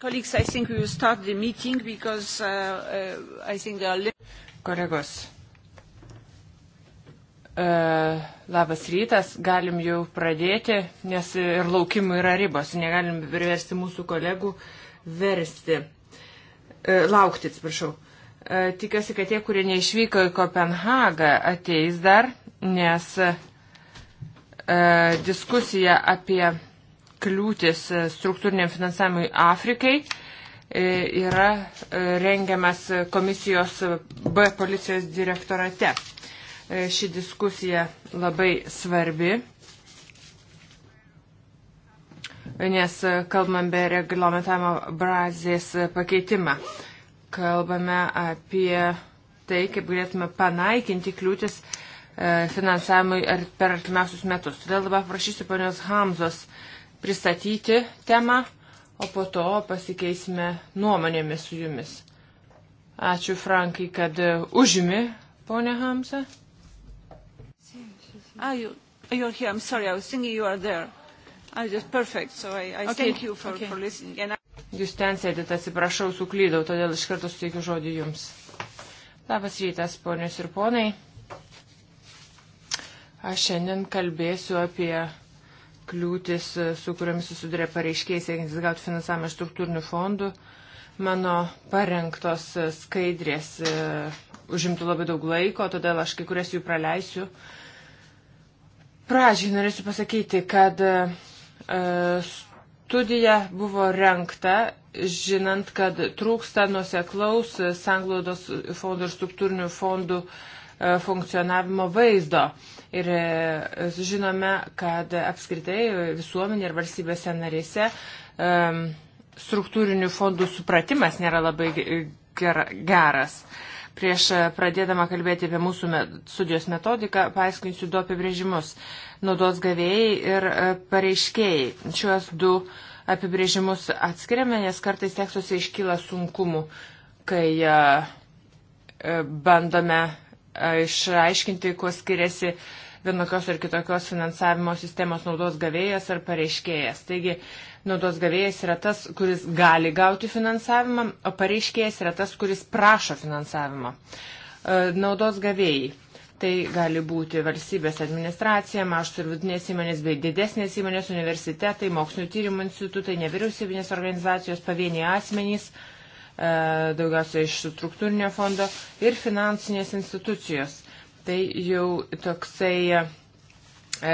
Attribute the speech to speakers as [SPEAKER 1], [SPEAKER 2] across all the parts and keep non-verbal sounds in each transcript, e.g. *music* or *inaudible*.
[SPEAKER 1] Colleagues, I think we will start the meeting because uh, uh, I think there are... Kolegos, uh, labas rytas, galim jau pradėti, nes ir laukimų yra ribos, negalim versti mūsų kolegų versti, uh, laukti, atsiprašau. Uh, tikiuosi, kad tie, kurie neišvyko į Kopenhagą, ateis dar, nes uh, diskusija apie kliūtis e, struktūriniam finansavimui Afrikai e, yra e, rengiamas komisijos B policijos direktorate. Ši diskusija labai svarbi, nes kalbam be reglamentavimo brazės pakeitimą. Kalbame apie tai, kaip galėtume panaikinti kliūtis finansavimui per artimiausius metus. Todėl dabar prašysiu ponios Hamzos pristatyti temą, o po to pasikeisime nuomonėmis su jumis. Ačiū Frankai, kad e, užimi, ponė Hamza.
[SPEAKER 2] Are ah, you, you're here? I'm sorry, I was thinking you are
[SPEAKER 3] there. I just perfect, so I, I okay. thank you for, okay. for listening. And I...
[SPEAKER 1] Jūs ten sėdite, atsiprašau, suklydau, todėl iš karto suteikiu žodį jums. Labas rytas, ponios ir ponai. Aš šiandien kalbėsiu apie kliūtis, e, su kuriomis susiduria pareiškiai siekiantis gauti finansavimą iš struktūrinių fondų. Mano parengtos e, skaidrės e, užimtų labai daug laiko, todėl aš kai kurias jų praleisiu. Pradžiai norėsiu pasakyti, kad studija buvo renkta žinant, kad trūksta nuseklaus sanglaudos fondų ir struktūrinių fondų funkcionavimo vaizdo. Ir e, žinome, kad apskritai visuomenė ir valstybėse narėse struktūrinių fondų supratimas nėra labai geras. Prieš pradėdama kalbėti apie mūsų studijos metodiką, paaiškinsiu du apibrėžimus - naudos gavėjai ir e, pareiškėjai. Šiuos du apibrėžimus atskiriame, nes kartais tekstuose iškyla sunkumų, kai e, bandome išaiškinti, kuo skiriasi uh, vienokios ar kitokios finansavimo sistemos naudos gavėjas ar pareiškėjas. Taigi, naudos gavėjas yra tas, kuris gali gauti finansavimą, o pareiškėjas yra tas, kuris prašo finansavimą. E, naudos gavėjai. Tai gali būti valstybės administracija, mažos ir vidutinės įmonės bei didesnės įmonės, universitetai, mokslinio tyrimų institutai, nevyriausybinės organizacijos, pavieniai asmenys, e, daugiausia iš struktūrinio fondo ir finansinės institucijos tai jau toksai e,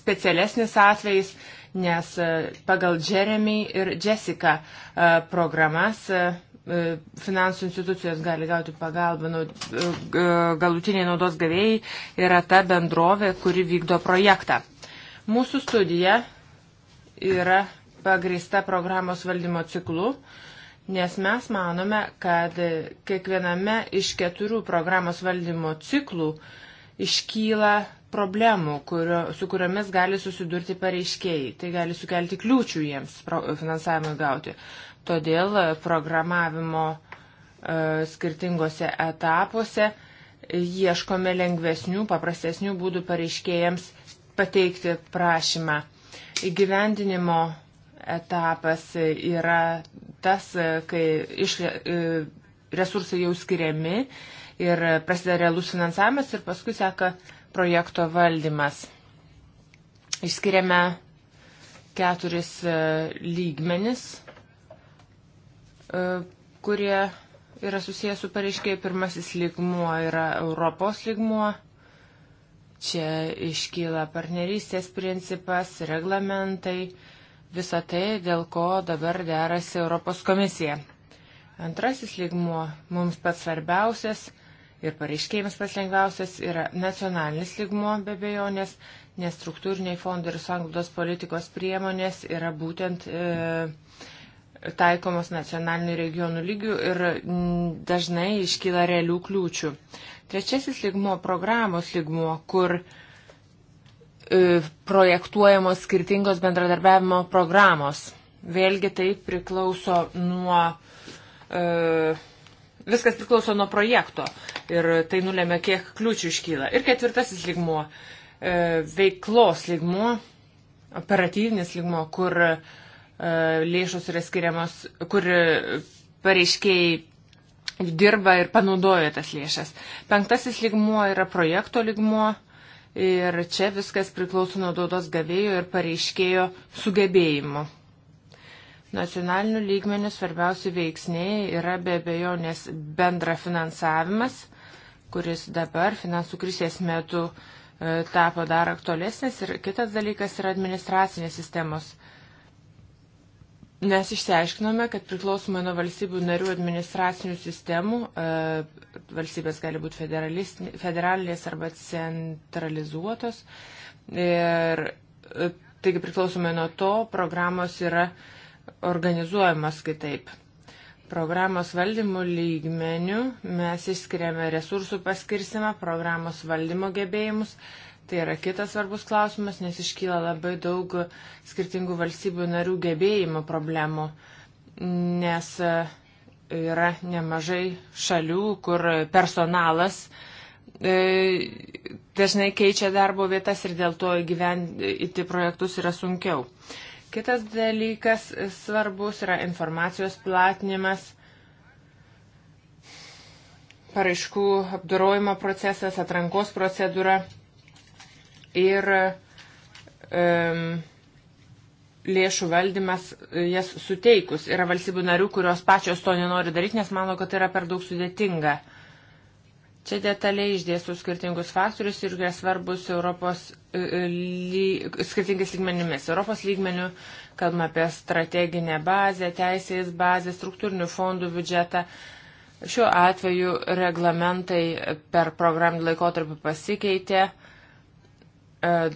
[SPEAKER 1] specialesnis atvejis, nes e, pagal Jeremy ir Jessica e, programas finansų institucijos gali gauti pagalbą. Nu, galutiniai naudos gavėjai yra ta bendrovė, kuri vykdo projektą. Mūsų studija yra pagrįsta programos valdymo ciklu. Uh, nes mes manome, kad kiekviename iš keturių programos valdymo ciklų iškyla problemų, kurio, su kuriomis gali susidurti pareiškėjai. Tai gali sukelti kliūčių jiems finansavimui gauti. Todėl programavimo e, skirtingose etapuose ieškome lengvesnių, paprastesnių būdų pareiškėjams pateikti prašymą. Įgyvendinimo etapas yra tas, kai iš, e, resursai jau skiriami ir prasideda realus finansavimas ir paskui seka projekto valdymas. Išskiriame keturis e, lygmenis, e, kurie yra susijęs su pareiškiai. Pirmasis lygmuo yra Europos lygmuo. Čia iškyla partnerystės principas, reglamentai, Visą tai, dėl ko dabar derasi Europos komisija. Antrasis lygmuo mums pats svarbiausias ir pareiškėjimas pats lengviausias yra nacionalinis lygmuo be bejonės, nes struktūriniai fondai ir sanglaudos politikos priemonės yra būtent e, taikomos nacionalinių regionų lygių ir m, dažnai iškyla realių kliūčių. Trečiasis lygmuo - programos lygmuo, kur e, E, projektuojamos skirtingos bendradarbiavimo programos. Vėlgi tai priklauso nuo. E, viskas priklauso nuo projekto ir tai nulėmė, kiek kliūčių iškyla. Ir ketvirtasis ligmuo e, - veiklos ligmuo, operatyvinis ligmuo, kur e, lėšos yra skiriamos, kur e, pareiškėjai dirba ir panaudoja tas lėšas. Penktasis ligmuo yra projekto ligmuo Ir čia viskas priklauso nuo naudos gavėjo ir pareiškėjo sugebėjimų. Nacionalinių lygmenių svarbiausi veiksniai yra be abejonės bendra finansavimas, kuris dabar finansų krisės metu e, tapo dar aktualesnis ir kitas dalykas yra administracinės sistemos Mes išsiaiškinome, kad priklausomai nuo valstybių narių administracinių sistemų, e, valstybės gali būti federalinės arba centralizuotos. Ir e, taigi priklausomai nuo to, programos yra organizuojamos kitaip. Programos valdymų lygmenių mes išskiriame resursų paskirsimą, programos valdymo gebėjimus, Tai yra kitas svarbus klausimas, nes iškyla labai daug skirtingų valstybių narių gebėjimo problemų, nes e, yra nemažai šalių, kur personalas e, dažnai keičia darbo vietas ir dėl to įgyvendinti projektus yra sunkiau. Kitas dalykas svarbus yra informacijos platinimas paraiškų apdorojimo procesas, atrankos procedūra ir um, lėšų valdymas e, jas suteikus. Yra valstybių narių, kurios pačios to nenori daryti, nes mano, kad tai yra per daug sudėtinga. Čia detaliai išdėstų skirtingus faktorius ir jie svarbus Europos e, e, ly, skirtingais lygmenimis. Europos lygmenių kalbame apie strateginę bazę, teisės bazę, struktūrinių fondų biudžetą. Šiuo atveju reglamentai per programų laikotarpį pasikeitė E,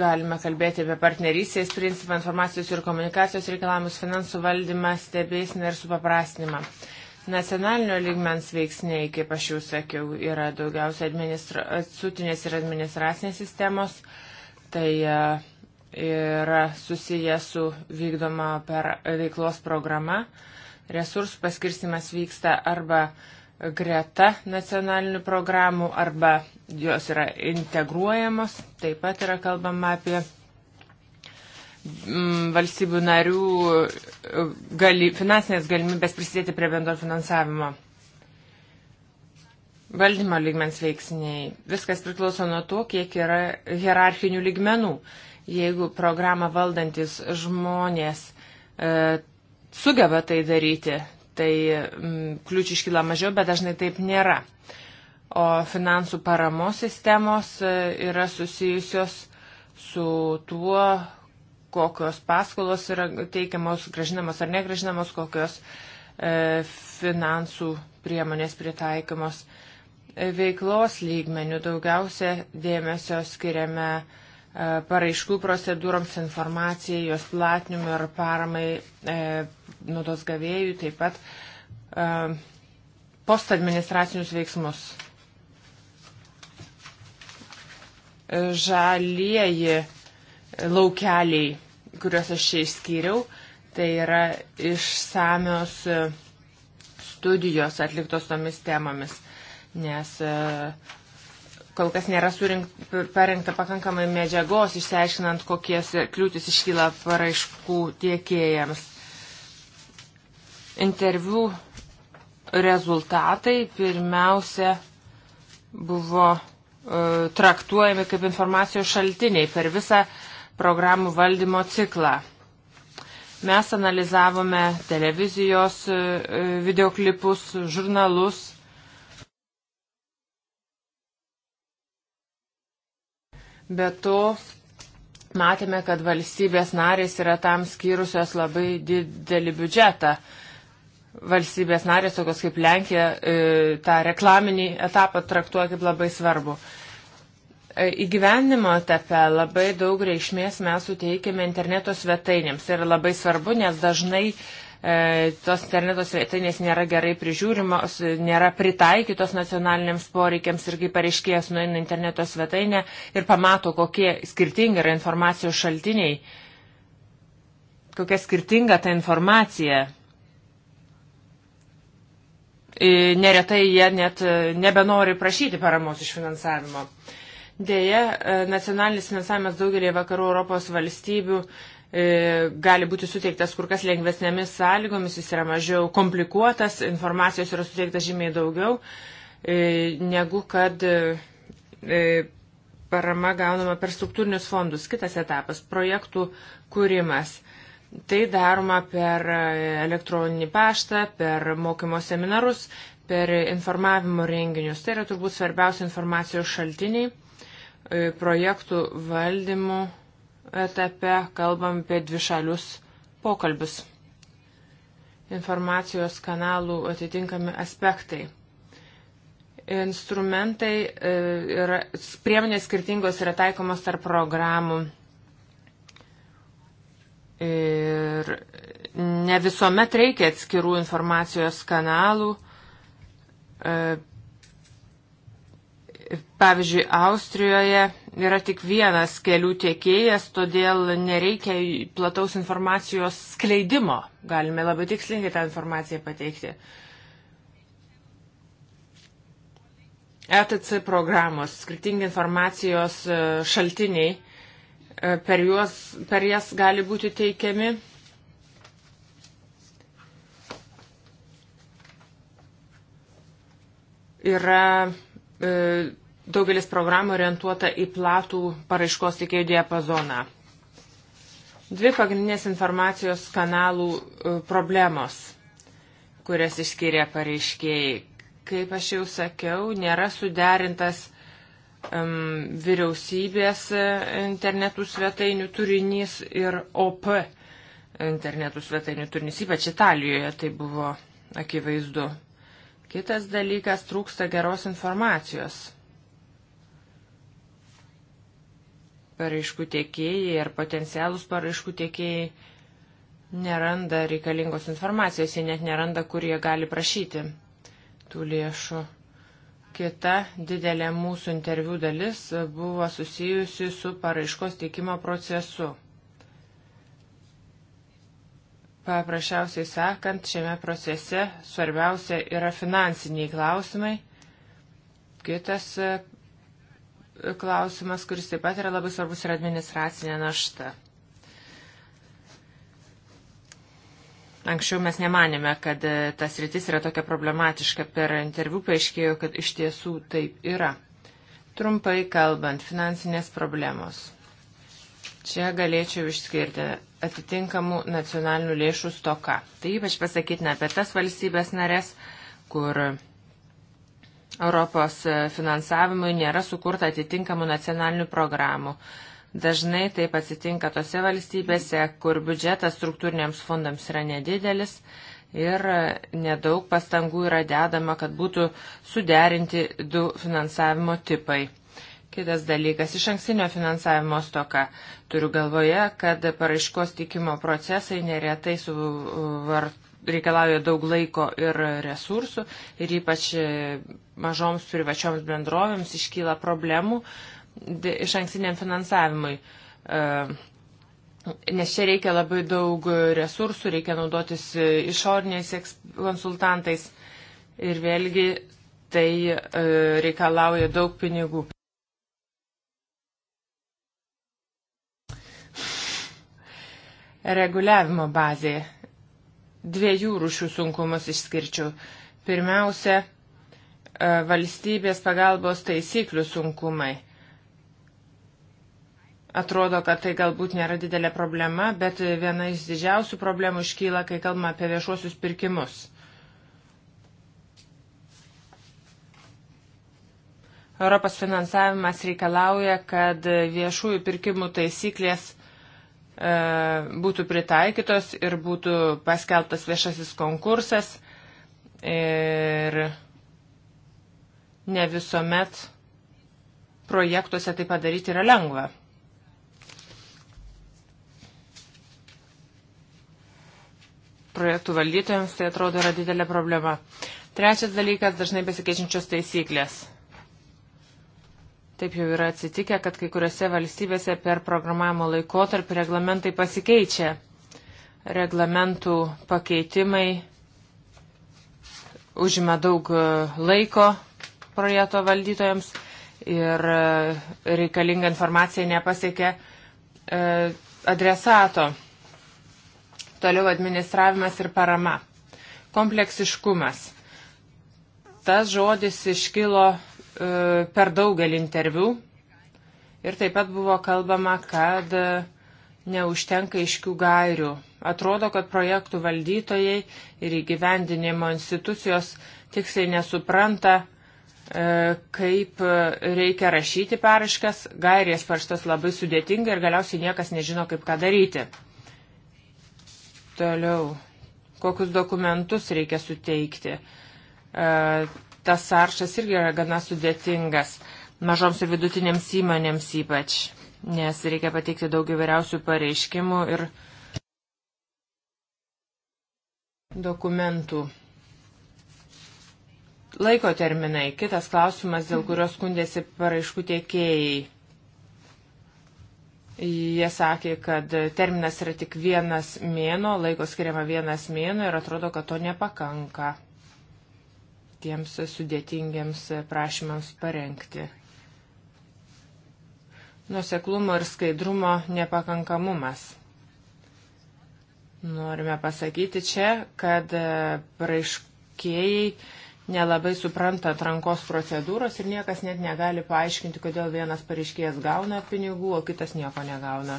[SPEAKER 1] galime kalbėti apie partnerystės principą, informacijos ir komunikacijos reikalavimus, finansų valdymą, stebėsiną ir supaprastinimą. Nacionalinio lygmens veiksniai, kaip aš jau sakiau, yra daugiausia administra... sutinės ir administracinės sistemos. Tai e, yra susiję su vykdoma per veiklos programa. Resursų paskirstimas vyksta arba greta nacionalinių programų arba jos yra integruojamos. Taip pat yra kalbama apie mm, valstybių narių e, gali, finansinės galimybės prisidėti prie bendro finansavimo. Valdymo lygmens veiksniai. Viskas priklauso nuo to, kiek yra hierarchinių lygmenų. Jeigu programą valdantis žmonės e, sugeba tai daryti, tai mm, kliūčių iškyla mažiau, bet dažnai taip nėra. O finansų paramos sistemos e, yra susijusios su tuo, kokios paskolos yra teikiamos, gražinamos ar negražinamos, kokios e, finansų priemonės pritaikomos. E, veiklos lygmenių daugiausia dėmesio skiriame e, paraiškų procedūroms, informacijai, jos platinimui ir paramai e, naudos gavėjų, taip pat uh, postadministracinius veiksmus. Žalieji laukeliai, kuriuos aš čia išskyriau, tai yra išsamios e, studijos atliktos tomis temomis, nes uh, kol kas nėra surinkt, parengta pakankamai medžiagos, išsiaiškinant, kokies kliūtis iškyla paraiškų tiekėjams. Interviu rezultatai pirmiausia buvo e, traktuojami kaip informacijos šaltiniai per visą programų valdymo ciklą. Mes analizavome televizijos e, e, videoklipus, žurnalus. Be to, matėme, kad valstybės narės yra tam skyrusios labai didelį biudžetą valstybės narės, tokios kaip Lenkija, e, tą reklaminį etapą traktuoja kaip labai svarbu. E, Įgyvendimo etape labai daug reikšmės mes suteikime interneto svetainėms. Tai yra labai svarbu, nes dažnai e, tos interneto svetainės nėra gerai prižiūrimos, nėra pritaikytos nacionaliniams poreikiams ir kaip pareiškėjas nueina interneto svetainę ir pamato, kokie skirtingi yra informacijos šaltiniai, kokia skirtinga ta informacija E, neretai jie net e, nebenori prašyti paramos iš finansavimo. Deja, e, nacionalinis finansavimas daugelį vakarų Europos valstybių gali būti suteiktas kur kas lengvesnėmis sąlygomis, jis yra mažiau komplikuotas, informacijos yra suteikta žymiai daugiau, negu kad parama gaunama per struktūrinius fondus. Kitas etapas - projektų kūrimas. Tai daroma per elektroninį paštą, per mokymo seminarus, per informavimo renginius. Tai yra turbūt svarbiausia informacijos šaltiniai e, projektų valdymų etape kalbam apie dvišalius pokalbius. Informacijos kanalų atitinkami aspektai. Instrumentai ir e, priemonės skirtingos yra taikomos tarp programų Ir ne visuomet reikia atskirų informacijos kanalų. E, pavyzdžiui, Austrijoje yra tik vienas kelių tiekėjas, todėl nereikia plataus informacijos skleidimo. Galime labai tikslingai tą informaciją pateikti. ETC programos, skirtingi informacijos e, šaltiniai per, juos, per jas gali būti teikiami. Yra e, daugelis programų orientuota į platų paraiškos teikėjų diapazoną. Dvi pagrindinės informacijos kanalų e, problemos, kurias išskiria pareiškėjai. Kaip aš jau sakiau, nėra suderintas um, vyriausybės internetų svetainių turinys ir OP internetų svetainių turinys, ypač Italijoje tai buvo akivaizdu. Kitas dalykas - trūksta geros informacijos. Paraiškų tiekėjai ar potencialus paraiškų tiekėjai neranda reikalingos informacijos, jie net neranda, kur jie gali prašyti tų lėšų. Kita didelė mūsų interviu dalis buvo susijusi su paraiškos teikimo procesu. Paprasčiausiai sakant, šiame procese svarbiausia yra finansiniai klausimai. Kitas e, klausimas, kuris taip pat yra labai svarbus, yra administracinė našta. Anksčiau mes nemanėme, kad e, tas rytis yra tokia problematiška. Per interviu paaiškėjo, kad iš tiesų taip yra. Trumpai kalbant, finansinės problemos. Čia galėčiau išskirti atitinkamų nacionalinių lėšų stoka. Tai ypač pasakytina apie tas valstybės narės, kur Europos finansavimui nėra sukurta atitinkamų nacionalinių programų. Uh, Dažnai taip atsitinka tose valstybėse, kur biudžetas struktūriniams fondams yra nedidelis ir e, nedaug pastangų yra dedama, kad būtų suderinti du finansavimo tipai. Kitas dalykas - iš ankstinio finansavimo stoka. Turiu galvoje, kad paraiškos tikimo procesai neretai suvart, reikalauja daug laiko ir resursų ir ypač e, mažoms privačioms bendrovėms iškyla problemų, uh, iš ankstiniam finansavimui. E, nes čia reikia labai daug resursų, reikia naudotis e, išorniais konsultantais ir vėlgi tai e, reikalauja daug pinigų. Reguliavimo bazė. Dviejų rūšių sunkumus išskirčiau. Pirmiausia, valstybės pagalbos taisyklių sunkumai. Atrodo, kad tai galbūt nėra didelė problema, bet viena iš didžiausių problemų iškyla, kai kalbame apie viešuosius pirkimus. Europos finansavimas reikalauja, kad viešųjų pirkimų taisyklės e, būtų pritaikytos ir būtų paskelbtas viešasis konkursas ir ne visuomet projektuose tai padaryti yra lengva. projektų valdytojams tai atrodo yra didelė problema. Trečias dalykas - dažnai besikeičiančios taisyklės. Taip jau yra atsitikę, kad kai kuriuose valstybėse per programavimo laikotarpį reglamentai pasikeičia. Reglamentų pakeitimai užima daug e, laiko projekto valdytojams ir e, reikalinga informacija nepasiekia e, adresato toliau administravimas ir parama. Kompleksiškumas. Tas žodis iškilo e, per daugelį interviu ir taip pat buvo kalbama, kad e, neužtenka iškių gairių. Atrodo, kad projektų valdytojai ir įgyvendinimo institucijos tiksliai nesupranta, e, kaip e, reikia rašyti paraškas, gairės paraštas labai sudėtinga ir galiausiai niekas nežino, kaip ką daryti. Toliau, kokius dokumentus reikia suteikti. E, tas sąrašas irgi yra gana sudėtingas, mažoms ir vidutinėms įmonėms ypač, nes reikia pateikti daug įvairiausių pareiškimų ir dokumentų. Laiko terminai. Kitas klausimas, dėl kurio skundėsi paraiškų tiekėjai. Jie sakė, kad terminas yra tik vienas mėno, laiko skiriama vienas mėno ir atrodo, kad to nepakanka tiems sudėtingiems prašymams parengti. Nuseklumo ir skaidrumo nepakankamumas. Norime pasakyti čia, kad praaiškėjai nelabai supranta atrankos procedūros ir niekas net negali paaiškinti, kodėl vienas pareiškėjas gauna pinigų, o kitas nieko negauna.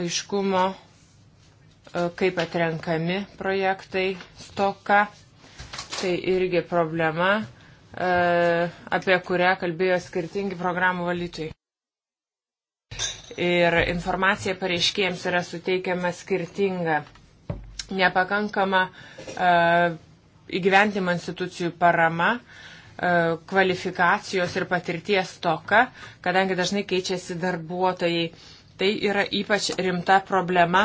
[SPEAKER 1] Aiškumo, e, kaip atrenkami projektai stoka, tai irgi problema, e, apie kurią kalbėjo skirtingi programų valytojai. Ir informacija pareiškėjams yra suteikiama skirtinga. Nepakankama uh, įgyventimo institucijų parama, e, kvalifikacijos ir patirties toka, kadangi dažnai keičiasi darbuotojai. Tai yra ypač rimta problema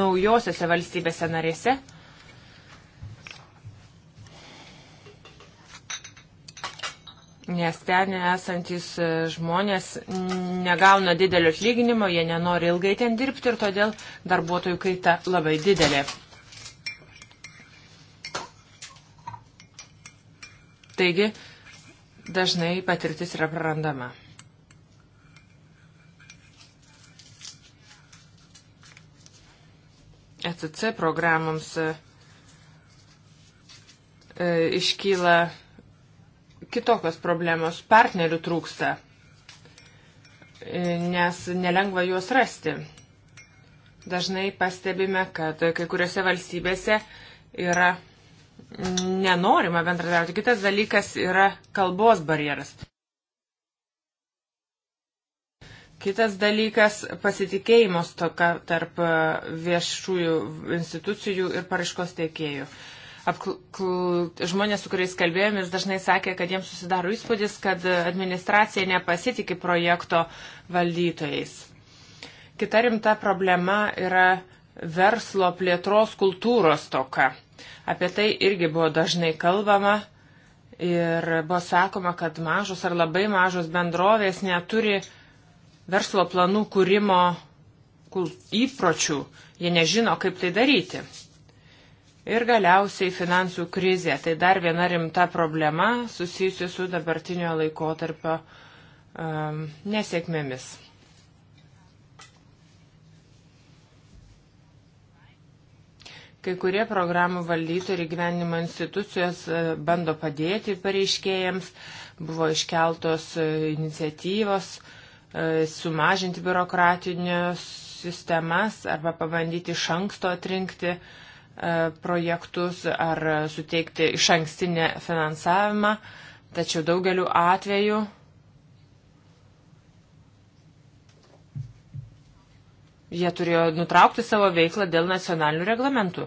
[SPEAKER 1] naujosiose valstybėse narėse. Nes ten esantis e, žmonės negauna didelio atlyginimo, jie nenori ilgai ten dirbti ir todėl darbuotojų kaita labai didelė. Taigi, dažnai patirtis yra prarandama. ECC programoms e, e, iškyla kitokios problemos, partnerių trūksta, e, nes nelengva juos rasti. Dažnai pastebime, kad kai kuriuose valstybėse yra nenorima bendradarbiauti. Kitas dalykas yra kalbos barjeras. Kitas dalykas - pasitikėjimo stoka tarp e, viešųjų institucijų ir paraiškos teikėjų. Apkl... Žmonės, su kuriais kalbėjomės, dažnai sakė, kad jiems susidaro įspūdis, kad administracija nepasitikė projekto valdytojais. Kita rimta problema yra verslo plėtros kultūros stoka. Apie tai irgi buvo dažnai kalbama ir buvo sakoma, kad mažos ar labai mažos bendrovės neturi verslo planų kūrimo įpročių, jie nežino, kaip tai daryti. Ir galiausiai finansų krizė. Tai dar viena rimta problema susijusi su dabartinio laikotarpio um, nesėkmėmis. Kai kurie programų valdytojai ir gyvenimo institucijos e, bando padėti pareiškėjams, buvo iškeltos e, iniciatyvos e, sumažinti biurokratinius sistemas arba pabandyti iš anksto atrinkti projektus ar suteikti iš ankstinę finansavimą. Tačiau daugeliu atveju Jie turėjo nutraukti savo veiklą dėl nacionalinių reglamentų.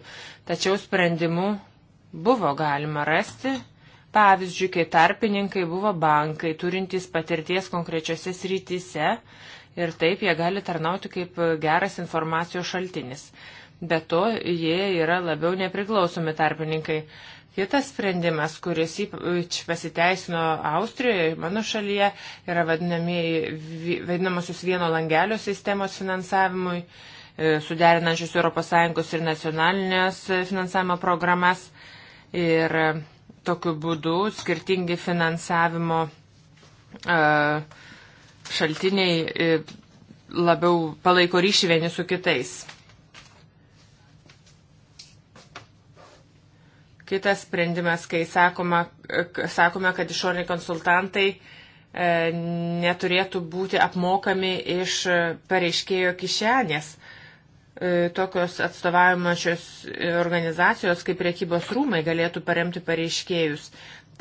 [SPEAKER 1] Tačiau sprendimų buvo galima rasti. Pavyzdžiui, kai tarpininkai buvo bankai, turintys patirties konkrečiose srityse ir taip jie gali tarnauti kaip geras informacijos šaltinis. Be to, jie yra labiau nepriklausomi tarpininkai. Kitas sprendimas, kuris ypač pasiteisino Austrijoje, mano šalyje, yra vadinamosios vieno langelio sistemos finansavimui, e, suderinančius ES ir nacionalinės e, finansavimo programas. Ir e, tokiu būdu skirtingi finansavimo šaltiniai labiau palaiko ryšį vieni su kitais. Kitas sprendimas, kai sakoma, sakome, kad išoriniai konsultantai e, neturėtų būti apmokami iš pareiškėjo kišenės. E, tokios atstovavimačios organizacijos kaip priekybos rūmai galėtų paremti pareiškėjus.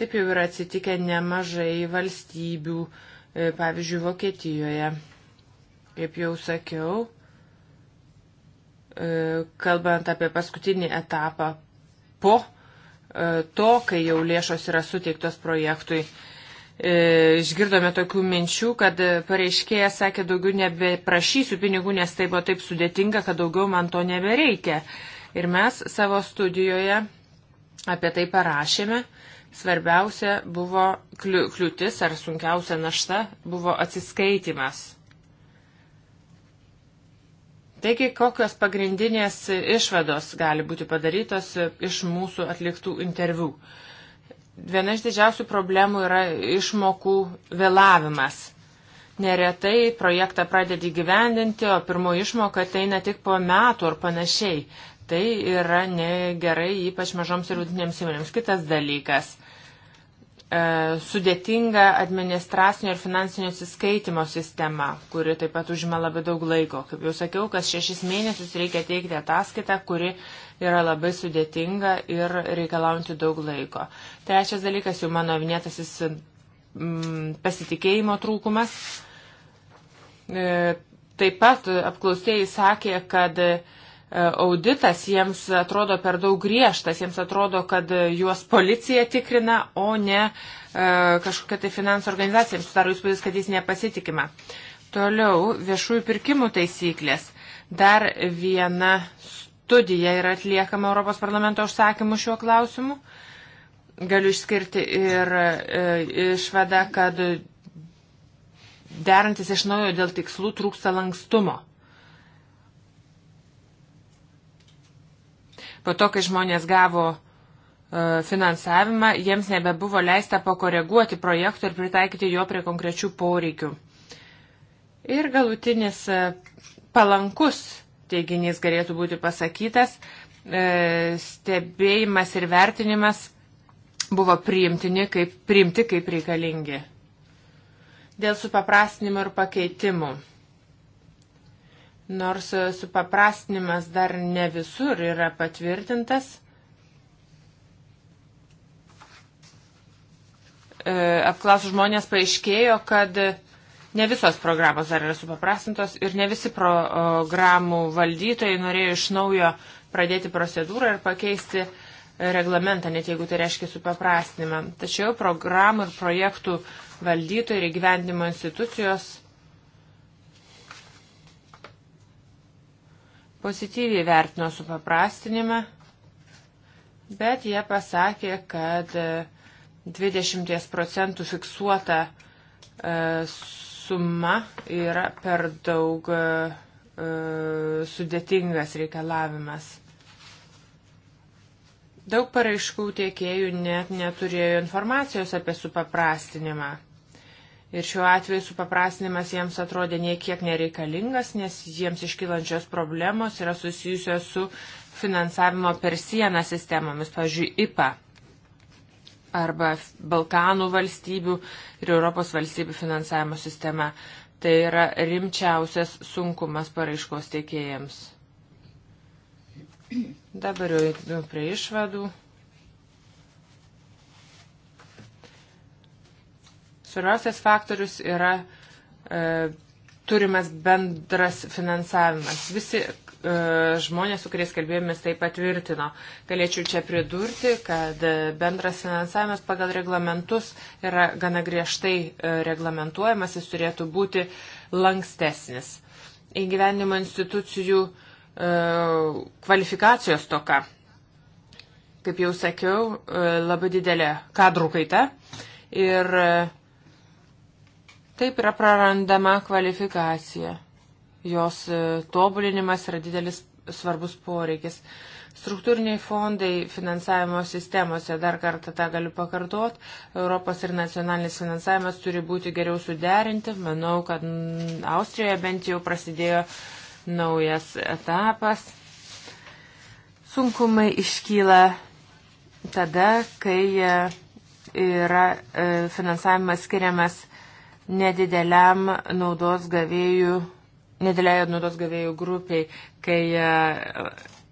[SPEAKER 1] Taip jau yra atsitikę nemažai valstybių, e, pavyzdžiui, Vokietijoje. Kaip jau sakiau, kalbant apie paskutinį etapą po E, to, kai jau lėšos yra suteiktos projektui. E, išgirdome tokių minčių, kad pareiškėja sakė, daugiau nebeprašysiu pinigų, nes tai buvo taip sudėtinga, kad daugiau man to nebereikia. Ir mes savo studijoje apie tai parašėme. Svarbiausia buvo kliūtis ar sunkiausia našta buvo atsiskaitimas Taigi, kokios pagrindinės išvados gali būti padarytos iš mūsų atliktų interviu? Viena iš didžiausių problemų yra išmokų vėlavimas. Neretai projektą pradedi gyvendinti, o pirmo išmoka ateina tik po metų ar panašiai. Tai yra negerai, ypač mažoms ir vidutinėms įmonėms. Kitas dalykas E, sudėtinga administracinio ir finansinio atsiskaitimo sistema, kuri taip pat užima labai daug laiko. Kaip jau sakiau, kas šešis mėnesius reikia teikti ataskaitą, kuri yra labai sudėtinga ir reikalaujanti daug laiko. Trečias dalykas, jau mano minėtasis mm, pasitikėjimo trūkumas. E, taip pat apklausėjai sakė, kad e, E, auditas jiems atrodo per daug griežtas, jiems atrodo, kad juos policija tikrina, o ne e, kažkokia tai finansų organizacija. Jiems sudaro įspūdis, kad jis nepasitikima. Toliau viešųjų pirkimų taisyklės. Dar viena studija yra atliekama Europos parlamento užsakymu šiuo klausimu. Galiu išskirti ir e, išvadą, kad derantis iš naujo dėl tikslų trūksta lankstumo. Po to, kai žmonės gavo e, finansavimą, jiems nebebuvo leista pakoreguoti projektų ir pritaikyti jo prie konkrečių poreikių. Ir galutinis e, palankus teiginys galėtų būti pasakytas, e, stebėjimas ir vertinimas buvo priimtini kaip, priimti kaip reikalingi. Dėl supaprastinimo ir pakeitimų. Nors supaprastinimas dar ne visur yra patvirtintas, e, apklausų žmonės paaiškėjo, kad ne visos programos dar yra supaprastintos ir ne visi programų valdytojai norėjo iš naujo pradėti procedūrą ir pakeisti reglamentą, net jeigu tai reiškia supaprastinimą. Tačiau programų ir projektų valdytojai ir gyvendimo institucijos pozityviai vertino supaprastinimą, bet jie pasakė, kad 20 e, procentų fiksuota e, suma yra per daug e, sudėtingas reikalavimas. Daug paraiškų tiekėjų net neturėjo informacijos apie supaprastinimą. Ir šiuo atveju supaprastinimas jiems atrodė niekiek nereikalingas, nes jiems iškylančios problemos yra susijusios su finansavimo per sieną sistemomis, pavyzdžiui, IPA arba Balkanų valstybių ir Europos valstybių finansavimo sistema. Tai yra rimčiausias sunkumas paraiškos tiekėjams. Dabar jau prie išvadų. Svarbiausias faktorius yra e, turimas bendras finansavimas. Visi e, žmonės, su kuriais kalbėjomės, tai patvirtino. Galėčiau čia pridurti, kad e, bendras finansavimas pagal reglamentus yra gana griežtai e, reglamentuojamas, jis turėtų būti lankstesnis. Įgyvenimo institucijų e, kvalifikacijos toka. Kaip jau sakiau, e, labai didelė kadrų kaita. Ir e, Taip yra prarandama kvalifikacija. Jos e, tobulinimas yra didelis svarbus poreikis. Struktūriniai fondai finansavimo sistemose, dar kartą tą galiu pakartot, Europos ir nacionalinis finansavimas turi būti geriau suderinti. Manau, kad Austrijoje bent jau prasidėjo naujas etapas. Sunkumai iškyla tada, kai e, yra e, finansavimas skiriamas nedideliam naudos gavėjų, nedideliai naudos gavėjų grupiai, kai e,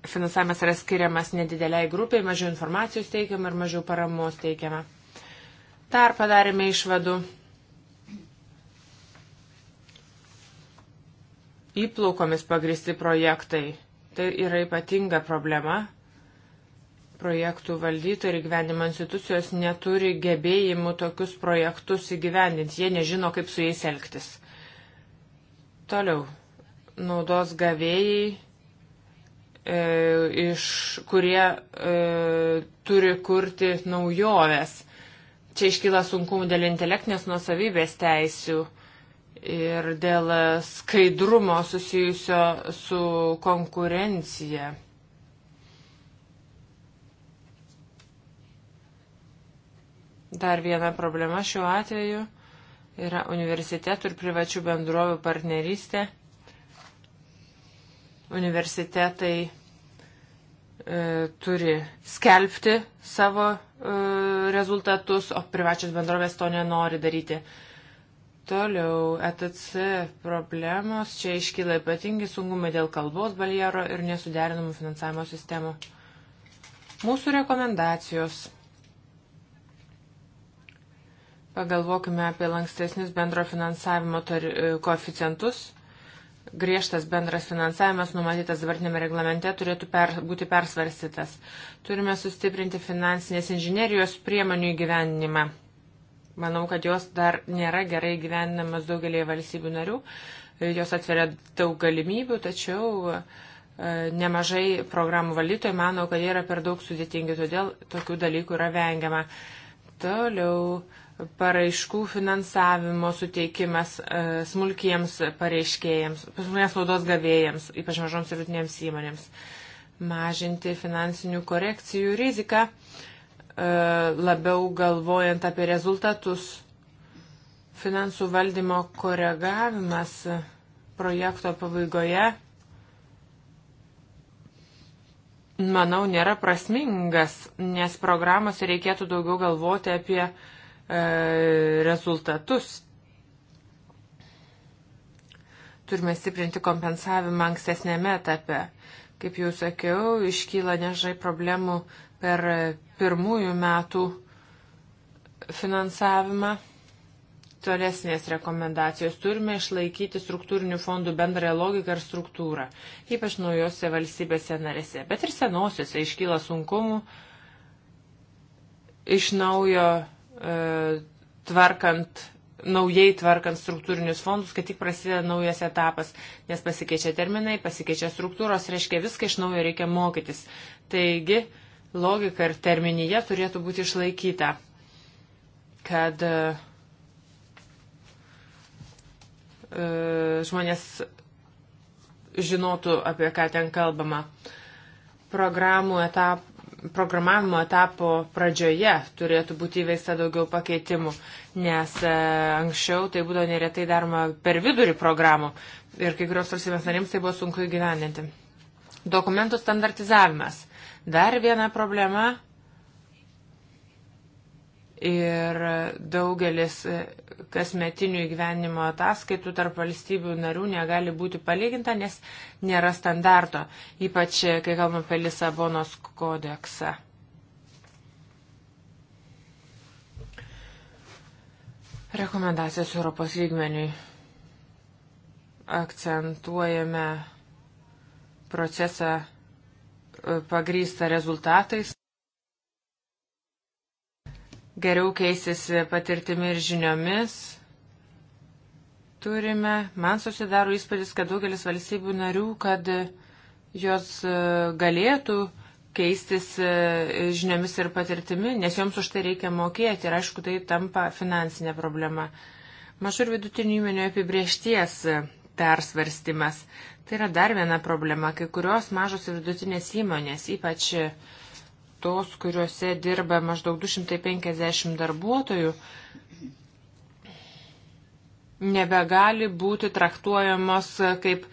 [SPEAKER 1] finansavimas yra skiriamas nedideliai grupiai, mažiau informacijos teikiama ir mažiau paramos teikiama. Dar padarėme išvadų. Įplaukomis pagristi projektai. Tai yra ypatinga problema, projektų valdytojai ir gyvenimo institucijos neturi gebėjimų tokius projektus įgyvendinti. Jie nežino, kaip su jais elgtis. Toliau. Naudos gavėjai, e, iš, kurie e, turi kurti naujoves. Čia iškyla sunkumų dėl intelektinės nuosavybės teisių ir dėl skaidrumo susijusio su konkurencija. Dar viena problema šiuo atveju yra universitetų ir privačių bendrovių partnerystė. Universitetai e, turi skelbti savo e, rezultatus, o privačios bendrovės to nenori daryti. Toliau ETC problemos. Čia iškyla ypatingi sunkumai dėl kalbos baljero ir nesuderinamų finansavimo sistemų. Mūsų rekomendacijos Pagalvokime apie lankstesnius bendro finansavimo e, koeficientus. Griežtas bendras finansavimas numatytas dabartinėme reglamente turėtų per, būti persvarstytas. Turime sustiprinti finansinės inžinerijos priemonių įgyvendinimą. Manau, kad jos dar nėra gerai gyvendinamas daugelėje valstybių narių. E, jos atveria daug galimybių, tačiau e, nemažai programų valytojų mano, kad jie yra per daug sudėtingi, todėl tokių dalykų yra vengiama. Toliau. E, paraiškų finansavimo suteikimas e, smulkiems pareiškėjams, smulkiems naudos gavėjams, ypač mažoms ir vidutinėms įmonėms, mažinti finansinių korekcijų riziką, e, labiau galvojant apie rezultatus. Finansų valdymo koregavimas projekto pabaigoje, manau, nėra prasmingas, nes programose reikėtų daugiau galvoti apie uh, E, rezultatus. Turime stiprinti kompensavimą ankstesnėme etape. Kaip jau sakiau, iškyla nežai problemų per pirmųjų metų finansavimą. Tolesnės rekomendacijos turime išlaikyti struktūrinių fondų bendrąją logiką ir struktūrą, ypač naujose valstybėse narėse, bet ir senosiose iškyla sunkumų iš naujo E, tvarkant, naujai tvarkant struktūrinius fondus, kad tik prasideda naujas etapas, nes pasikeičia terminai, pasikeičia struktūros, reiškia viską iš naujo reikia mokytis. Taigi, logika ir terminija turėtų būti išlaikyta, kad e, e, žmonės žinotų, apie ką ten kalbama. Programų etap, programavimo etapo pradžioje turėtų būti įveista daugiau pakeitimų, nes e, anksčiau tai būdavo neretai daroma per vidurį programų ir kai kurios valstybės narims tai buvo sunku įgyvendinti. Dokumentų standartizavimas. Dar viena problema ir daugelis kasmetinių įgyvenimo ataskaitų tarp valstybių narių negali būti palyginta, nes nėra standarto, ypač kai kalbame apie Lisabonos kodeksą. Rekomendacijas Europos lygmeniui. Akcentuojame procesą pagrįstą rezultatais geriau keisis patirtimi ir žiniomis. Turime, man susidaro įspūdis, kad daugelis valstybių narių, kad jos e, galėtų keistis e, žiniomis ir patirtimi, nes joms už tai reikia mokėti ir aišku, tai tampa finansinė problema. Mažų ir vidutinių įmonių apibriešties persvarstymas. Tai yra dar viena problema. Kai kurios mažos ir vidutinės įmonės, ypač uh, tos, kuriuose dirba maždaug 250 darbuotojų, nebegali būti traktuojamos kaip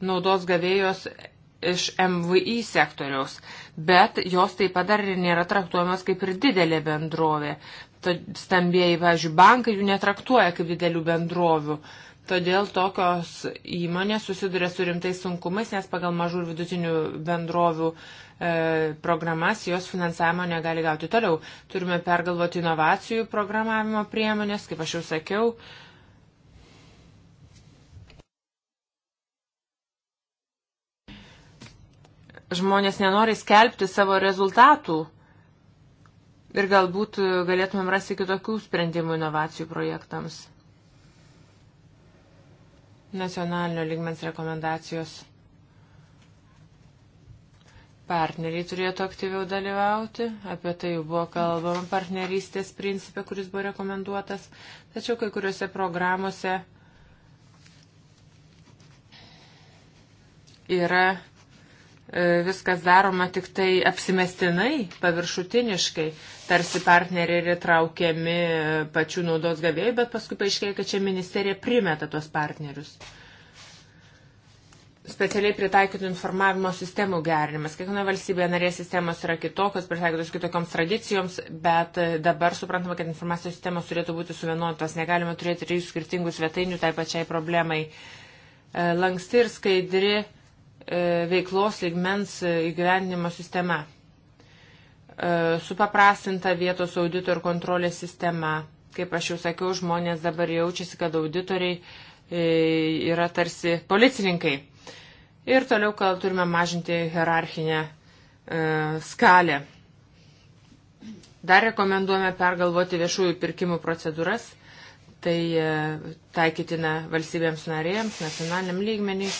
[SPEAKER 1] naudos gavėjos iš MVI sektoriaus, bet jos taip pat dar ir nėra traktuojamos kaip ir didelė bendrovė. Stambėjai, pavyzdžiui, bankai jų netraktuoja kaip didelių bendrovių. Todėl tokios įmonės susiduria su rimtais sunkumais, nes pagal mažų ir vidutinių bendrovių E, programas, jos finansavimo negali gauti toliau. Turime pergalvoti inovacijų programavimo priemonės, kaip aš jau sakiau. Žmonės nenori skelbti savo rezultatų ir galbūt galėtumėm rasti kitokių sprendimų inovacijų projektams. Nacionalinio ligmens rekomendacijos Partneriai turėtų aktyviau dalyvauti, apie tai jau buvo kalbama partnerystės principė, kuris buvo rekomenduotas, tačiau kai kuriuose programuose yra e, viskas daroma tik tai apsimestinai, paviršutiniškai, tarsi partneriai yra traukiami e, pačių naudos gavėjai, bet paskui paaiškėja, kad čia ministerija primeta tuos partnerius specialiai pritaikytų informavimo sistemų gerinimas. Kiekviena valstybė narė sistemos yra kitokios, pritaikytos kitokioms tradicijoms, bet e, dabar suprantama, kad informacijos sistemos turėtų būti suvienotos. Negalime turėti trijų skirtingų svetainių tai pačiai problemai. E, lanksti ir skaidri e, veiklos lygmens įgyvendinimo sistema. Supaprastinta vietos audito ir kontrolės sistema. Kaip aš jau sakiau, žmonės dabar jaučiasi, kad auditoriai yra tarsi policininkai Ir toliau, kad turime mažinti hierarchinę e, skalę. Dar rekomenduojame pergalvoti viešųjų pirkimų procedūras. Tai e, taikytina valstybėms narėms, nacionaliniam lygmenį,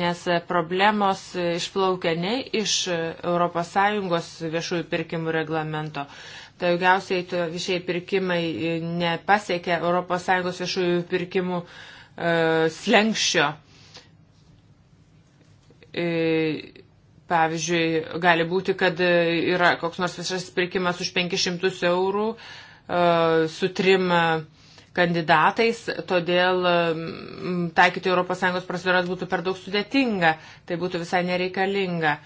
[SPEAKER 1] nes e, problemos e, išplaukia ne iš ES viešųjų pirkimų reglamento. Daugiausiai viešieji pirkimai e, nepasiekia ES viešųjų pirkimų e, slengščio E, pavyzdžiui, gali būti, kad yra koks nors viešasis pirkimas už 500 eurų e, su trim kandidatais, todėl taikyti ES procedūras būtų per daug sudėtinga, tai būtų visai nereikalinga.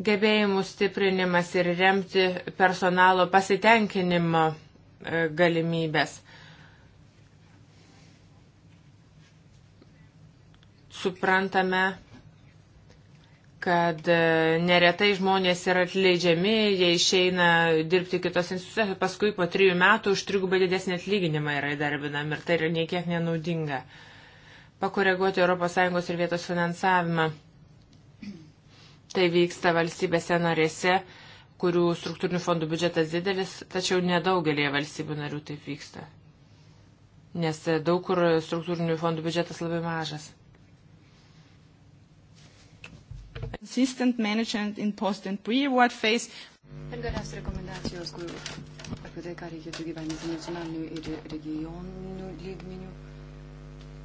[SPEAKER 1] Gebėjimų stiprinimas ir remti personalo pasitenkinimo e, galimybės. Suprantame, kad e, neretai žmonės yra atleidžiami, jie išeina dirbti kitos institucijos, paskui po trijų metų už trigubai didesnį atlyginimą yra įdarbinami ir tai yra niekiek nenaudinga. Pakoreguoti ES ir vietos finansavimą. Tai vyksta valstybėse narėse, kurių struktūrinių fondų biudžetas didelis, tačiau nedaugelėje valstybių narių taip vyksta. Nes e, daug kur struktūrinių fondų biudžetas labai mažas. Assistant management in post and pre-award phase.
[SPEAKER 3] Ir galiausiai rekomendacijos, kur, apie tai, ką reikėtų gyveninti nacionalinių ir regioninių lygmenių.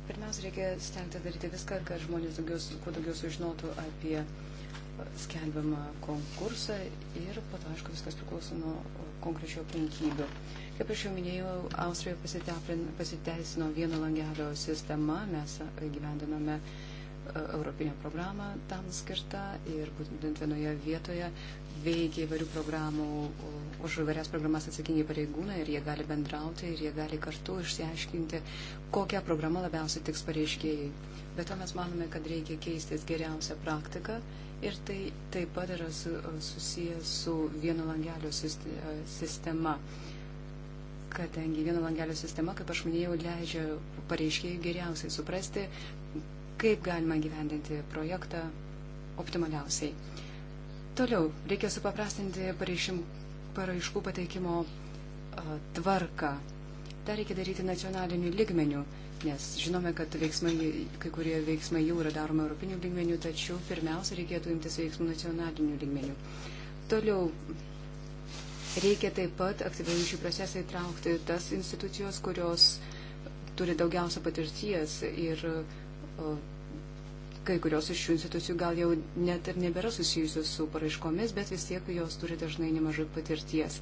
[SPEAKER 3] Pirmiausia, reikia stengti daryti viską, kad žmonės daugiau, kuo daugiau sužinotų apie e, skelbiamą konkursą ir po to, aišku, viskas priklauso nuo konkrečio aplinkybių. Kaip aš jau minėjau, Austrijoje pasiteisino vieno langelio sistema, mes e, gyvendiname uh, europinę programą tam skirtą ir būtent vienoje vietoje veikia įvairių programų, už įvairias programas atsakingi pareigūnai ir jie gali bendrauti ir jie gali kartu išsiaiškinti, kokią programą labiausiai tiks pareiškėjai. Bet to mes manome, kad reikia keistis geriausią praktiką ir tai taip pat yra su, susijęs su vieno langelio sistema. Kadangi vieno langelio sistema, kaip aš minėjau, leidžia pareiškėjai geriausiai suprasti, kaip galima gyvendinti projektą optimaliausiai. Toliau reikia supaprastinti paraiškų pateikimo tvarką. Ta reikia daryti nacionaliniu lygmeniu, nes žinome, kad veiksmai, kai kurie veiksmai jau yra daromi europiniu lygmeniu, tačiau pirmiausia reikėtų imtis veiksmų nacionaliniu lygmeniu. Toliau reikia taip pat aktyviai šį procesą įtraukti tas institucijos, kurios turi daugiausia patirties ir uh, kai kurios iš šių institucijų gal jau net ir nebėra susijusios su paraiškomis, bet vis tiek jos turi dažnai nemažai patirties.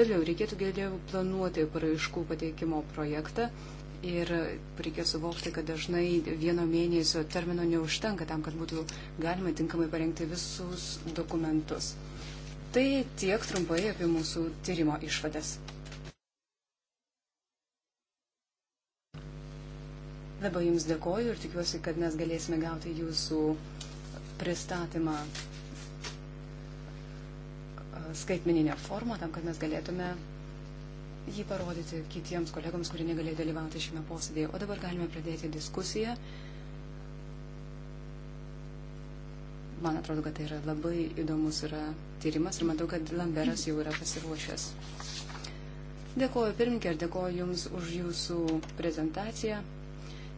[SPEAKER 3] Toliau reikėtų geriau planuoti paraiškų pateikimo projektą ir reikia suvokti, kad dažnai vieno mėnesio termino neužtenka tam, kad būtų galima tinkamai parengti visus dokumentus. Tai tiek trumpai apie mūsų tyrimo išvadas. Labai Jums dėkoju ir tikiuosi, kad mes galėsime gauti Jūsų pristatymą skaitmeninę formą, tam, kad mes galėtume jį parodyti kitiems kolegams, kurie negalėjo dalyvauti šiame posėdėje. O dabar galime pradėti diskusiją. Man atrodo, kad tai yra labai įdomus yra tyrimas ir matau, kad Lamberas jau yra pasiruošęs. Dėkoju pirmininkė ir dėkoju Jums už Jūsų prezentaciją.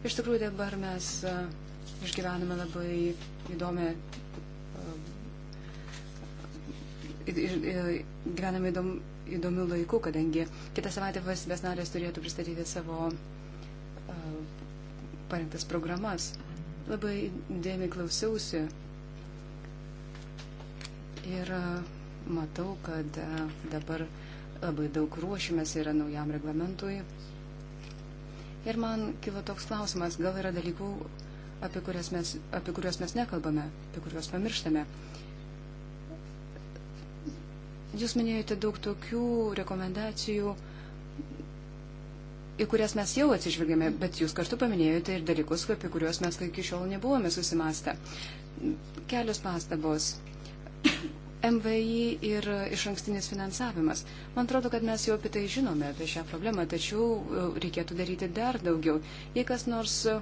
[SPEAKER 3] Iš tikrųjų dabar mes e, išgyvename labai įdomią e, e, gyvename įdom, įdomių laikų, kadangi kitą savaitę valstybės narės turėtų pristatyti savo uh, parengtas programas. Labai dėmiai klausiausi ir uh, matau, kad uh, dabar labai daug ruošimės yra naujam reglamentui Ir man kilo toks klausimas, gal yra dalykų, apie, mes, apie kuriuos mes nekalbame, apie kuriuos pamirštame. Jūs minėjote daug tokių rekomendacijų, į kurias mes jau atsižvelgėme, bet jūs kartu paminėjote ir dalykus, apie kuriuos mes iki šiol nebuvome susimastę. Kelios pastabos. MVI ir e, iš ankstinis finansavimas. Man atrodo, kad mes jau apie tai žinome, apie šią problemą, tačiau e, reikėtų daryti dar daugiau. Jei kas nors, e,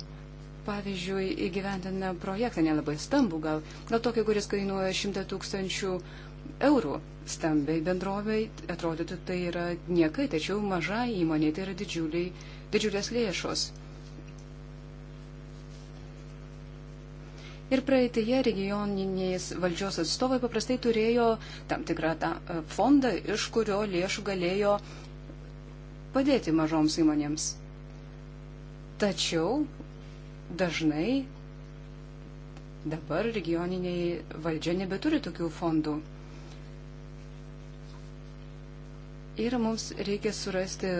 [SPEAKER 3] pavyzdžiui, įgyventina projektą nelabai stambų, gal, gal tokį, kuris kainuoja 100 tūkstančių eurų stambiai bendroviai, atrodytų tai yra niekai, tačiau mažai įmonė tai yra didžiuliai, didžiulės lėšos. Ir praeitėje regioniniais valdžios atstovai paprastai turėjo tam tikrą tą e, fondą, iš kurio lėšų galėjo padėti mažoms įmonėms. Tačiau dažnai dabar regioniniai valdžia nebeturi tokių fondų. ir mums reikia surasti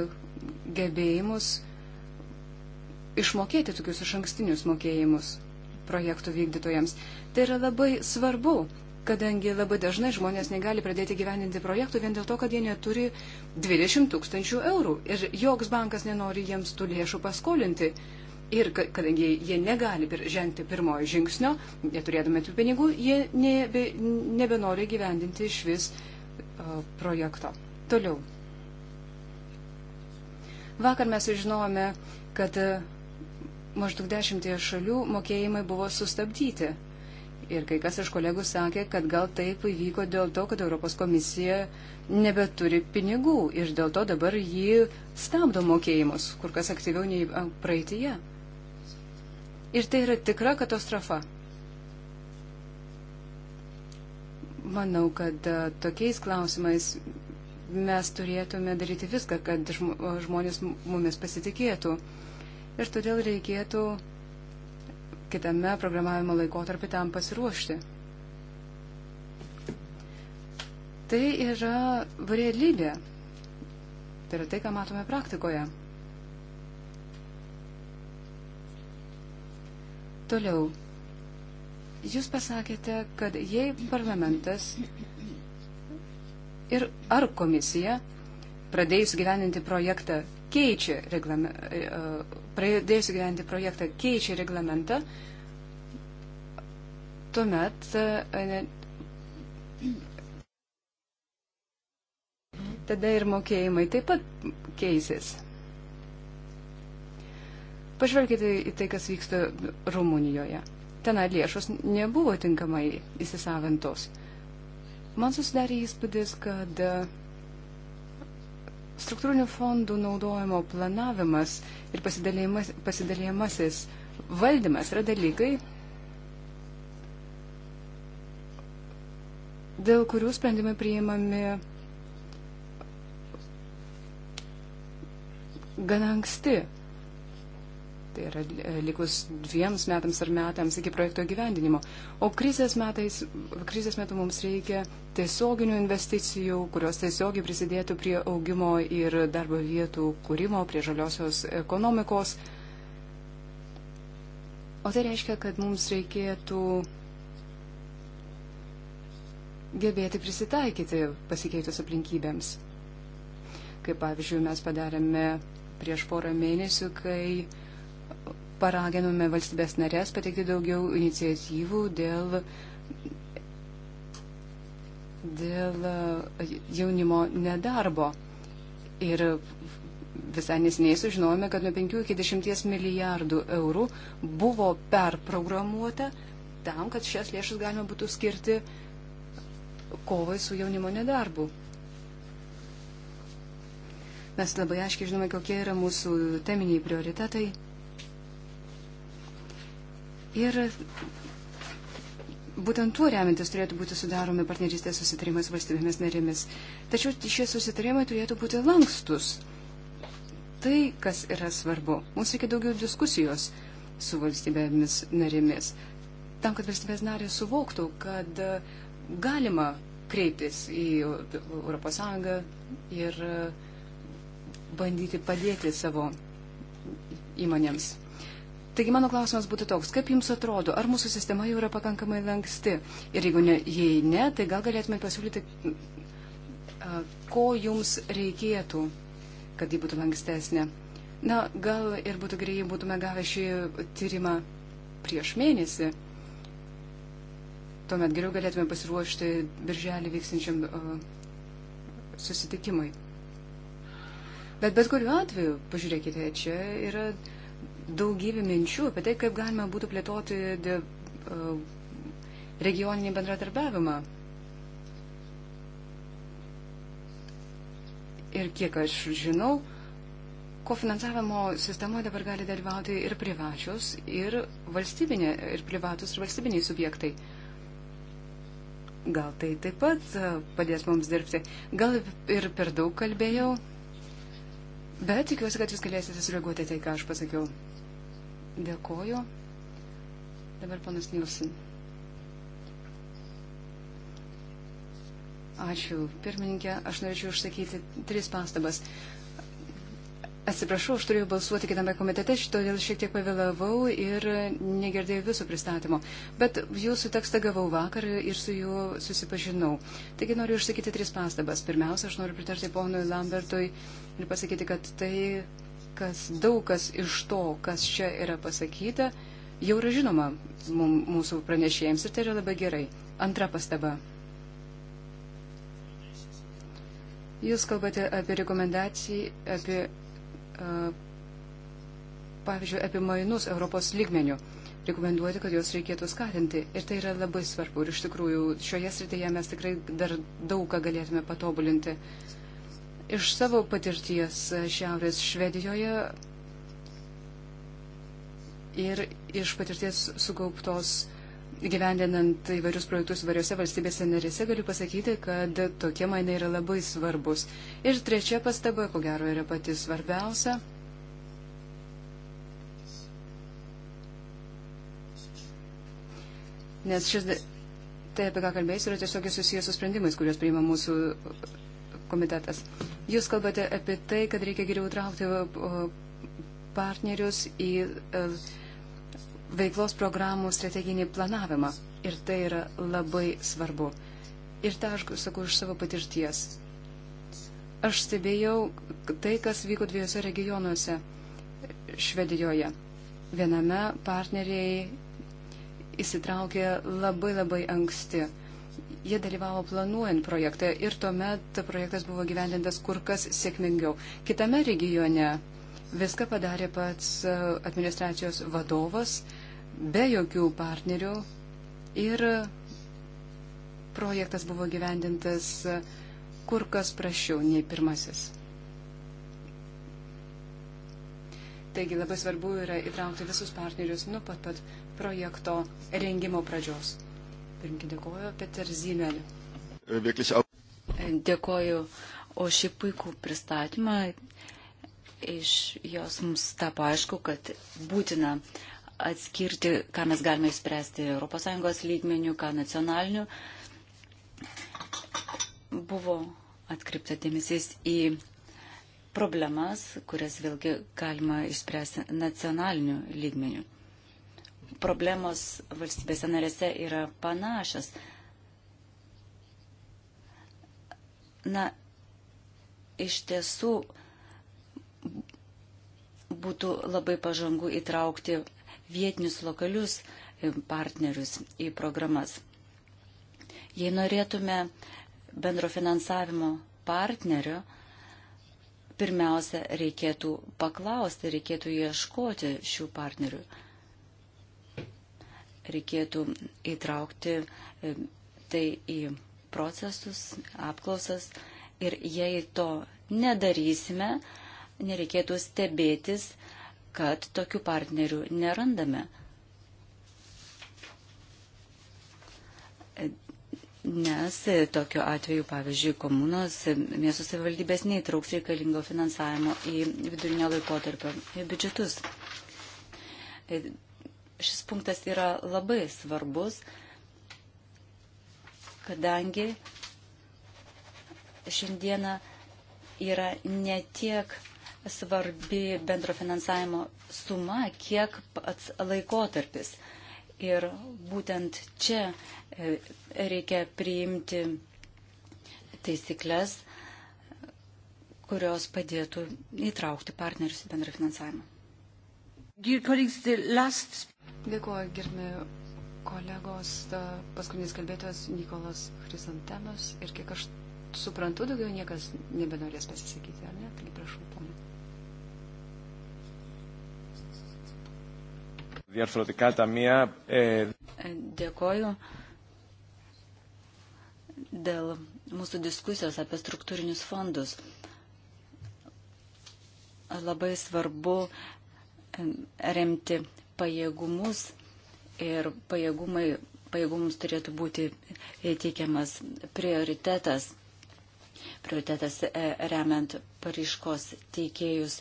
[SPEAKER 3] gebėjimus išmokėti tokius iš ankstinius mokėjimus projektų vykdytojams. Tai yra labai svarbu, kadangi labai dažnai žmonės negali pradėti gyveninti projektų vien dėl to, kad jie neturi 20 tūkstančių eurų ir joks bankas nenori jiems tų lėšų paskolinti. Ir kadangi jie negali žengti pirmojo žingsnio, neturėdami tų pinigų, jie nebe, nebenori gyvendinti iš vis uh, projekto. Toliau. Vakar mes sužinojome, kad uh, maždaug dešimtie šalių mokėjimai buvo sustabdyti. Ir kai kas iš kolegų sakė, kad gal taip įvyko dėl to, kad Europos komisija nebeturi pinigų ir dėl to dabar jį stabdo mokėjimus, kur kas aktyviau nei praeitie. Ir tai yra tikra katastrofa. Manau, kad e, tokiais klausimais mes turėtume daryti viską, kad žmonės mumis pasitikėtų ir todėl reikėtų kitame programavimo laikotarpį tam pasiruošti. Tai yra realybė. Tai yra tai, ką matome praktikoje. Toliau. Jūs pasakėte, kad jei parlamentas ir ar komisija pradėjus gyveninti projektą keičia reglame, e, e, pradėjusi gyventi projektą keičia reglamentą, tuomet e, tada ir mokėjimai taip pat keisės. Pažvelkite į tai, kas vyksta Rumunijoje. Ten lėšos nebuvo tinkamai įsisavintos. Man susidarė įspūdis, kad Struktūrinių fondų naudojimo planavimas ir pasidalėjimasis valdymas yra dalykai, dėl kurių sprendimai priimami gan anksti tai yra e, likus dviems metams ar metams iki projekto gyvendinimo. O krizės, metais, krizės metu mums reikia tiesioginių investicijų, kurios tiesiogiai prisidėtų prie augimo ir darbo vietų kūrimo, prie žaliosios ekonomikos. O tai reiškia, kad mums reikėtų gebėti prisitaikyti pasikeitus aplinkybėms. Kaip pavyzdžiui, mes padarėme prieš porą mėnesių, kai paraginome valstybės narės pateikti daugiau iniciatyvų dėl, dėl e, jaunimo nedarbo. Ir visai nesiniai sužinojome, kad nuo 5 iki 10 milijardų eurų buvo perprogramuota tam, kad šias lėšas galima būtų skirti kovai su jaunimo nedarbu. Mes labai aiškiai žinome, kokie yra mūsų teminiai prioritetai Ir būtent tuo remintis turėtų būti sudaromi partnerystės susitarimai su valstybėmis narėmis. Tačiau šie susitarimai turėtų būti lankstus. Tai, kas yra svarbu, mums reikia daugiau diskusijos su valstybėmis narėmis. Tam, kad valstybės narės suvoktų, kad galima kreiptis į ES ir bandyti padėti savo įmonėms. Taigi mano klausimas būtų toks, kaip jums atrodo, ar mūsų sistema jau yra pakankamai lanksti? Ir jeigu ne, jei ne, tai gal galėtumėte pasiūlyti, ko jums reikėtų, kad ji būtų lankstesnė? Na, gal ir būtų gerai, jei būtume gavę šį tyrimą prieš mėnesį. Tuomet geriau galėtume pasiruošti birželį vyksinčiam uh, susitikimui. Bet bet kuriuo atveju, pažiūrėkite, čia yra uh, daugybė minčių apie tai, kaip galima būtų plėtoti de, uh, regioninį bendradarbiavimą. Ir kiek aš žinau, kofinansavimo sistemoje dabar gali dalyvauti ir privačios, ir, valstybinė, ir privatus, ir valstybiniai subjektai. Gal tai taip pat e, padės mums dirbti. Gal ir per daug kalbėjau, bet tikiuosi, kad jūs galėsite sureaguoti tai, ką aš pasakiau. Dėkoju. Dabar panas Nilsin. Ačiū, pirmininkė. Aš norėčiau užsakyti tris pastabas. Atsiprašau, aš turėjau balsuoti kitame komitete, todėl šiek tiek pavėlavau ir negirdėjau viso pristatymo. Bet jūsų tekstą gavau vakar ir su juo susipažinau. Taigi noriu išsakyti tris pastabas. Pirmiausia, aš noriu pritarti ponui Lambertui ir pasakyti, kad tai kas daug kas iš to, kas čia yra pasakyta, jau yra žinoma mūsų pranešėjams ir tai yra labai gerai. Antra pastaba. Jūs kalbate apie rekomendaciją, apie, uh, pavyzdžiui, apie mainus Europos lygmenių. Rekomenduoti, kad juos reikėtų skatinti. Ir tai yra labai svarbu. Ir iš tikrųjų, šioje srityje mes tikrai dar daug ką galėtume patobulinti. Uh, Iš savo patirties e, Šiaurės Švedijoje ir iš patirties sugauptos gyvendinant įvairius projektus įvairiose valstybėse narėse, galiu pasakyti, kad tokie mainai yra labai svarbus. Ir trečia pastaba, ko gero, yra pati svarbiausia. Nes šis, tai apie ką kalbėsiu, yra tiesiog susijęs su sprendimais, kuriuos priima mūsų komitetas. Jūs kalbate apie tai, kad reikia geriau traukti uh, partnerius į uh, veiklos programų strateginį planavimą. Ir tai yra labai svarbu. Ir tą aš sakau iš savo patirties. Aš stebėjau tai, kas vyko dviejose regionuose Švedijoje. Viename partneriai įsitraukė labai labai anksti jie dalyvavo planuojant projektą ir tuomet projektas buvo gyvendintas kur kas sėkmingiau. Kitame regione viską padarė pats e, administracijos vadovas, be jokių partnerių ir projektas buvo gyvendintas e, kur kas prašiau nei pirmasis. Taigi labai svarbu yra įtraukti visus partnerius nuo pat pat projekto rengimo pradžios. Pirmkį dėkoju, Peter Zimelį. Dėkoju
[SPEAKER 2] už šį puikų pristatymą. Iš jos mums tapo aišku, kad būtina atskirti, ką mes galime išspręsti ES lygmenių, ką nacionalinių. Buvo atkripta dėmesys į problemas, kurias vėlgi galima išspręsti nacionaliniu lygmeniu problemos valstybėse narėse yra panašios. Na, iš tiesų būtų labai pažangu įtraukti vietinius lokalius partnerius į programas. Jei norėtume bendro finansavimo partnerio, pirmiausia, reikėtų paklausti, reikėtų ieškoti šių partnerių reikėtų įtraukti e, tai į procesus, apklausas ir jei to nedarysime, nereikėtų stebėtis, kad tokių partnerių nerandame. E, nes tokiu atveju, pavyzdžiui, komunos e, miestų savivaldybės neįtrauks reikalingo finansavimo į vidurinio laikotarpio biudžetus šis punktas yra labai svarbus, kadangi šiandieną yra ne tiek svarbi bendro finansavimo suma, kiek pats laikotarpis. Ir būtent čia e, reikia priimti taisyklės, kurios padėtų įtraukti partnerius į bendrą finansavimą.
[SPEAKER 3] Last... Dėkuoju, girmi kolegos, paskutinis kalbėtojas Nikolas Chrysantemas ir kiek aš suprantu, daugiau niekas nebenorės pasisakyti, ar ne? Taigi prašau, ponė.
[SPEAKER 4] Διαρθρωτικά ταμεία. Ε...
[SPEAKER 3] Dėkoju.
[SPEAKER 2] Dėl mūsų diskusijos apie struktūrinius fondus. Labai svarbu remti pajėgumus ir pajėgumai, pajėgumams turėtų būti e, teikiamas prioritetas. Prioritetas e, remiant pariškos teikėjus.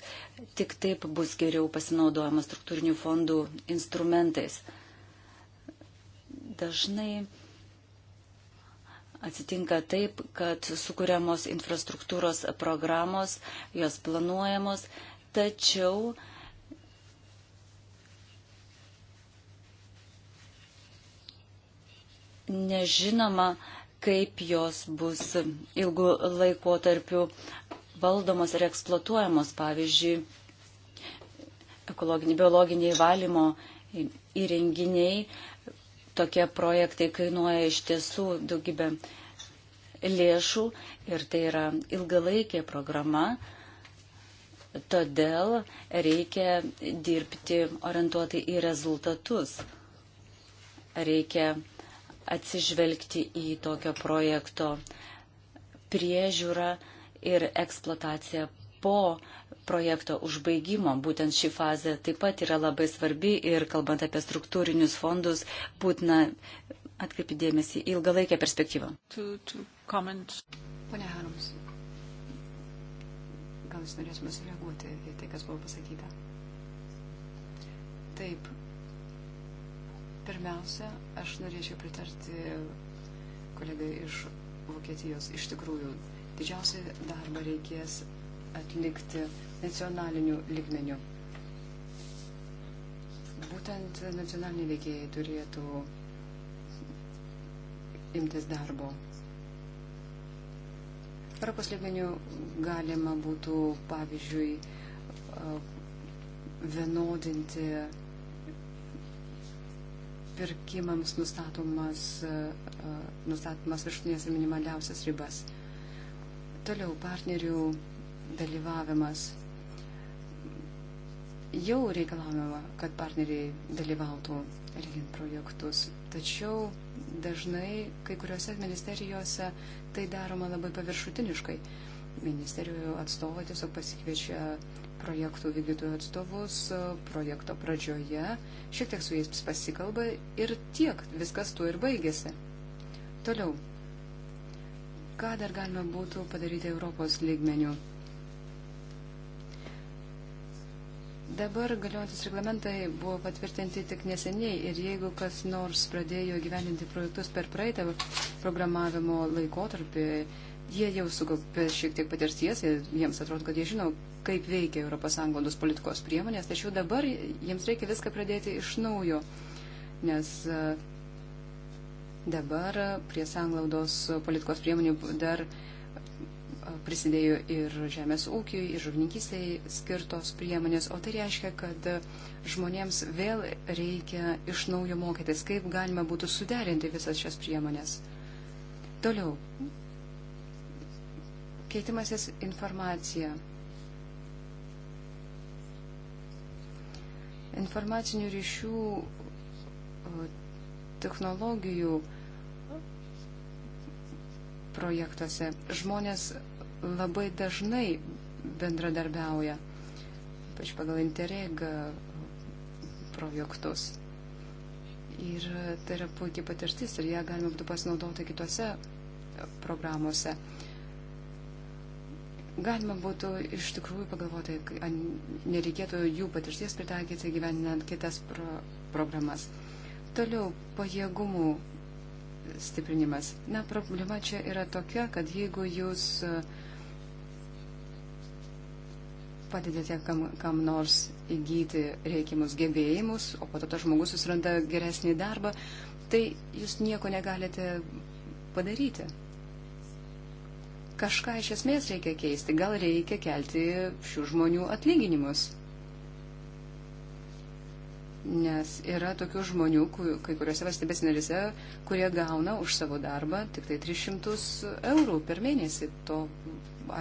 [SPEAKER 2] Tik taip bus geriau pasinaudojama struktūrinių fondų instrumentais. Dažnai atsitinka taip, kad sukūriamos infrastruktūros programos, jos planuojamos, tačiau uh, nežinoma, kaip jos bus ilgu laikotarpiu valdomos ir eksploatuojamos, pavyzdžiui, ekologiniai, biologiniai valymo įrenginiai. Tokie projektai kainuoja iš tiesų daugybę lėšų ir tai yra ilgalaikė programa, todėl reikia dirbti orientuotai į rezultatus. Reikia atsižvelgti į tokio projekto priežiūrą ir eksploataciją po projekto užbaigimo. Būtent ši fazė taip pat yra labai svarbi ir kalbant apie struktūrinius fondus, būtina atkreipti dėmesį į ilgalaikę perspektyvą.
[SPEAKER 3] To, to Pane Harams, gal jūs norėsime sureaguoti į tai, kas buvo pasakyta? Taip, Pirmiausia, aš norėčiau pritarti kolegai iš Vokietijos. Iš tikrųjų, didžiausią darbą reikės atlikti nacionaliniu lygmeniu. Būtent nacionaliniai veikėjai turėtų imtis darbo. Europos lygmenių galima būtų, pavyzdžiui, vienodinti pirkimams nustatomas, e, e, nustatomas viršutinės ir minimaliausias ribas. Toliau partnerių dalyvavimas. Jau reikalavimą, kad partneriai dalyvautų rengiant projektus, tačiau dažnai kai kuriuose ministerijose tai daroma labai paviršutiniškai. Ministerijų atstovai tiesiog pasikviečia uh, projektų vykdytojų atstovus e, projekto pradžioje, šiek tiek su jais pasikalba ir tiek viskas tuo ir baigėsi. Toliau, ką dar galima būtų padaryti Europos lygmenių? Dabar galiojantis reglamentai buvo patvirtinti tik neseniai ir jeigu kas nors pradėjo gyveninti projektus per praeitą programavimo laikotarpį, Jie jau sugaupė šiek tiek patirties, jiems atrodo, kad jie žino, kaip veikia ES politikos priemonės, tačiau dabar jiems reikia viską pradėti iš naujo, nes e, dabar prie sanglaudos politikos priemonių dar e, prisidėjo ir žemės ūkiui, ir žuvininkystėje skirtos priemonės, o tai reiškia, kad e, žmonėms vėl reikia iš naujo mokytis, kaip galima būtų suderinti visas šias priemonės. Toliau, keitimasis informacija. Informacinių ryšių technologijų projektuose žmonės labai dažnai bendradarbiauja, ypač pagal Interreg projektus. Ir tai yra puikiai patirtis ir ją galima būtų pasinaudoti kitose programuose galima būtų iš tikrųjų pagalvoti, ar nereikėtų jų patirties pritaikyti gyveninant kitas pro programas. Toliau pajėgumų stiprinimas. Na, problema čia yra tokia, kad jeigu jūs e, padedate kam, kam nors įgyti reikiamus gebėjimus, o po to tas žmogus susiranda geresnį darbą, tai jūs nieko negalite padaryti kažką iš esmės reikia keisti. Gal reikia kelti šių žmonių atlyginimus. Nes yra tokių žmonių, kai kuriuose valstybės narise, kurie gauna už savo darbą tik tai 300 eurų per mėnesį. To,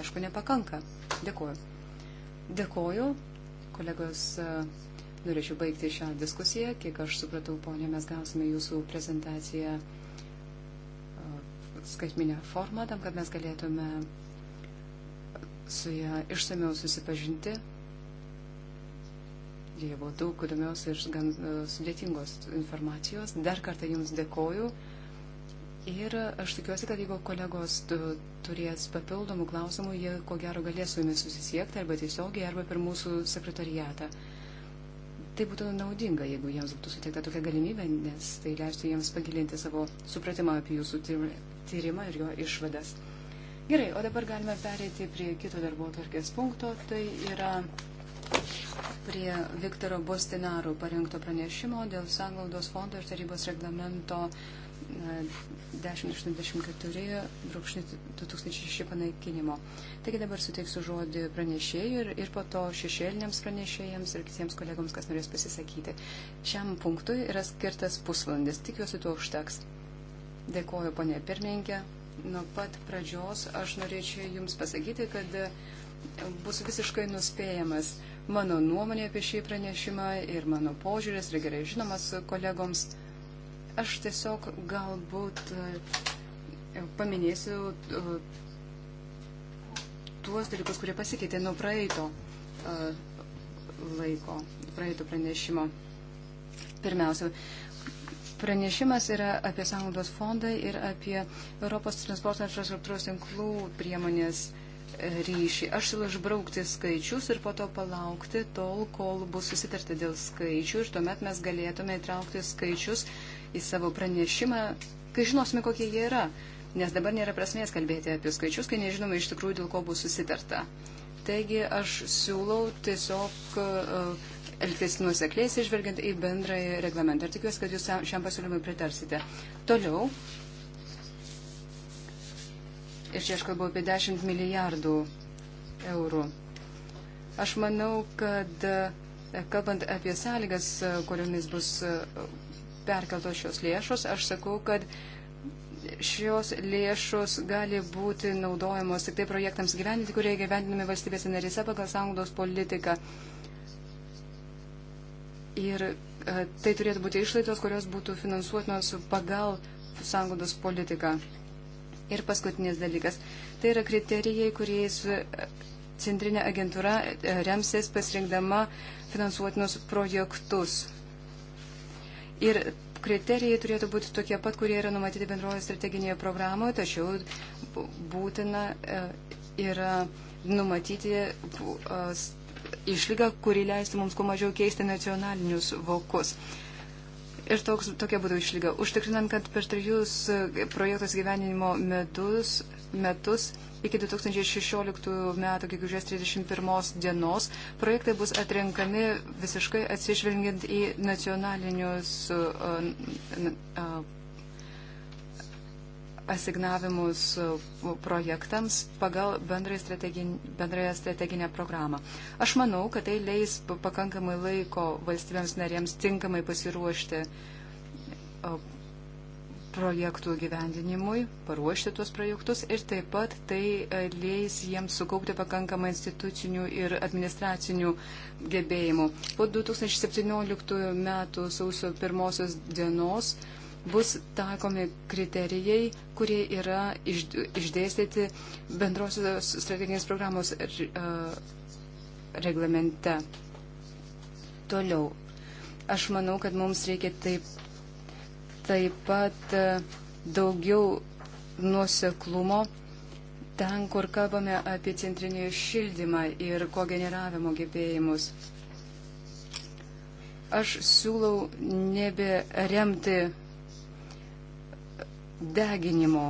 [SPEAKER 3] aišku, nepakanka. Dėkuoju. Dėkuoju, kolegos. Norėčiau baigti šią diskusiją. Kiek aš supratau, ponė, mes gausime jūsų prezentaciją skaitminę formą, tam, kad mes galėtume su ją išsameu susipažinti. Jie buvo daug įdomios ir gan e, sudėtingos informacijos. Dar kartą Jums dėkoju. Ir aš tikiuosi, kad jeigu kolegos turės papildomų klausimų, jie ko gero galės su Jumis susisiekti arba tiesiogiai, arba per mūsų sekretariatą tai būtų naudinga, jeigu jiems būtų suteikta tokia galimybė, nes tai leistų jiems pagilinti savo supratimą apie jūsų tyrimą ir jo išvadas. Gerai, o dabar galime perėti prie kito darbo tvarkės punkto. Tai yra prie Viktoro Bostinarų parengto pranešimo dėl Sanglaudos fondo ir tarybos reglamento 1084-2006 panaikinimo. Taigi dabar suteiksiu žodį pranešėjai ir, ir po to šešėliniams pranešėjams ir kitiems kolegoms, kas norės pasisakyti. Šiam punktui yra skirtas pusvalandis, tikiuosi tuo užteks. Dėkoju, ponė pirmininkė. Nuo pat pradžios aš norėčiau Jums pasakyti, kad bus visiškai nuspėjamas mano nuomonė apie šį pranešimą ir mano požiūris yra gerai žinomas kolegoms. Aš tiesiog galbūt e, paminėsiu e, tuos dalykus, kurie pasikeitė nuo praeito e, laiko, praeito pranešimo. Pirmiausia, pranešimas yra apie sąnaudos fondą ir apie Europos transporto infrastruktūros tinklų priemonės ryšį. Aš siūlau išbraukti skaičius ir po to palaukti tol, kol bus susitarta dėl skaičių ir tuomet mes galėtume įtraukti skaičius į savo pranešimą, kai žinosime, kokie jie yra. Nes dabar nėra prasmės kalbėti apie skaičius, kai nežinome iš tikrųjų, dėl ko bus susitarta. Taigi aš siūlau tiesiog e, elgtis nuosekliai, išvelgiant į bendrąjį reglamentą. Ir tikiuosi, kad jūs šiam pasiūlymui pritarsite. Toliau. Ir čia aš kalbu apie 10 milijardų eurų. Aš manau, kad e, kalbant apie sąlygas, e, kuriomis bus perkeltos šios lėšos. Aš sakau, kad šios lėšos gali būti naudojamos tik tai projektams gyveninti, kurie gyveninami valstybėse narise pagal sąnaudos politiką. Ir e, tai turėtų būti išlaidos, kurios būtų finansuotinos pagal sąnaudos politiką. Ir paskutinis dalykas. Tai yra kriterijai, kuriais e, centrinė agentūra e, remsės pasirinkdama finansuotinus projektus. Ir kriterijai turėtų būti tokie pat, kurie yra numatyti bendroje strateginėje programoje, tačiau būtina e, yra numatyti e, išlygą, kuri leistų mums kuo mažiau keisti nacionalinius vokus. Ir toks, tokia būtų išlyga. Užtikrinant, kad per trejus e, projektos gyvenimo medus metus iki 2016 metų gegužės 31 dienos projektai bus atrenkami visiškai atsižvelgiant į nacionalinius uh, uh, asignavimus uh, projektams pagal bendrąją strateginę, bendrąją strateginę programą. Aš manau, kad tai leis pakankamai laiko valstybėms narėms tinkamai pasiruošti projektų gyvendinimui, paruošti tuos projektus ir taip pat tai e, leis jiems sukaupti pakankamą institucinių ir administracinių gebėjimų. Po 2017 metų sausio pirmosios dienos bus taikomi kriterijai, kurie yra išdėstyti bendrosios strateginės programos e, reglamente. Toliau. Aš manau, kad mums reikia taip taip pat e, daugiau nuoseklumo ten, kur kalbame apie centrinį šildymą ir kogeneravimo gebėjimus. Aš siūlau neberemti deginimo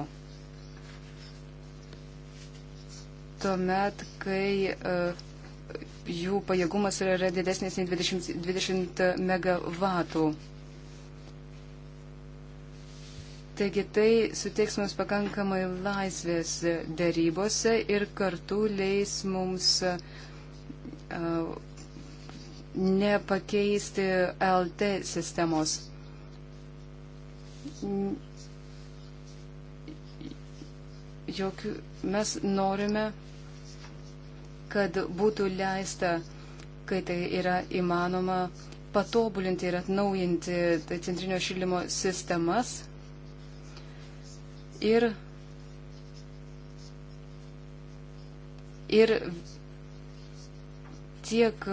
[SPEAKER 3] tuomet, kai uh, jų pajėgumas yra didesnis nei 20, 20 MW. Taigi tai suteiks mums pakankamai laisvės darybose ir kartu leis mums nepakeisti LT sistemos. Jokių, mes norime, kad būtų leista, kai tai yra įmanoma, patobulinti ir atnaujinti centrinio šildymo sistemas ir, ir tiek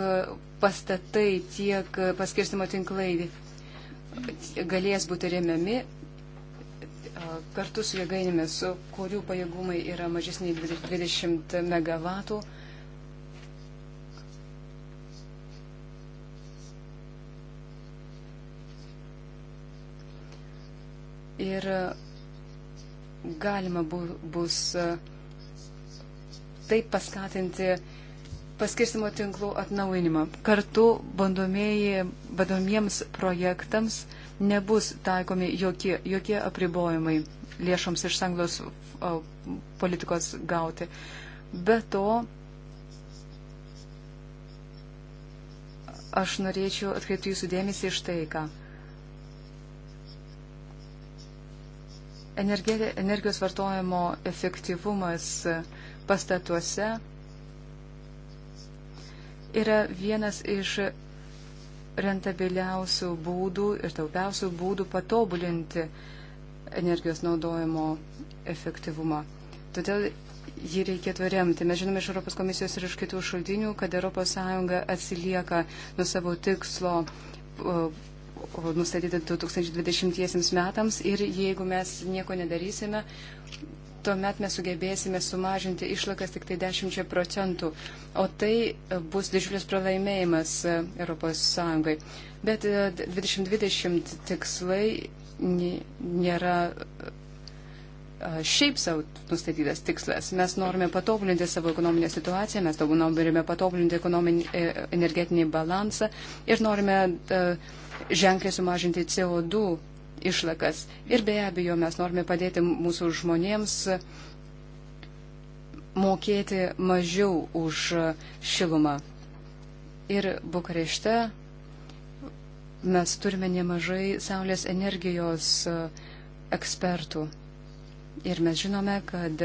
[SPEAKER 3] pastatai, tiek paskirstimo tinklai galės būti remiami kartu su jėgainėmis, kurių pajėgumai yra mažesni 20 MW. Ir galima bu, bus e, taip paskatinti paskirstimo tinklų atnauinimą. Kartu bandomiems projektams nebus taikomi jokie, jokie apribojimai lėšoms iš sanglos politikos gauti. Be to, aš norėčiau atkreipti jūsų dėmesį iš tai, ką. energijos vartojimo efektyvumas pastatuose yra vienas iš rentabiliausių būdų ir taupiausių būdų patobulinti energijos naudojimo efektyvumą. Todėl jį reikėtų remti. Mes žinome iš Europos komisijos ir iš kitų šaltinių, kad ES atsilieka nuo savo tikslo nustatyti 2020 metams ir jeigu mes nieko nedarysime, tuomet mes sugebėsime sumažinti išlakas tik tai 10 procentų, o tai bus didžiulis pralaimėjimas ES. Bet 2020 e, tikslai nėra e, šiaip savo nustatytas tikslas. Mes norime patobulinti savo ekonominę situaciją, mes norime patobulinti e, energetinį balansą ir norime uh, ženkliai sumažinti CO2 išlakas. Ir be abejo, mes norime padėti mūsų žmonėms mokėti mažiau už šilumą. Ir Bukarešte mes turime nemažai saulės energijos ekspertų. Ir mes žinome, kad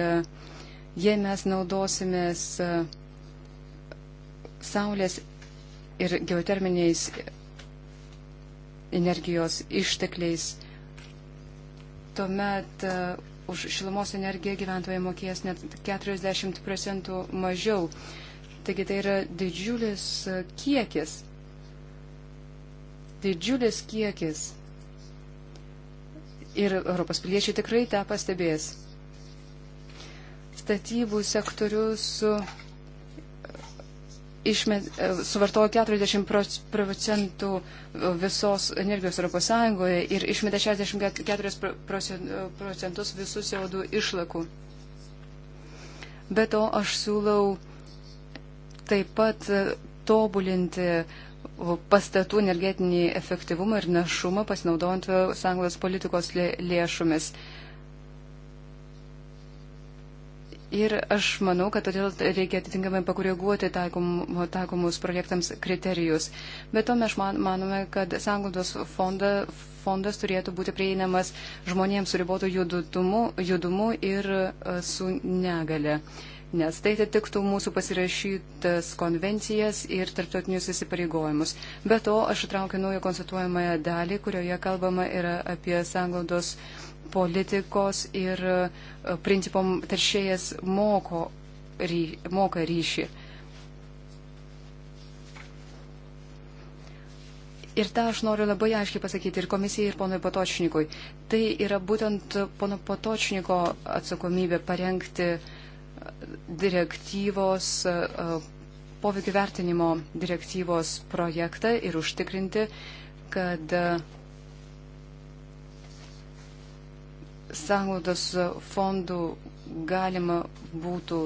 [SPEAKER 3] jei mes naudosimės saulės ir geoterminiais energijos ištekliais, tuomet e, už šilumos energiją gyventojai mokės net 40 procentų mažiau. Taigi tai yra didžiulis e, kiekis. Didžiulis kiekis. Ir Europos piliečiai tikrai tą pastebės. Statybų sektorius išmet, e, suvartoja 40 procentų e, visos energijos ES ir išmeta 64 e, procentus visų CO2 išlakų. Be to aš siūlau taip pat tobulinti pastatų energetinį efektyvumą ir našumą pasinaudojant sąjungos politikos lėšomis. Lė Ir aš manau, kad todėl reikia atitinkamai pakoreguoti taikom, taikomus projektams kriterijus. Bet to mes man, manome, kad sąnglaudos fonda, fondas turėtų būti prieinamas žmonėms su ribotu judumu, judumu ir e, su negale. Nes tai atitiktų mūsų pasirašytas konvencijas ir tarptautinius įsipareigojimus. Be to, aš įtraukiu naują konstatuojamąją dalį, kurioje kalbama yra apie sąnglaudos fondą politikos ir e, principom taršėjas moko, ry, moka ryšį. Ir tą aš noriu labai aiškiai pasakyti ir komisijai, ir ponui Patočnikui. Tai yra būtent pono Patočniko atsakomybė parengti e, direktyvos, e, poveikio vertinimo direktyvos projektą ir užtikrinti, kad sanglaudos fondų galima būtų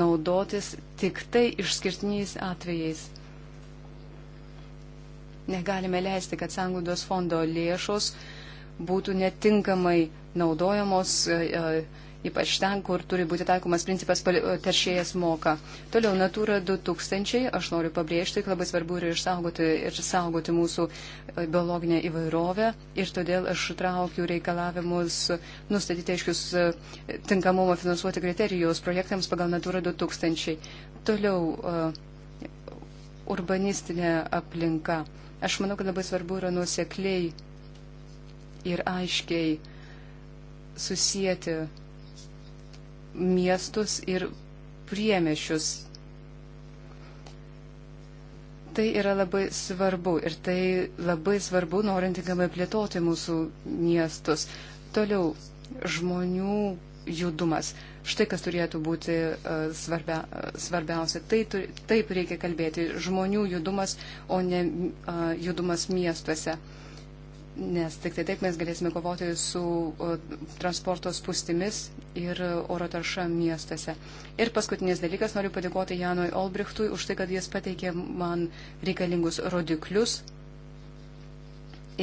[SPEAKER 3] naudotis tik tai išskirtiniais atvejais. Negalime leisti, kad sanglaudos fondo lėšos būtų netinkamai naudojamos. E, e, ypač ten, kur turi būti taikomas principas e, teršėjas moka. Toliau Natūra 2000, aš noriu pabrėžti, kad labai svarbu yra išsaugoti ir saugoti mūsų e, biologinę įvairovę ir todėl aš traukiu reikalavimus nustatyti aiškius e, tinkamumo finansuoti kriterijus projektams pagal Natūra 2000. Toliau uh, urbanistinė aplinka. Aš manau, kad labai svarbu yra nusekliai ir aiškiai susijęti miestus ir priemešius. Tai yra labai svarbu ir tai labai svarbu norint tinkamai plėtoti mūsų miestus. Toliau žmonių judumas. Štai kas turėtų būti e, svarbia, e, svarbiausia. Tai, taip reikia kalbėti. Žmonių judumas, o ne judumas miestuose nes tik tai taip mes galėsime kovoti su transporto spūstimis ir oro tarša miestuose. Ir paskutinis dalykas, noriu padėkoti Janui Olbrichtui už tai, kad jis pateikė man reikalingus rodiklius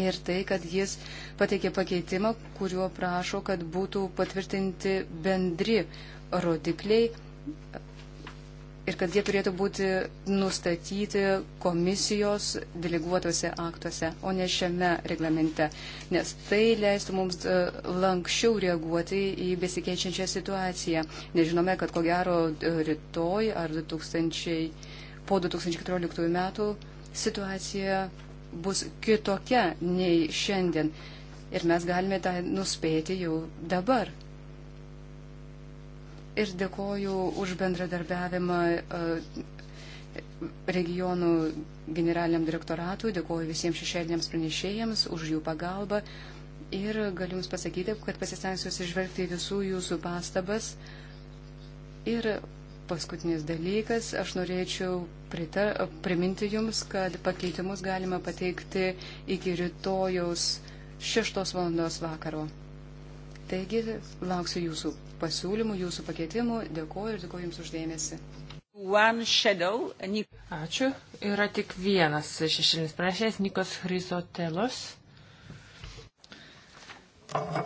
[SPEAKER 3] ir tai, kad jis pateikė pakeitimą, kuriuo prašo, kad būtų patvirtinti bendri rodikliai ir kad jie turėtų būti nustatyti komisijos deleguotose aktuose, o ne šiame reglamente, nes tai leistų mums e, lankščiau reaguoti į besikeičiančią situaciją. Nežinome, kad ko gero e, rytoj ar 2000, po 2014 metų situacija bus kitokia nei šiandien ir mes galime tą nuspėti jau dabar ir dėkoju už bendradarbiavimą e, regionų generaliniam direktoratui, dėkoju visiems šešėliniams pranešėjams už jų pagalbą ir galiu Jums pasakyti, kad pasistengsiu atsižvelgti visų Jūsų pastabas. Ir paskutinis dalykas, aš norėčiau pritar, priminti Jums, kad pakeitimus galima pateikti iki rytojaus 6 val. vakaro. Taigi, lauksiu jūsų pasiūlymų, jūsų pakeitimų. Dėkuoju ir dėkuoju Jums uždėmesi.
[SPEAKER 1] Shadow, Nik... Ačiū. Yra tik vienas šešėlis pranešėjas, Nikos Hrizotelos.
[SPEAKER 2] Uh,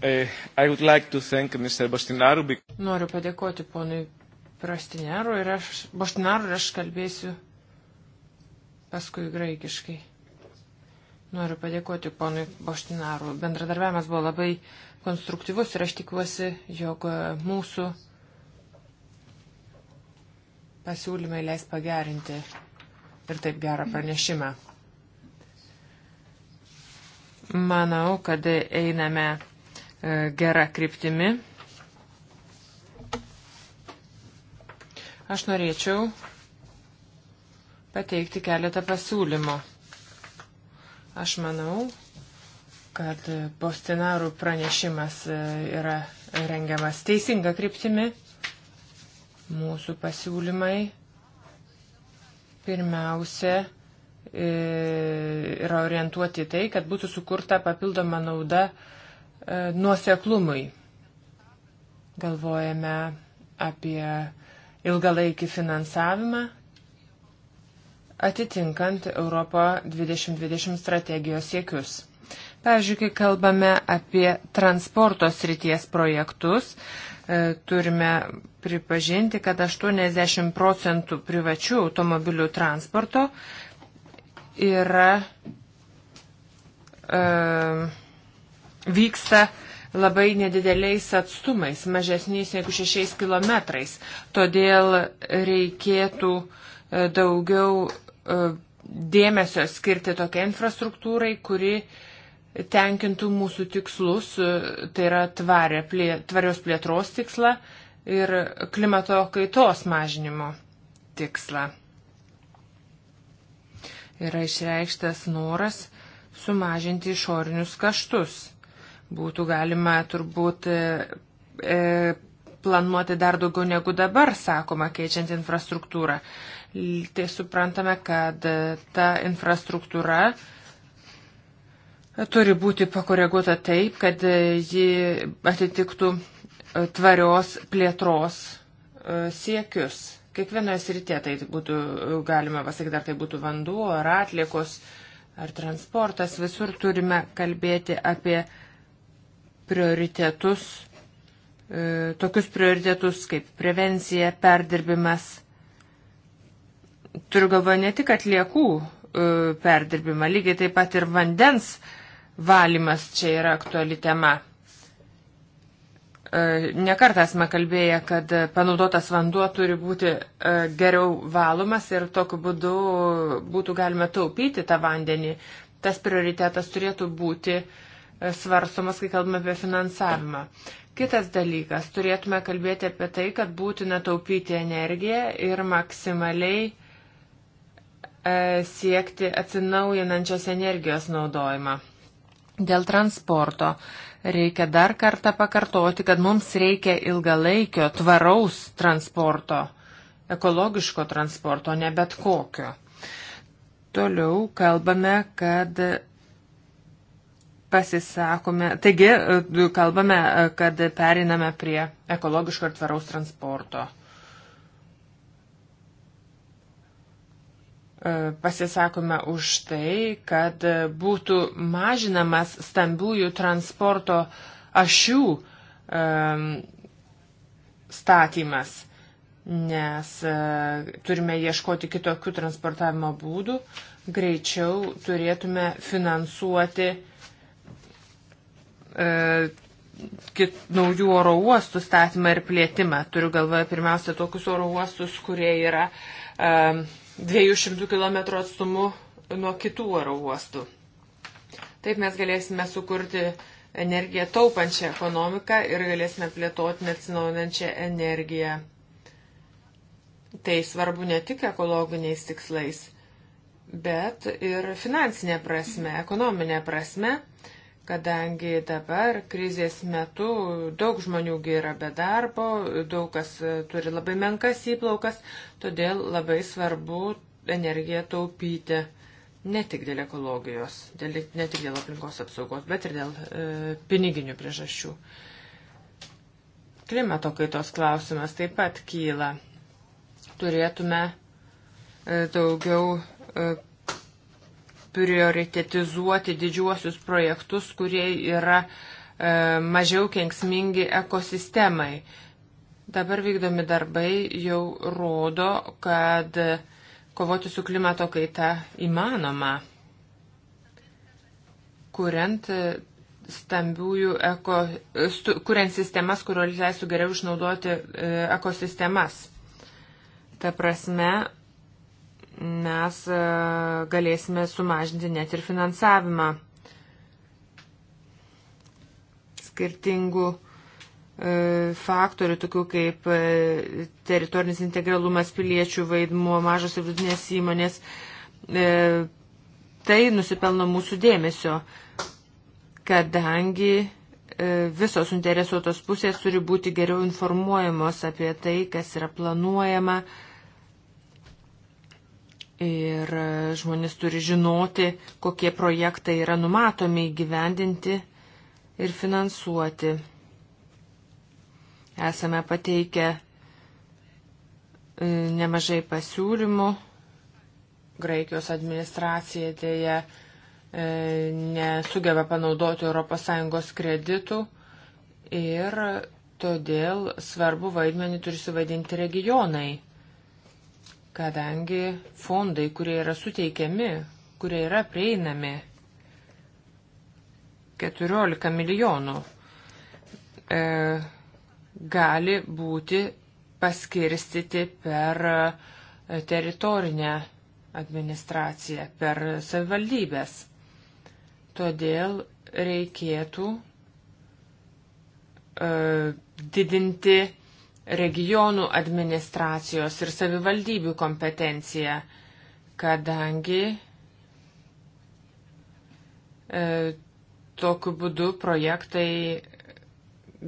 [SPEAKER 2] eh, like because...
[SPEAKER 1] Noriu padėkoti ponui Prastinaru ir aš, Boštinaru ir aš kalbėsiu paskui graikiškai. Noriu padėkoti ponui Boštinaru. Bendradarbiavimas buvo labai konstruktyvus ir aš tikiuosi, jog e, mūsų pasiūlymai leis pagerinti ir taip gerą pranešimą. Manau, kad einame e, gerą kryptimi. Aš norėčiau pateikti keletą pasiūlymų. Aš manau, kad Bostinarų pranešimas e, yra rengiamas teisinga kryptimi. Mūsų pasiūlymai pirmiausia e, yra orientuoti tai, kad būtų sukurta papildoma nauda e, nuoseklumui. Galvojame apie ilgalaikį finansavimą atitinkant Europą 2020 strategijos siekius. Pavyzdžiui, kai kalbame apie transporto srities projektus, e, turime pripažinti, kad 80 procentų privačių automobilių transporto yra e, vyksta labai nedideliais atstumais, mažesniais negu 6 kilometrais. Todėl reikėtų e, daugiau E, dėmesio skirti tokia infrastruktūrai, kuri tenkintų mūsų tikslus, e, tai yra tvarė, plė, tvarios plėtros tikslą ir klimato kaitos mažinimo tikslą. Yra išreikštas noras sumažinti išorinius kaštus. Būtų galima turbūt e, e planuoti dar daugiau negu dabar, sakoma, keičiant infrastruktūrą tai suprantame, kad ta infrastruktūra turi būti pakoreguota taip, kad ji atitiktų tvarios plėtros e, siekius. Kiekvienoje srityje tai būtų, e, galima pasakyti, ar tai būtų vanduo, ar atliekos, ar transportas, visur turime kalbėti apie prioritetus, e, tokius prioritetus kaip prevencija, perdirbimas Turiu galvoje ne tik atliekų e, perdirbimą, lygiai taip pat ir vandens valymas čia yra aktuali tema. E, nekartą esame kalbėję, kad panaudotas vanduo turi būti e, geriau valomas ir tokiu būdu būtų galima taupyti tą vandenį. Tas prioritetas turėtų būti svarstomas, kai kalbame apie finansavimą. Kitas dalykas, turėtume kalbėti apie tai, kad būtina taupyti energiją ir maksimaliai uh, E, siekti atsinaujinančios energijos naudojimą. Dėl transporto reikia dar kartą pakartoti, kad mums reikia ilgalaikio, tvaraus transporto, ekologiško transporto, ne bet kokio. Toliau kalbame, kad pasisakome, taigi e, kalbame, e, kad periname prie ekologiško ir tvaraus transporto. E, pasisakome už tai, kad būtų mažinamas stambiųjų transporto ašių e, statymas, nes e, turime ieškoti kitokių transportavimo būdų, greičiau turėtume finansuoti kit, naujų oro uostų statymą ir plėtimą. Turiu galvoje pirmiausia tokius oro uostus, kurie yra uh, 200 km atstumu nuo kitų oro uostų. Taip mes galėsime sukurti energiją taupančią ekonomiką ir galėsime plėtoti neatsinaujinančią energiją. Tai svarbu ne tik ekologiniais tikslais, bet ir finansinė prasme, ekonominė prasme kadangi dabar krizės metu daug žmonių yra be darbo, daug kas e, turi labai menkas įplaukas, todėl labai svarbu energiją taupyti ne tik dėl ekologijos, dėl, ne tik dėl aplinkos apsaugos, bet ir dėl e, piniginių priežasčių. Klimato kaitos klausimas taip pat kyla. Turėtume e, daugiau e, prioritetizuoti didžiuosius projektus, kurie yra e, mažiau kenksmingi ekosistemai. Dabar vykdomi darbai jau rodo, kad kovoti su klimato kaita įmanoma, kuriant e, stambiųjų eko, stu, kuriant sistemas, kurio leisų geriau išnaudoti e, ekosistemas. Ta prasme, mes e, galėsime sumažinti net ir finansavimą skirtingų e, faktorių, tokių kaip e, teritorinis integralumas, piliečių vaidmuo, mažos ir vidutinės įmonės. Tai nusipelno mūsų dėmesio, kadangi visos interesuotos pusės turi būti geriau informuojamos apie tai, kas yra planuojama, Ir žmonės turi žinoti, kokie projektai yra numatomi įgyvendinti ir finansuoti. Esame pateikę e, nemažai pasiūlymų. Graikijos administracija dėja e, nesugeba panaudoti ES kreditų ir todėl svarbu vaidmenį turi suvaidinti regionai kadangi fondai, kurie yra suteikiami, kurie yra prieinami 14 milijonų, e, gali būti paskirstyti per e, teritorinę administraciją, per savivaldybės. Todėl reikėtų e, didinti regionų administracijos ir savivaldybių kompetencija, kadangi e, tokiu būdu projektai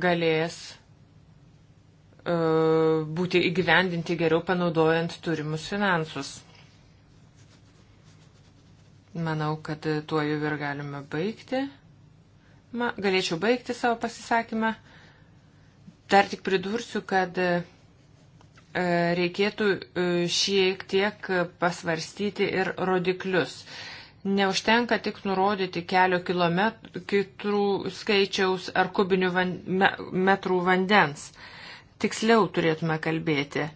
[SPEAKER 1] galės e, būti įgyvendinti geriau panaudojant turimus finansus. Manau, kad tuo jau ir galime baigti. Ma, galėčiau baigti savo pasisakymą. Dar tik pridursiu, kad e, reikėtų e, šiek tiek pasvarstyti ir rodiklius. Neužtenka tik nurodyti kelio kilometrų skaičiaus ar kubinių van, me, metrų vandens. Tiksliau turėtume kalbėti,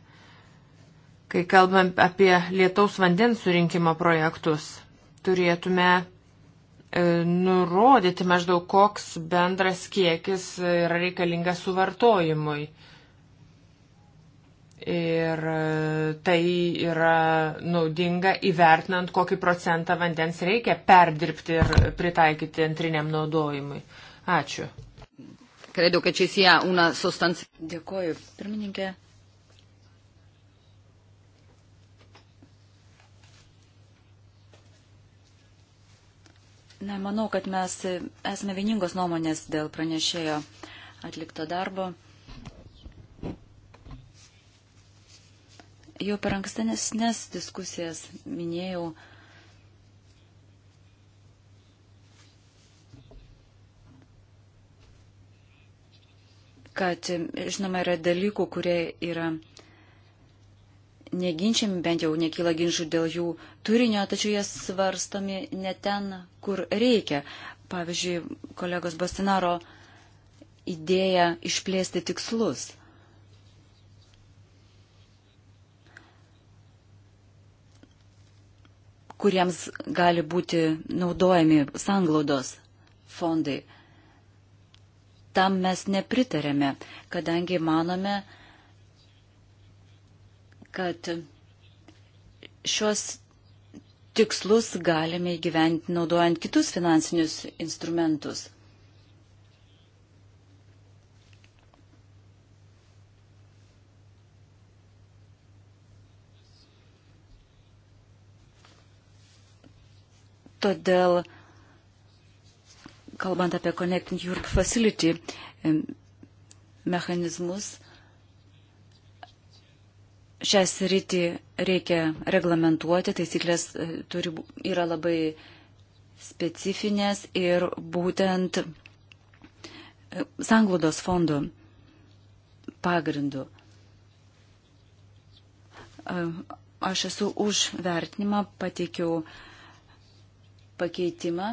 [SPEAKER 1] kai kalbam apie lietaus vandens surinkimo projektus. Turėtume E, nurodyti maždaug koks bendras kiekis yra reikalingas suvartojimui. Ir e, tai yra naudinga įvertinant, kokį procentą vandens reikia perdirbti ir pritaikyti antriniam naudojimui. Ačiū. Credo, kad čia sia una sostancija. Dėkuoju, pirmininkė.
[SPEAKER 2] Na, manau, kad mes esame vieningos nuomonės dėl pranešėjo atlikto darbo. Jau per ankstesnės diskusijas minėjau, kad, žinoma, yra dalykų, kurie yra neginčiami, bent jau nekyla ginčių dėl jų turinio, tačiau jie svarstomi ne ten, kur reikia. Pavyzdžiui, kolegos Bastinaro idėja išplėsti tikslus. kuriems gali būti naudojami sanglaudos fondai. Tam mes nepritarėme, kadangi manome, kad šios tikslus galime įgyventi naudojant kitus finansinius instrumentus. Todėl, kalbant apie Connecting Europe Facility mechanizmus, šią sritį reikia reglamentuoti, taisyklės e, turi, yra labai specifinės ir būtent e, sanglaudos fondų pagrindu. E, aš esu už vertinimą, pateikiau pakeitimą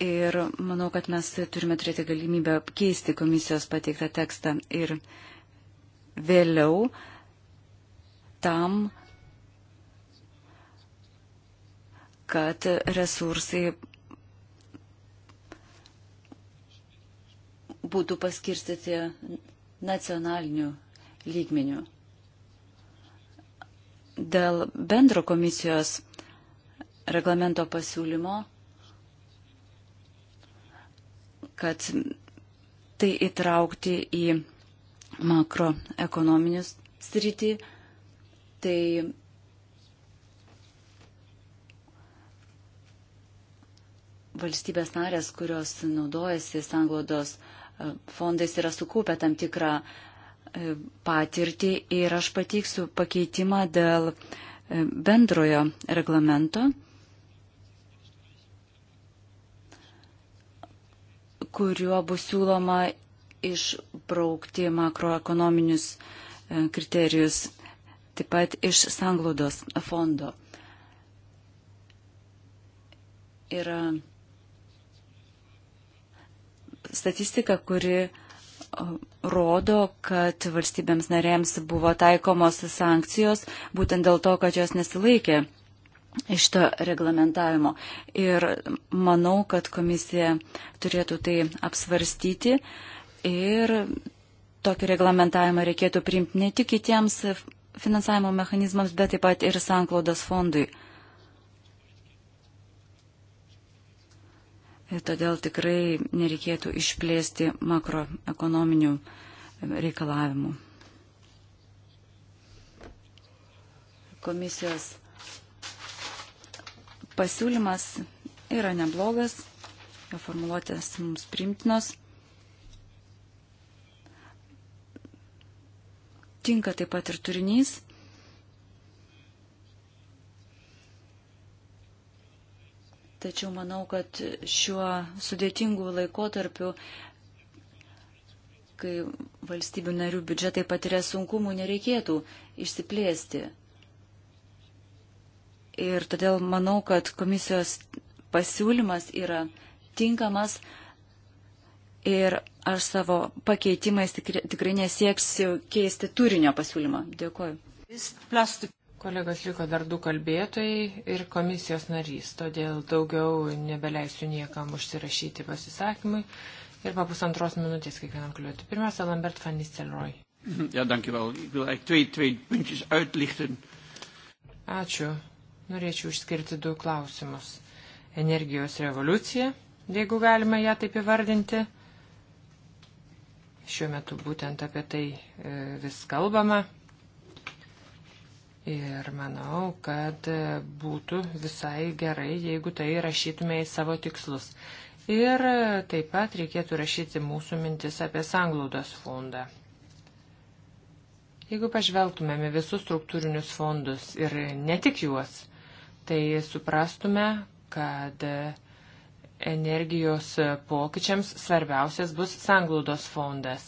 [SPEAKER 2] Ir manau, kad mes turime turėti galimybę keisti komisijos pateiktą tekstą ir vėliau tam, kad resursai būtų paskirstyti nacionaliniu lygmeniu. Dėl bendro komisijos reglamento pasiūlymo kad tai įtraukti į makroekonominius sritį, tai valstybės narės, kurios naudojasi sanglodos e, fondais, yra sukaupę tam tikrą e, patirtį ir aš pateiksiu pakeitimą dėl e, bendrojo reglamento kuriuo bus siūloma išbraukti makroekonominius e, kriterijus, taip pat iš sanglaudos fondo. Yra statistika, kuri rodo, kad valstybėms narėms buvo taikomos sankcijos būtent dėl to, kad jos nesilaikė šito reglamentavimo. Ir manau, kad komisija turėtų tai apsvarstyti ir tokį reglamentavimą reikėtų priimti ne tik kitiems finansavimo mechanizmams, bet taip pat ir sanklaudos fondui. Ir todėl tikrai nereikėtų išplėsti makroekonominių reikalavimų. Komisijos Pasiūlymas yra neblogas, jo formuluotės mums primtinos. Tinka taip pat ir turinys. Tačiau manau, kad šiuo sudėtingu laikotarpiu, kai valstybių narių biudžetai patiria sunkumų, nereikėtų išsiplėsti Ir todėl manau, kad komisijos pasiūlymas yra tinkamas ir aš savo pakeitimais tikrai, tikrai nesieksiu keisti turinio pasiūlymą.
[SPEAKER 1] Dėkuoju. Kolegos liko dar du kalbėtojai ir komisijos narys, todėl daugiau nebeleisiu niekam užsirašyti pasisakymui ir po pusantros minutės kiekvienam kliūti. Pirmiausia, Lambert van Nistelrooy.
[SPEAKER 3] Ja, dankjewel. Ik wil eigenlijk twee, twee puntjes uitlichten.
[SPEAKER 1] Ačiū norėčiau išskirti du klausimus. Energijos revoliucija, jeigu galima ją taip įvardinti. Šiuo metu būtent apie tai e, vis kalbama. Ir manau, kad e, būtų visai gerai, jeigu tai rašytume į savo tikslus. Ir e, taip pat reikėtų rašyti mūsų mintis apie sanglaudos fondą. Jeigu pažvelgtumėme visus struktūrinius fondus ir ne tik juos, tai suprastume, kad energijos pokyčiams svarbiausias bus sanglaudos fondas.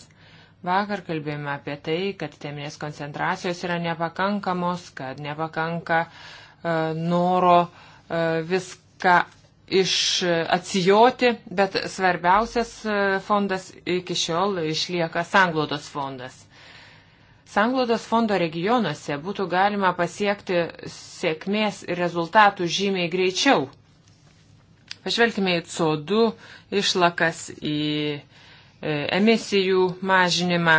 [SPEAKER 1] Vakar kalbėjome apie tai, kad teminės koncentracijos yra nepakankamos, kad nepakanka e, noro e, viską iš atsijoti, bet svarbiausias e, fondas iki šiol išlieka sanglaudos fondas. Sanglodos fondo regionuose būtų galima pasiekti sėkmės ir rezultatų žymiai greičiau. Pažvelkime į CO2 išlakas, į e, emisijų mažinimą.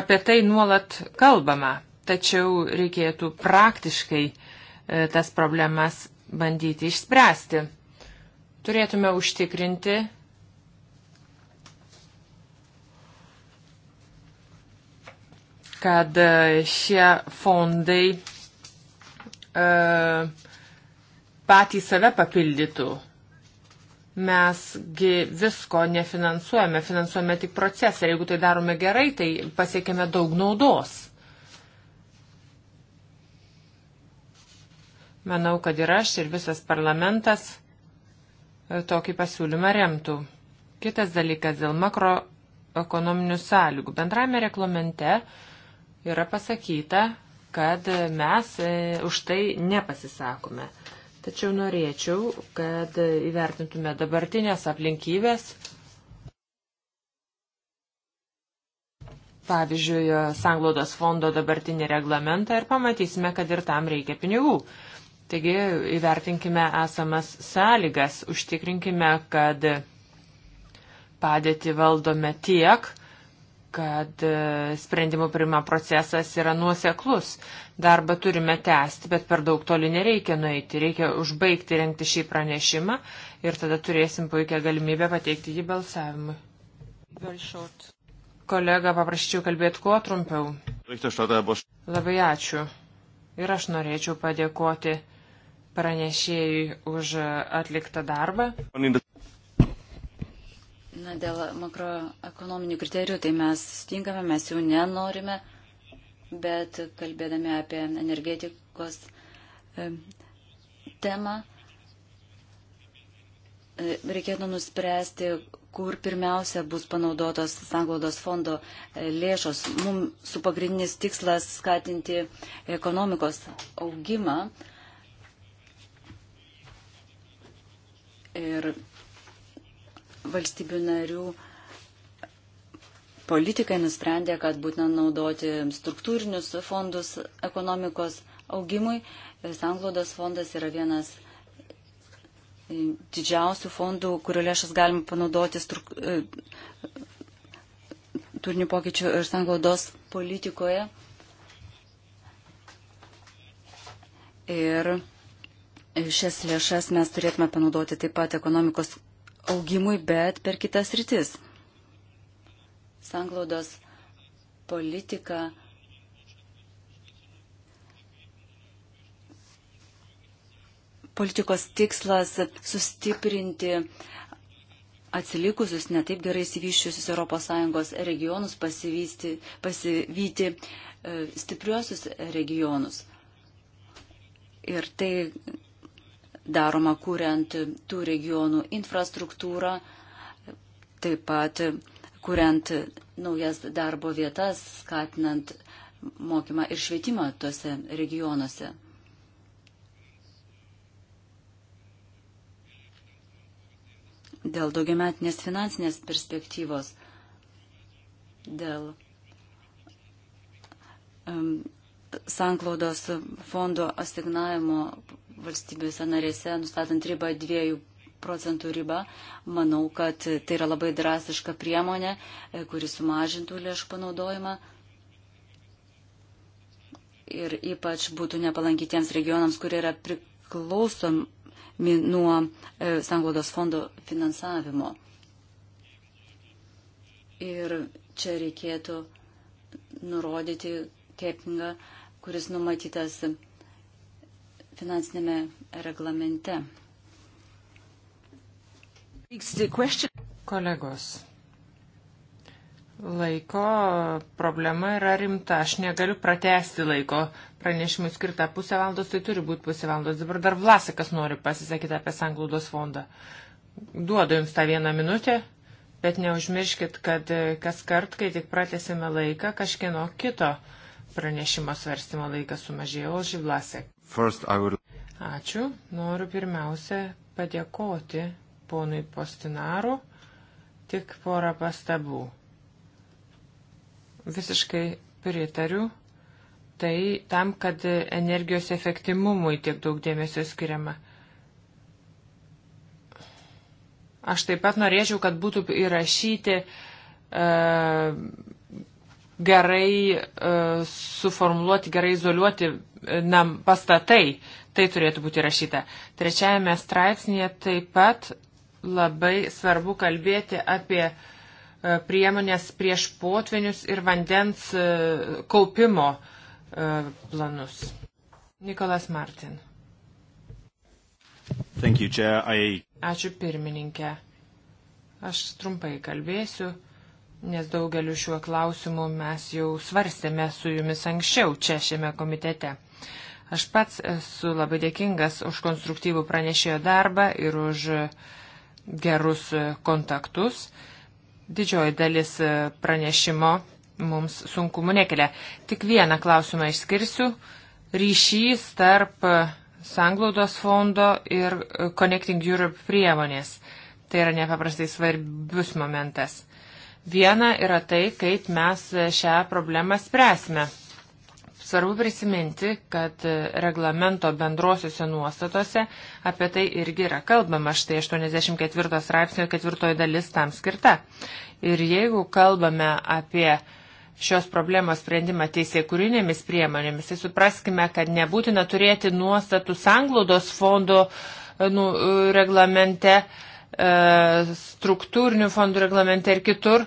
[SPEAKER 1] Apie tai nuolat kalbama, tačiau reikėtų praktiškai e, tas problemas bandyti išspręsti. Turėtume užtikrinti, kad e, šie fondai e, patys save papildytų. Mesgi visko nefinansuojame, finansuojame tik procesą ir jeigu tai darome gerai, tai pasiekėme daug naudos. Manau, kad ir aš, ir visas parlamentas e, tokį pasiūlymą remtų. Kitas dalykas dėl makroekonominių sąlygų. Bendrame reglamente uh, yra pasakyta, kad mes e, už tai nepasisakome. Tačiau norėčiau, kad įvertintume dabartinės aplinkybės. Pavyzdžiui, Sanglaudos fondo dabartinį reglamentą ir pamatysime, kad ir tam reikia pinigų. Taigi įvertinkime esamas sąlygas, užtikrinkime, kad padėti valdome tiek, kad e, sprendimų priima procesas yra nuoseklus. Darbą turime tęsti, bet per daug toli nereikia nueiti. Reikia užbaigti renkti šį pranešimą ir tada turėsim puikią galimybę pateikti jį balsavimui. Kolega, paprašyčiau kalbėti kuo trumpiau. Labai ačiū. Ir aš norėčiau padėkoti pranešėjui už atliktą darbą.
[SPEAKER 2] Na, dėl makroekonominių kriterijų, tai mes stinkame, mes jų nenorime, bet kalbėdami apie energetikos e, temą, e, reikėtų nuspręsti, kur pirmiausia bus panaudotos sanglaudos fondo e, lėšos. Mums su pagrindinis tikslas skatinti ekonomikos augimą. Ir valstybių narių politikai nusprendė, kad būtina naudoti struktūrinius fondus ekonomikos augimui. Sanglaudos fondas yra vienas e, didžiausių fondų, kurio lėšas galima panaudoti struk... E, turinių pokyčių ir sanglaudos politikoje. Ir šias lėšas mes turėtume panaudoti taip pat ekonomikos augimui, bet per kitas rytis. Sanglaudos politika politikos tikslas sustiprinti atsilikusius, netaip gerai įsivyščiusius ES regionus, pasivyti e, stipriuosius regionus. Ir tai daroma kuriant tų regionų infrastruktūrą, taip pat kuriant naujas darbo vietas, skatinant mokymą ir švietimą tose regionuose. Dėl daugiametinės finansinės perspektyvos, dėl um, sanklaudos fondo asignavimo valstybėse narėse, nustatant ribą dviejų procentų ribą. Manau, kad tai yra labai drastiška priemonė, e, kuri sumažintų lėšų panaudojimą. Ir ypač būtų nepalankytiems regionams, kurie yra priklausomi nuo e, Sanglaudos fondo finansavimo. Ir čia reikėtų nurodyti kepingą, kuris numatytas finansinėme reglamente.
[SPEAKER 1] Kolegos, laiko problema yra rimta. Aš negaliu pratesti laiko pranešimui skirtą pusę valandos, tai turi būti pusę valandos. Dabar dar Vlasakas nori pasisakyti apie Sanglaudos fondą. Duodu jums tą vieną minutę, bet neužmirškit, kad e, kas kart, kai tik pratesime laiką, kažkieno kito pranešimo svarstymo laikas sumažėjo. Živlasek.
[SPEAKER 4] Would...
[SPEAKER 1] Ačiū. Noriu pirmiausia padėkoti ponui Postinaru. Tik porą pastabų. Visiškai pritariu tai tam, kad energijos efektyvumui tiek daug dėmesio skiriama. Aš taip pat norėčiau, kad būtų įrašyti uh, gerai e, suformuluoti, gerai izoliuoti e, nam, pastatai. Tai turėtų būti rašyta. Trečiajame straipsnėje taip pat labai svarbu kalbėti apie e, priemonės prieš potvinius ir vandens kaupimo planus. Nikolas Martin.
[SPEAKER 2] Thank you, Chair. I...
[SPEAKER 1] Ačiū pirmininkė. Aš trumpai kalbėsiu nes daugeliu šiuo klausimu mes jau svarstėme su jumis anksčiau čia šiame komitete. Aš pats esu labai dėkingas už konstruktyvų pranešėjo darbą ir už gerus kontaktus. Didžioji dalis pranešimo mums sunkumų nekelia. Tik vieną klausimą išskirsiu ryšys tarp Sanglaudos fondo ir Connecting Europe priemonės. Tai yra nepaprastai svarbus momentas. Viena yra tai, kaip mes šią problemą spręsime. Svarbu prisiminti, kad reglamento bendrosiuose nuostatose apie tai irgi yra kalbama, štai 84 straipsnio ketvirtoji dalis tam skirta. Ir jeigu kalbame apie šios problemos sprendimą teisėkūrinėmis priemonėmis, tai supraskime, kad nebūtina turėti nuostatų sanglaudos fondo e, nu, e, reglamente, uh, E, struktūrinių fondų reglamente ir kitur,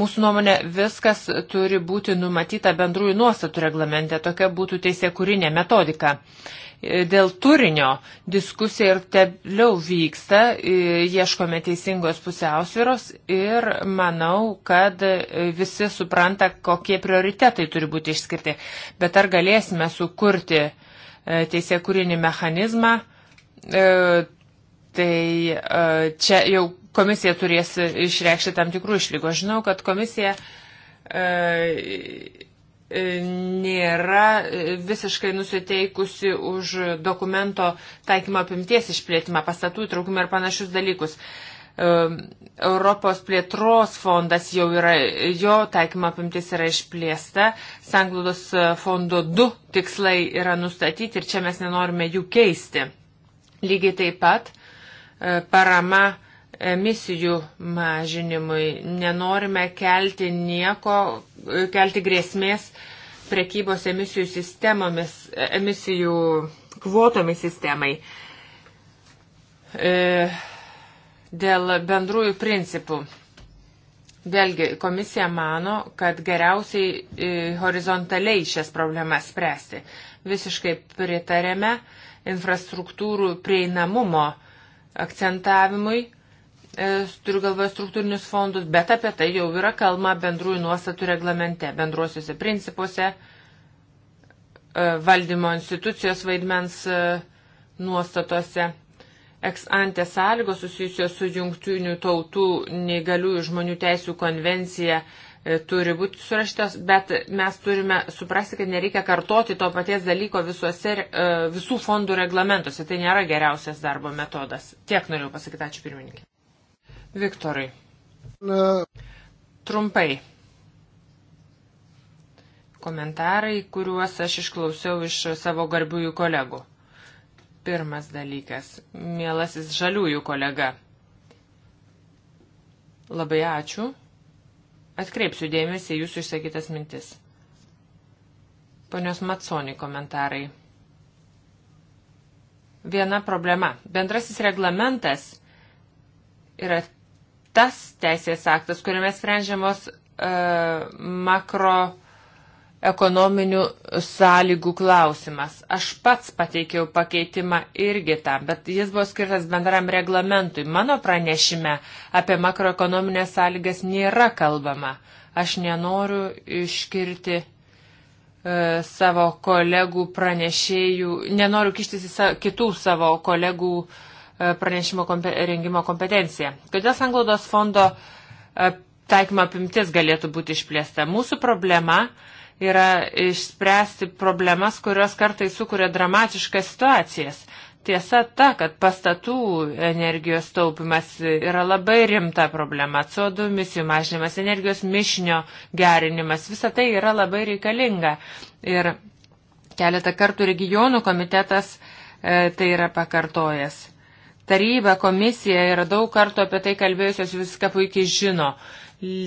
[SPEAKER 1] mūsų nuomonė, viskas turi būti numatyta bendrųjų nuostatų reglamente. Tokia būtų teisėkūrinė metodika. E, dėl turinio diskusija ir toliau vyksta, e, ieškome teisingos pusiausviros ir manau, kad visi supranta, kokie prioritetai turi būti išskirti. Bet ar galėsime sukurti teisėkūrinį mechanizmą, Tai e, čia jau komisija turės išreikšti tam tikrų išlygų. Aš žinau, kad komisija e, e, nėra visiškai nusiteikusi už dokumento taikymo apimties išplėtimą, pastatų įtraukimą ir panašius dalykus. Europos plėtros fondas jau yra, jo taikymo apimtis yra išplėsta, sanglaudos fondo 2 tikslai yra nustatyti ir čia mes nenorime jų keisti. Lygiai taip pat E, parama emisijų mažinimui. Nenorime kelti nieko, e, kelti grėsmės prekybos emisijų sistemomis, e, emisijų kvotomis sistemai. Dėl bendrųjų principų. Vėlgi, komisija mano, kad geriausiai horizontaliai šias problemas spręsti. Visiškai pritarėme infrastruktūrų prieinamumo uh, akcentavimui, e, turiu galvoje struktūrinius fondus, bet apie tai jau yra kalba bendrųjų nuostatų reglamente, bendruosiuose principuose, e, valdymo institucijos vaidmens e, nuostatose. Ex ante sąlygos susijusios su jungtinių tautų neįgaliųjų žmonių teisų konvencija E, turi būti surašytos, bet mes turime suprasti, kad nereikia kartoti to paties dalyko visuose, e, visų fondų reglamentuose. Tai nėra geriausias darbo metodas. Tiek norėjau pasakyti, ačiū pirmininkė. Viktorai. Na. Trumpai. Komentarai, kuriuos aš išklausiau iš savo garbiųjų kolegų. Pirmas dalykas. Mielasis žaliųjų kolega. Labai ačiū Atkreipsiu dėmesį jūsų išsakytas mintis. Ponios Matsoni komentarai. Viena problema. Bendrasis reglamentas yra tas teisės aktas, kuriame sprendžiamos uh, makro uh, ekonominių sąlygų klausimas. Aš pats pateikiau pakeitimą irgi tam, bet jis buvo skirtas bendram reglamentui. Mano pranešime apie makroekonominės sąlygas nėra kalbama. Aš nenoriu iškirti e, savo kolegų pranešėjų, nenoriu kištis į sa kitų savo kolegų e, pranešimo kompe rengimo kompetenciją. Kodėl Sanglaudos fondo e, taikymo apimtis galėtų būti išplėsta? Mūsų problema e, yra išspręsti problemas, kurios kartais sukuria dramatiškas situacijas. Tiesa ta, kad pastatų energijos taupimas yra labai rimta problema, CO2 misijų mažinimas, energijos mišinio gerinimas, visa tai yra labai reikalinga. Ir keletą kartų regionų komitetas e, tai yra pakartojęs. Taryba, komisija yra daug kartų apie tai kalbėjusios, viską puikiai žino.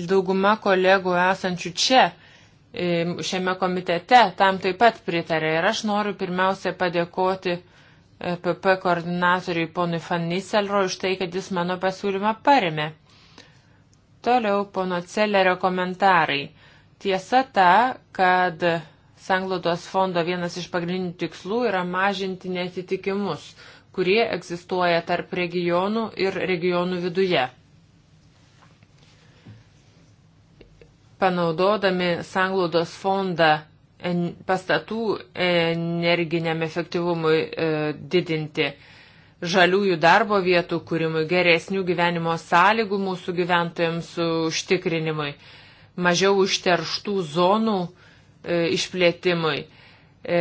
[SPEAKER 1] Dauguma kolegų esančių čia šiame komitete tam taip pat pritarė. Ir aš noriu pirmiausia padėkoti PP e, koordinatoriui ponui Fanniselro už tai, kad jis mano pasiūlymą paremė. Toliau pono Celerio komentarai. Tiesa ta, kad Sanglodos fondo vienas iš pagrindinių tikslų yra mažinti netitikimus, kurie egzistuoja tarp regionų ir regionų viduje. panaudodami sanglaudos fondą pastatų energiniam efektyvumui e, didinti, žaliųjų darbo vietų kūrimui, geresnių gyvenimo sąlygų mūsų gyventojams užtikrinimui, mažiau užterštų zonų e, išplėtimui. E,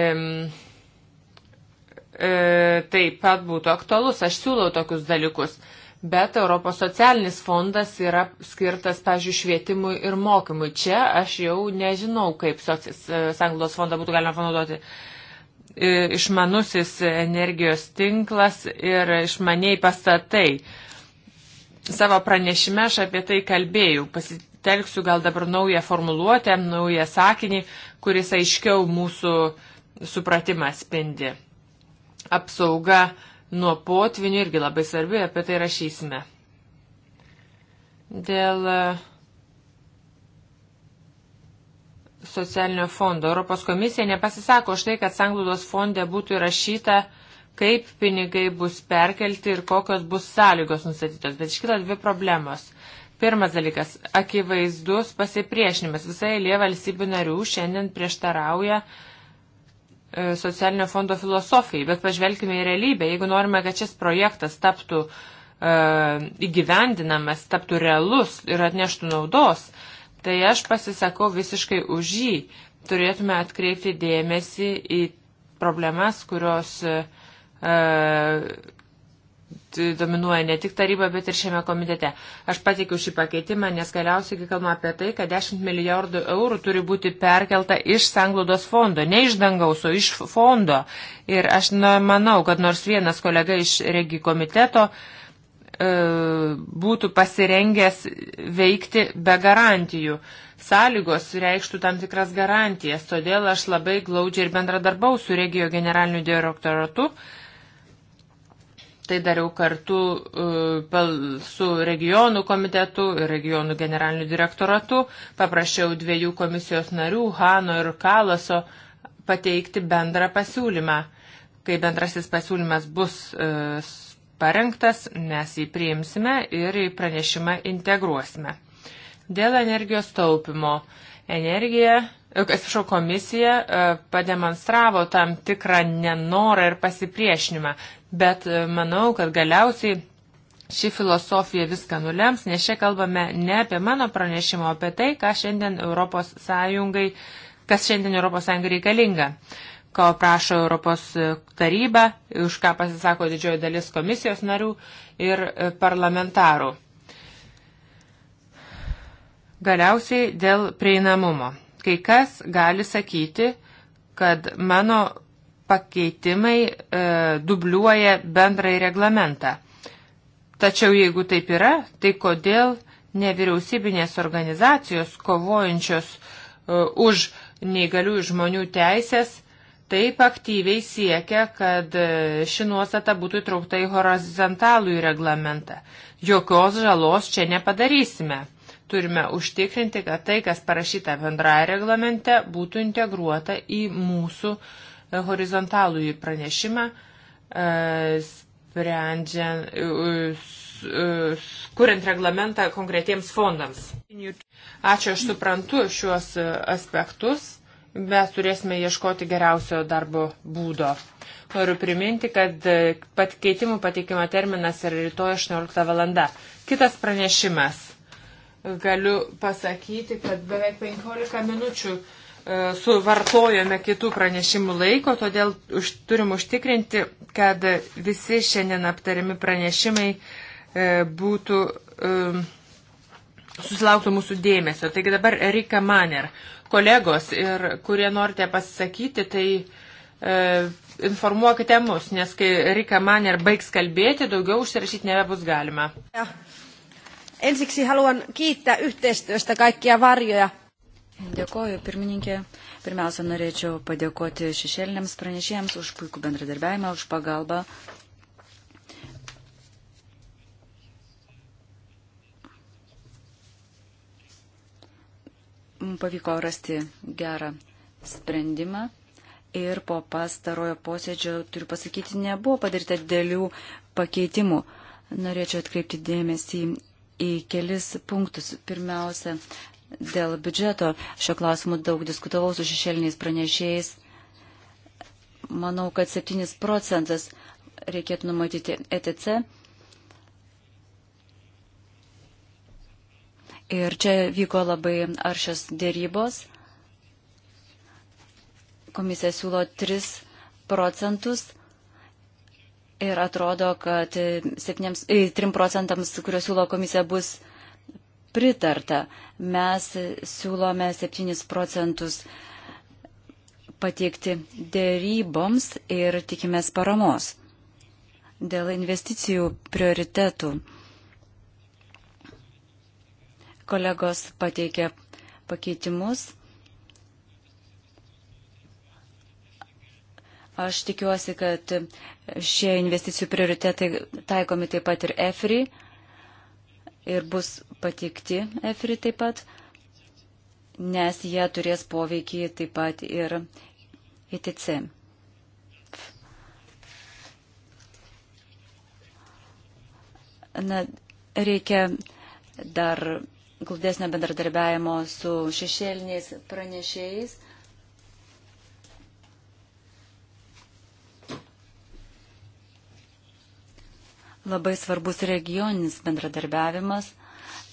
[SPEAKER 1] taip pat būtų aktualus, aš siūlau tokius dalykus bet Europos socialinis fondas yra skirtas, pažiūrėjau, švietimui ir mokymui. Čia aš jau nežinau, kaip sanglos fondą būtų galima panaudoti. E, išmanusis energijos tinklas ir išmaniai pastatai. Savo pranešime aš apie tai kalbėjau. Pasitelksiu gal dabar naują formuluotę, naują sakinį, kuris aiškiau mūsų supratimą spindi. Apsauga uh, nuo potvinių irgi labai svarbi, apie tai rašysime. Dėl e, socialinio fondo. Europos komisija nepasisako už tai, kad sanglūdos fonde būtų įrašyta, kaip pinigai bus perkelti ir kokios bus sąlygos nustatytos. Bet iškyla dvi problemos. Pirmas dalykas - akivaizdus pasipriešinimas. Visai lie valstybių narių šiandien prieštarauja uh, E, socialinio fondo filosofijai, bet pažvelkime į realybę. Jeigu norime, kad šis projektas taptų e, įgyvendinamas, taptų realus ir atneštų naudos, tai aš pasisakau visiškai už jį. Turėtume atkreipti dėmesį į problemas, kurios e, dominuoja ne tik taryba, bet ir šiame komitete. Aš pateikiau šį pakeitimą, nes galiausiai kalbama apie tai, kad 10 milijardų eurų turi būti perkelta iš sanglaudos fondo, ne iš dangaus, o iš fondo. Ir aš na, manau, kad nors vienas kolega iš regi komiteto e, būtų pasirengęs veikti be garantijų. Sąlygos reikštų tam tikras garantijas, todėl aš labai glaudžiai ir bendradarbau su regio generaliniu direktoratu Tai dariau kartu e, su regionų komitetu ir regionų generaliniu direktoratu. Paprašiau dviejų komisijos narių, Hano ir Kalaso, pateikti bendrą pasiūlymą. Kai bendrasis pasiūlymas bus e, parengtas, mes jį priimsime ir į pranešimą integruosime. Dėl energijos taupimo. Energija atsiprašau, komisija e, pademonstravo tam tikrą nenorą ir pasipriešinimą, bet e, manau, kad galiausiai ši filosofija viską nulems, nes čia kalbame ne apie mano pranešimą, o apie tai, ką šiandien Europos Sąjungai, kas šiandien Europos Sąjungai reikalinga ko prašo Europos taryba, už ką pasisako didžioji dalis komisijos narių ir e, parlamentarų. Galiausiai dėl prieinamumo. Kai kas gali sakyti, kad mano pakeitimai e, dubliuoja bendrąjį reglamentą. Tačiau jeigu taip yra, tai kodėl nevyriausybinės organizacijos kovojančios uh, už neįgalių žmonių teisės taip aktyviai siekia, kad uh, ši nuostata būtų įtraukta į horizontalų į reglamentą. Jokios žalos čia nepadarysime. Turime užtikrinti, kad tai, kas parašyta bendraja reglamente, būtų integruota į mūsų e, horizontalų į pranešimą, e, sprendžiant, e, kuriant reglamentą konkretiems fondams. Ačiū, aš suprantu šiuos aspektus. Mes turėsime ieškoti geriausio darbo būdo. Noriu priminti, kad pat keitimų pateikimo terminas yra rytoj 18 valanda. Kitas pranešimas galiu pasakyti, kad beveik 15 minučių e, suvartojame kitų pranešimų laiko, todėl už, turim užtikrinti, kad visi šiandien aptariami pranešimai e, būtų e, susilauktų mūsų dėmesio. Taigi dabar Erika Maner, kolegos ir kurie norite pasisakyti, tai e, informuokite mus, nes kai Erika Maner baigs kalbėti, daugiau užsirašyti nebebus galima. Ja.
[SPEAKER 2] Ensiksi haluan kiittää yhteistyöstä kaikkia varjoja. Dėkoju, pirmininkė. Pirmiausia, norėčiau padėkoti šešėliniams pranešėjams už puikų bendradarbiavimą, už pagalbą. Pavyko rasti gerą sprendimą ir po pastarojo posėdžio, turiu pasakyti, nebuvo padaryta dėlių pakeitimų. Norėčiau atkreipti dėmesį į kelis punktus. Pirmiausia, dėl biudžeto šio klausimu daug diskutavau su šešėliniais pranešėjais. Manau, kad 7 procentas reikėtų numatyti ETC. Ir čia vyko labai aršios dėrybos. Komisija siūlo 3 procentus Ir atrodo, kad 7, 3 e, procentams, kuriuos siūlo komisija, bus pritarta. Mes siūlome 7 procentus pateikti dėryboms ir tikimės paramos dėl investicijų prioritetų. Kolegos pateikė pakeitimus. Aš tikiuosi, kad šie investicijų prioritetai taikomi taip pat ir EFRI ir bus patikti EFRI taip pat, nes jie turės poveikį taip pat ir ITC. Na, reikia dar glaudesnio bendradarbiavimo su šešėliniais pranešėjais. labai svarbus regioninis bendradarbiavimas,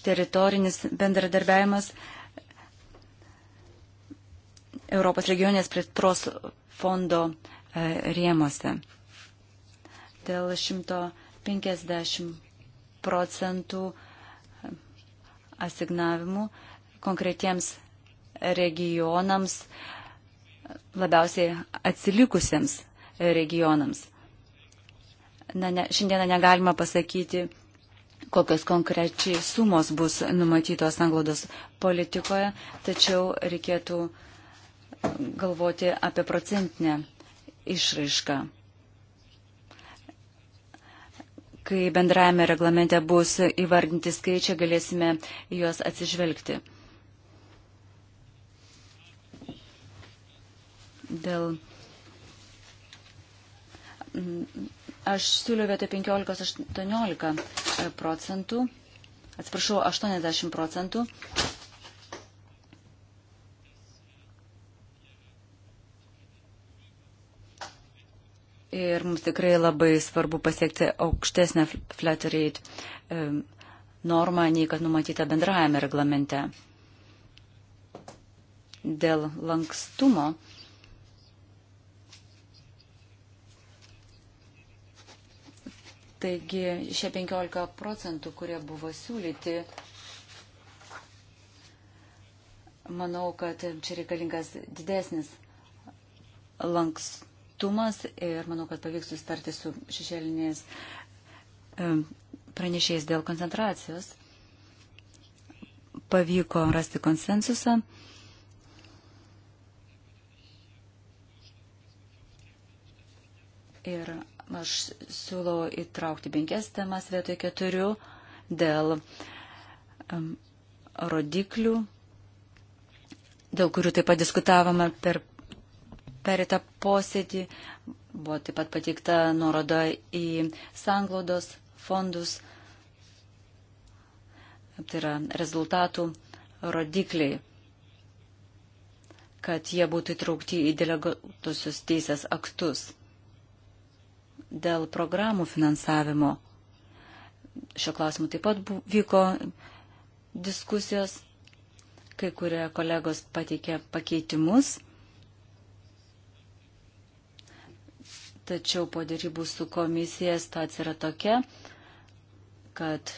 [SPEAKER 2] teritorinis bendradarbiavimas, Europos regioninės plėtros fondo e, rėmose. Dėl 150 procentų e, asignavimų konkretiems regionams, labiausiai atsilikusiems regionams na, ne, šiandieną negalima pasakyti, kokios konkrečiai sumos bus numatytos anglodos politikoje, tačiau reikėtų galvoti apie procentinę išraišką. Kai bendrajame reglamente bus įvardinti skaičiai, galėsime juos atsižvelgti. Dėl Aš siūliau vietoj 15-18 procentų, atsiprašau, 80 procentų. Ir mums tikrai labai svarbu pasiekti aukštesnę flat rate normą, nei kad numatyta bendrajame reglamente. Dėl lankstumo Taigi šie 15 procentų, kurie buvo siūlyti, manau, kad čia reikalingas didesnis lankstumas ir manau, kad pavyks sustarti su šešėlinės e, pranešėjais dėl koncentracijos. Pavyko rasti konsensusą. Ir Aš siūlau įtraukti penkias temas vietoj keturių dėl um, rodiklių, dėl kurių taip pat diskutavome per, per tą posėdį. Buvo taip pat pateikta nuoroda į sanglaudos fondus. Tai yra rezultatų rodikliai kad jie būtų įtraukti į deleguotusius teisės aktus dėl programų finansavimo. Šio klausimu taip pat bu, vyko diskusijos, kai kurie kolegos pateikė pakeitimus. Tačiau po dėrybų su komisija situacija yra tokia, kad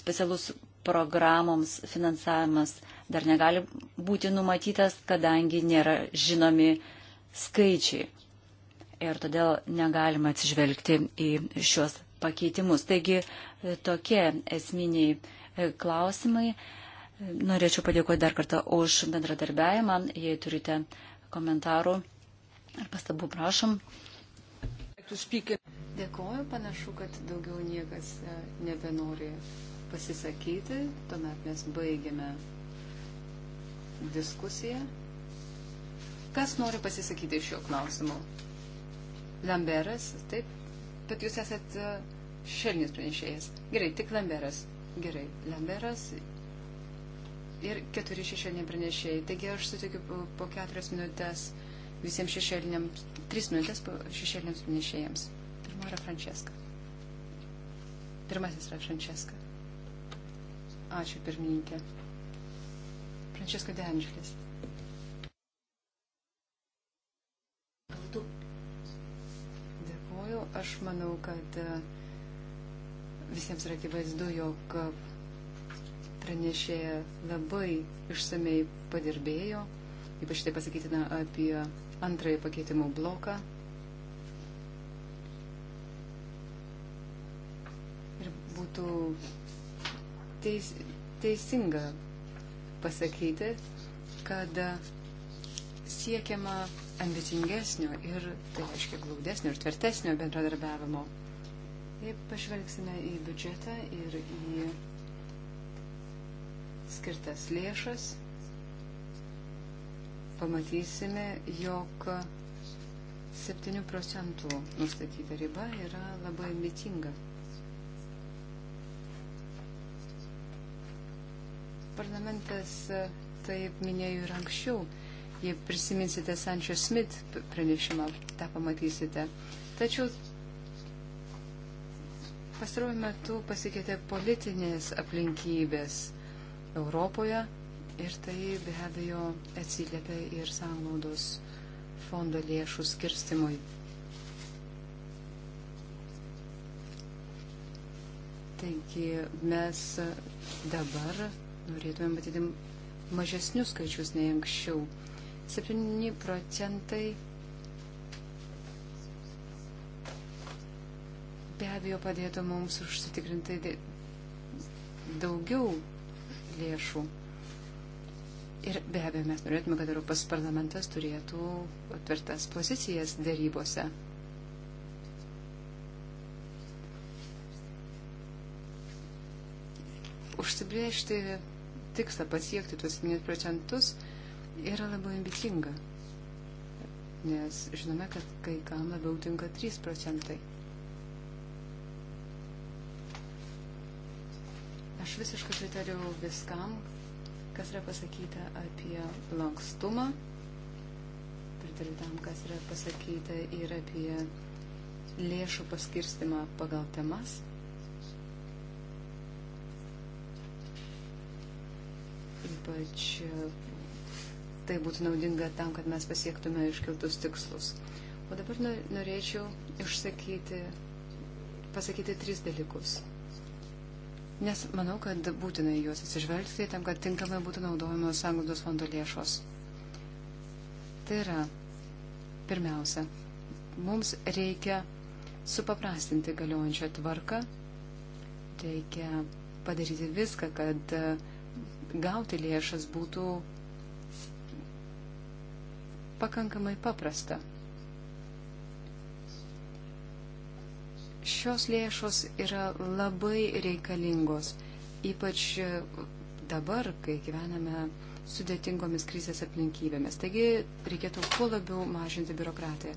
[SPEAKER 2] specialus programoms finansavimas dar negali būti numatytas, kadangi nėra žinomi skaičiai. Ir todėl negalima atsižvelgti į šios pakeitimus. Taigi tokie esminiai klausimai. Norėčiau padėkoti dar kartą už bendradarbiavimą. Jei turite komentarų ar pastabų, prašom.
[SPEAKER 3] Dėkoju, panašu, kad daugiau niekas e, nebenori pasisakyti. Tuomet mes baigiame diskusiją. Kas nori pasisakyti šiuo klausimu? Lamberas, taip, bet jūs esat e, šelnis pranešėjas. Gerai, tik Lamberas. Gerai, Lamberas ir keturi šešėliniai pranešėjai. Taigi aš sutikiu po keturias minutės visiems šešėliniams, tris minutės šešėliniams pranešėjams. Pirma yra Frančeska. Pirmasis yra Frančeska. Ačiū pirmininkė. Frančesko Deandželis. Dėkuoju. Aš manau, kad e, visiems yra akivaizdu, jog pranešėja labai išsamei padirbėjo, ypač tai pasakytina apie antrąjį pakeitimų bloką. Ir būtų teis, teisinga pasakyti, kad siekiama ambicingesnio ir, tai reiškia, glaudesnio ir tvirtesnio bendradarbiavimo. Jei pažvelgsime į biudžetą ir į skirtas lėšas, pamatysime, jog 7 procentų nustatyta riba yra labai ambicinga. Parlamentas taip minėjo ir anksčiau Jei prisiminsite Sančio Smith pranešimą, tą pamatysite. Tačiau pastaruoju metu pasikeitė politinės aplinkybės Europoje ir tai be abejo atsiliepia ir sąnaudos fondo lėšų skirstimui. Taigi mes dabar norėtume matyti mažesnius skaičius nei anksčiau. 7 procentai be abejo padėtų mums užsitikrinti daugiau lėšų. Ir be abejo mes norėtume, kad Europos parlamentas turėtų tvirtas pozicijas darybose. Užsibriežti tikslą pasiekti tuos 7 procentus yra labai ambicinga, nes žinome, kad kai kam labiau tinka 3 procentai. Aš visiškai pritariu viskam, kas yra pasakyta apie lankstumą, pritariu tam, kas yra pasakyta ir apie lėšų paskirstimą pagal temas. Ypač tai būtų naudinga tam, kad mes pasiektume iškiltus tikslus. O dabar norėčiau išsakyti, pasakyti tris dalykus. Nes manau, kad būtina į juos atsižvelgti tam, kad tinkamai būtų naudojamos sanglaudos fondo lėšos. Tai yra, pirmiausia, mums reikia supaprastinti galiojančią tvarką, reikia padaryti viską, kad gauti lėšas būtų pakankamai paprasta. Šios lėšos yra labai reikalingos, ypač dabar, kai gyvename sudėtingomis krizės aplinkybėmis. Taigi reikėtų kuo labiau mažinti biurokratiją.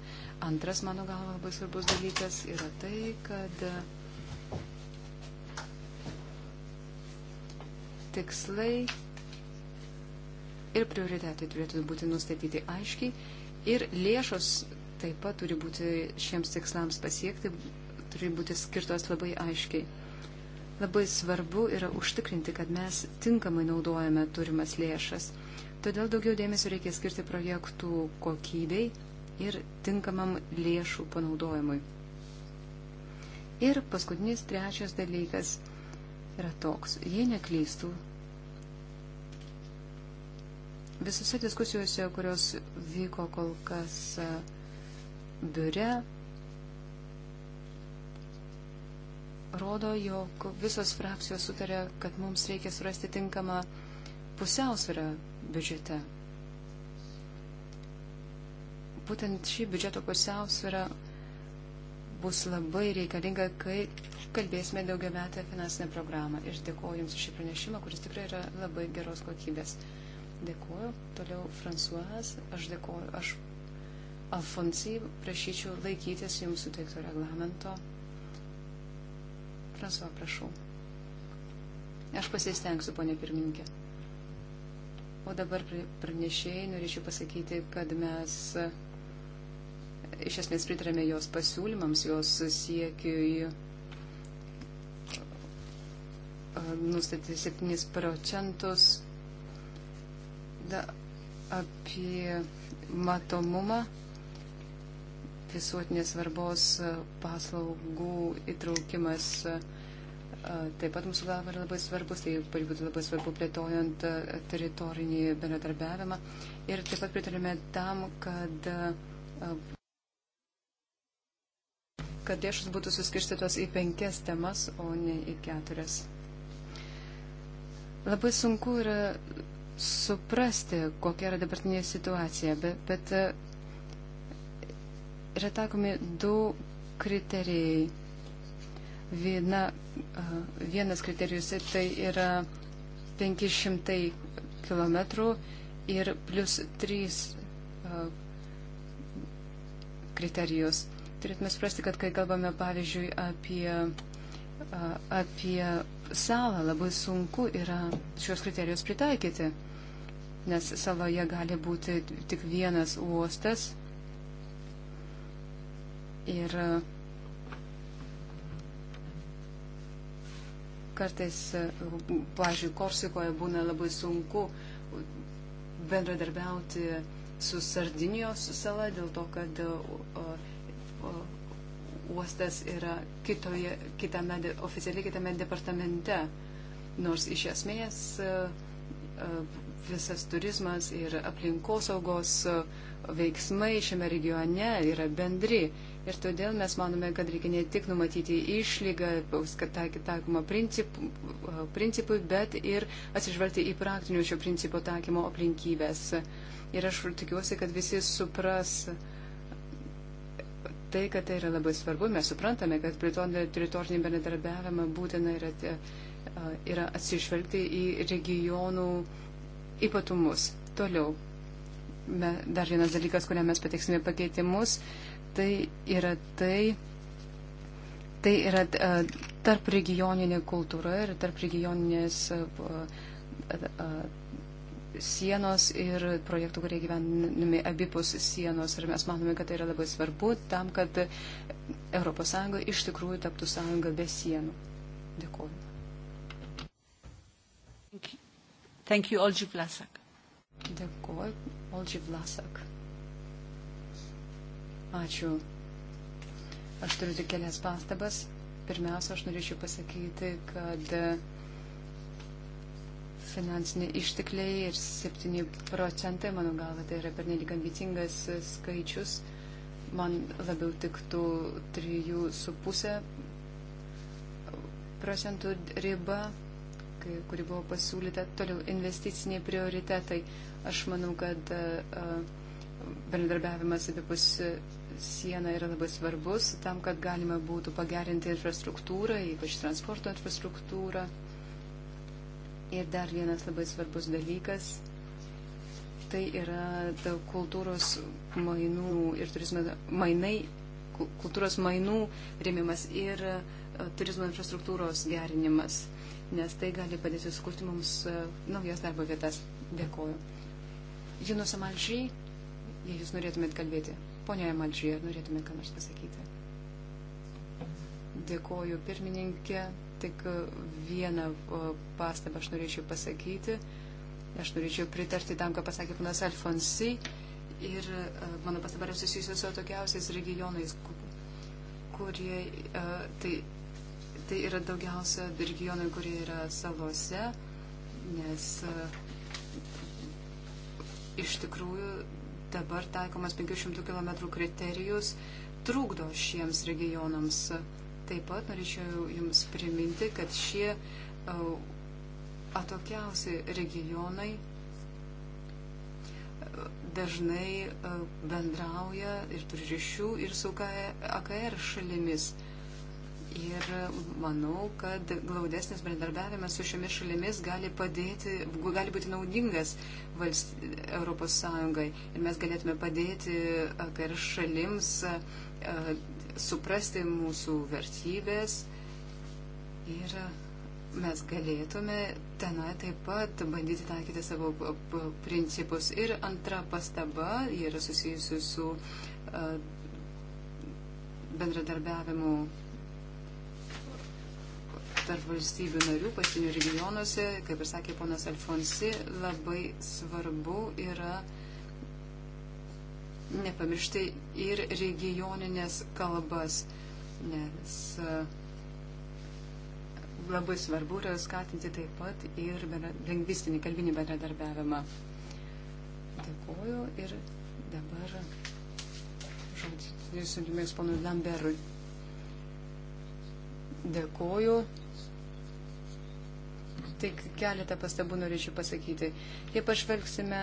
[SPEAKER 3] Antras, mano galva, labai svarbus dalykas yra tai, kad tikslai ir prioritetai turėtų būti nustatyti aiškiai ir lėšos taip pat turi būti šiems tikslams pasiekti, turi būti skirtos labai aiškiai. Labai svarbu yra užtikrinti, kad mes tinkamai naudojame turimas lėšas. Todėl daugiau dėmesio reikia skirti projektų kokybei ir tinkamam lėšų panaudojimui. Ir paskutinis trečias dalykas yra toks. Jei neklystų, Visose diskusijose, kurios vyko kol kas e, biure, rodo, jog visos frakcijos sutarė, kad mums reikia surasti tinkamą pusiausvyrą biudžete. Būtent šį biudžeto pusiausvyrą bus labai reikalinga, kai kalbėsime daugia metę finansinę programą. Ir dėkoju Jums už šį pranešimą, kuris tikrai yra labai geros kokybės. Dėkuoju. Toliau Fransuas, aš dėkuoju, aš Alfonsai prašyčiau laikytis jums suteikto reglamento. Fransuo, prašau. Aš pasistengsiu, ponė pirmininkė. O dabar pranešėjai norėčiau pasakyti, kad mes iš esmės pritarėme jos pasiūlymams, jos siekiui e, nustatyti 7 procentus da, apie matomumą visuotinės svarbos e, paslaugų įtraukimas. E, e, taip pat mūsų galva yra labai svarbus, tai būtų labai svarbu plėtojant teritorinį bendradarbiavimą. Ir taip pat pritarėme tam, kad kad lėšus būtų suskirstytos į penkias temas, o ne į keturias. Labai sunku yra suprasti, kokia yra dabartinė situacija, bet, bet yra takomi du kriterijai. Viena, e, vienas kriterijus tai yra 500 km ir plus 3 e, kriterijus. Turėtume suprasti, kad kai kalbame, pavyzdžiui, apie apie salą labai sunku yra šios kriterijus pritaikyti, nes saloje gali būti tik vienas uostas ir kartais, pažiūrėjau, Korsikoje būna labai sunku bendradarbiauti su Sardinijos sala dėl to, kad uostas yra kitoje, kitame, oficialiai kitame departamente, nors iš esmės e, e, visas turizmas ir aplinkosaugos e, veiksmai šiame regione yra bendri. Ir todėl mes manome, kad reikia ne tik numatyti išlygą, kad tai, taikoma princip, principui, bet ir atsižvelgti į praktinių šio principo taikymo aplinkybės. Ir aš tikiuosi, kad visi supras, uh, tai, kad tai yra labai svarbu. Mes suprantame, kad plėtojant teritorinį bendradarbiavimą būtina yra, e, yra atsižvelgti į regionų ypatumus. Toliau, dar vienas dalykas, kuriam mes pateiksime pakeitimus, tai yra tai, tai yra e, tarp regioninė kultūra ir tarp regioninės e, sienos ir projektų, kurie gyvenami abipus sienos. Ir mes manome, kad tai yra labai svarbu tam, kad ES iš tikrųjų taptų sąjunga be sienų. Dėkuoju. Thank you, Olži Vlasak. Dėkuoju, Olži Vlasak. Ačiū. Aš turiu tik kelias pastabas. Pirmiausia, aš norėčiau pasakyti, kad finansiniai ištekliai ir 7 procentai, mano galva, tai yra pernelyg ambicingas skaičius. Man labiau tiktų 3,5 procentų riba, kuri buvo pasiūlyta. Toliau investiciniai prioritetai. Aš manau, kad bendradarbiavimas abipus siena yra labai svarbus tam, kad galima būtų pagerinti infrastruktūrą, ypač transporto infrastruktūrą. infrastruktūrą Ir dar vienas labai svarbus dalykas - tai yra kultūros mainų ir turizmo mainai, kultūros mainų rėmimas ir e, turizmo infrastruktūros gerinimas, nes tai gali padėti sukurti mums e, naujas darbo vietas. Dėkoju. Junus Amalžiai, jei jūs norėtumėt kalbėti. Pone Amalžiai, ar norėtumėt ką nors pasakyti? Dėkoju, pirmininkė tik vieną pastabą aš norėčiau pasakyti. Aš norėčiau pritarti tam, ką pasakė panas Alfonsi. Ir e, mano pastaba yra susijusi su tokiausiais regionais, kurie e, tai, tai yra daugiausia regionai, kurie yra salose, nes e, iš tikrųjų dabar taikomas 500 km kriterijus trukdo šiems regionams Taip pat norėčiau Jums priminti, kad šie e, atokiausi regionai e, dažnai e, bendrauja ir turi ryšių ir su AKR šalimis. Ir manau, kad glaudesnis bendradarbiavimas su šiomis šalimis gali, padėti, gali būti naudingas valst, Europos Sąjungai. Ir mes galėtume padėti AKR šalims suprasti mūsų vertybės ir mes galėtume tenai taip pat bandyti taikyti savo principus. Ir antra pastaba yra susijusi su bendradarbiavimu tarp valstybių narių, pasienio regionuose, kaip ir sakė ponas Alfonsi, labai svarbu yra uh, nepamiršti ir regioninės kalbas, nes e, labai svarbu yra skatinti taip pat ir lingvistinį kalbinį bendradarbiavimą. Dėkuoju ir dabar žodžiu siuntimės ponui Lamberui. Dėkuoju. Tik keletą pastabų norėčiau pasakyti. Jei pažvelgsime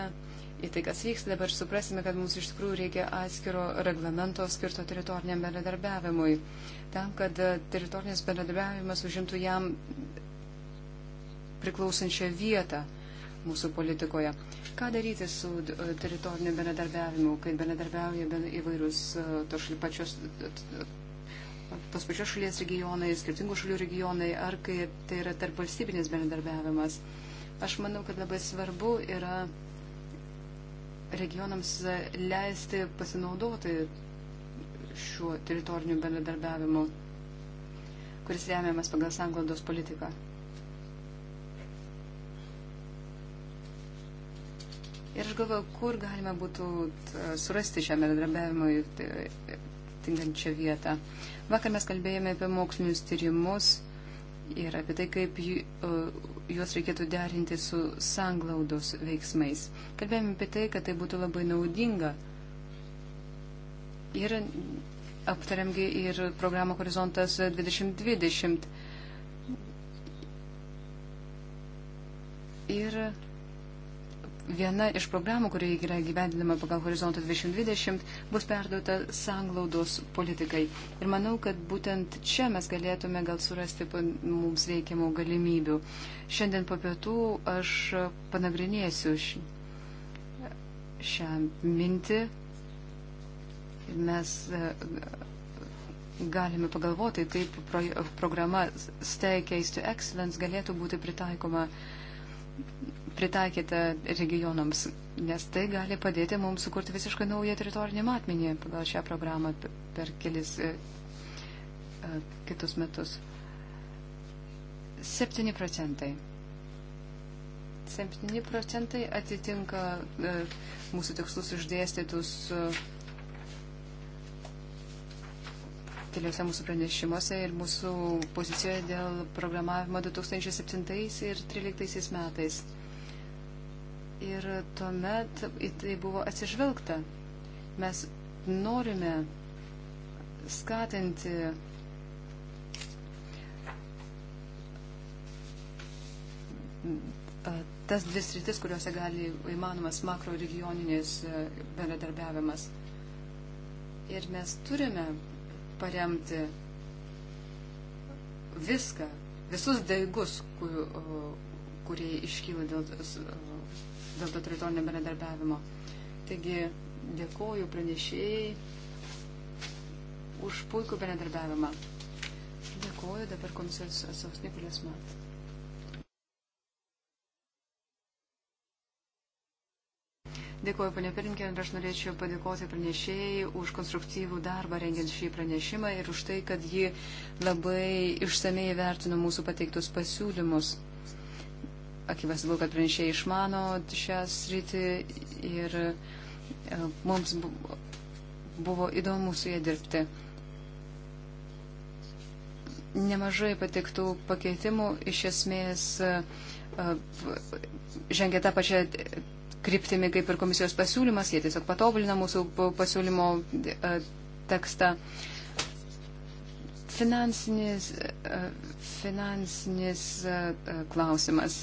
[SPEAKER 3] į tai, kas vyksta, dabar suprasime, kad mums iš tikrųjų reikia atskiro reglamento skirto teritoriniam bendradarbiavimui, tam, kad e, teritorinis bendradarbiavimas užimtų jam priklausančią vietą mūsų politikoje. Ką daryti su e, teritoriniu bendradarbiavimu, kai bendradarbiauja ben įvairius e, to šali, pačios, tos pačios šalies regionai, skirtingų šalių regionai, ar kai tai yra tarp valstybinis bendradarbiavimas. Aš manau, kad labai svarbu yra regionams leisti pasinaudoti šiuo teritoriniu bendradarbiavimu, kuris remiamas pagal sanglaudos politiką. Ir aš galvoju, kur galima būtų e, surasti šią bendradarbiavimui e, tinkančią vietą. Vakar mes kalbėjome apie mokslinius tyrimus ir apie tai, kaip juos reikėtų derinti su sanglaudos veiksmais. Kalbėjome apie tai, kad tai būtų labai naudinga. Ir aptariamgi ir programą Horizontas 2020. Ir viena iš programų, kuri yra gyvendinama pagal Horizontą 2020, bus perduota sanglaudos politikai. Ir manau, kad būtent čia mes galėtume gal surasti mums reikiamų galimybių. Šiandien po pietų aš panagrinėsiu šią mintį. Mes e, galime pagalvoti, taip programa Stay Case to Excellence galėtų būti pritaikoma uh, pritaikyta regionams, nes tai gali padėti mums sukurti visiškai naują teritorinį matmenį pagal šią programą per kelis e, e, kitus metus. 7 procentai. 7 procentai atitinka e, mūsų tikslus išdėstytus e, keliose mūsų pranešimuose ir mūsų pozicijoje dėl programavimo 2007 ir 2013 metais ir tuomet į tai buvo atsižvelgta. Mes norime skatinti tas dvi sritis, kuriuose gali įmanomas makro regioninis e, bendradarbiavimas. Ir mes turime paremti viską, visus daigus, kur, kurie iškyla dėl dėl to teritorinio bendradarbiavimo. Taigi dėkoju pranešėjai už puikų bendradarbiavimą. Dėkoju dabar komisijos atstovas Nikolės Mat. Dėkuoju, panė Pirinkė, ir aš norėčiau padėkoti pranešėjai už konstruktyvų darbą rengiant šį pranešimą ir už tai, kad ji labai išsamei vertino mūsų pateiktus pasiūlymus akivaizdu, kad pranešėjai išmano šią sritį ir e, mums buvo įdomu su jie dirbti. Nemažai patiktų pakeitimų iš esmės e, e, žengia tą pačią kryptimį kaip ir komisijos pasiūlymas, jie tiesiog patobulina mūsų pasiūlymo tekstą. Finansinis, finansinis klausimas.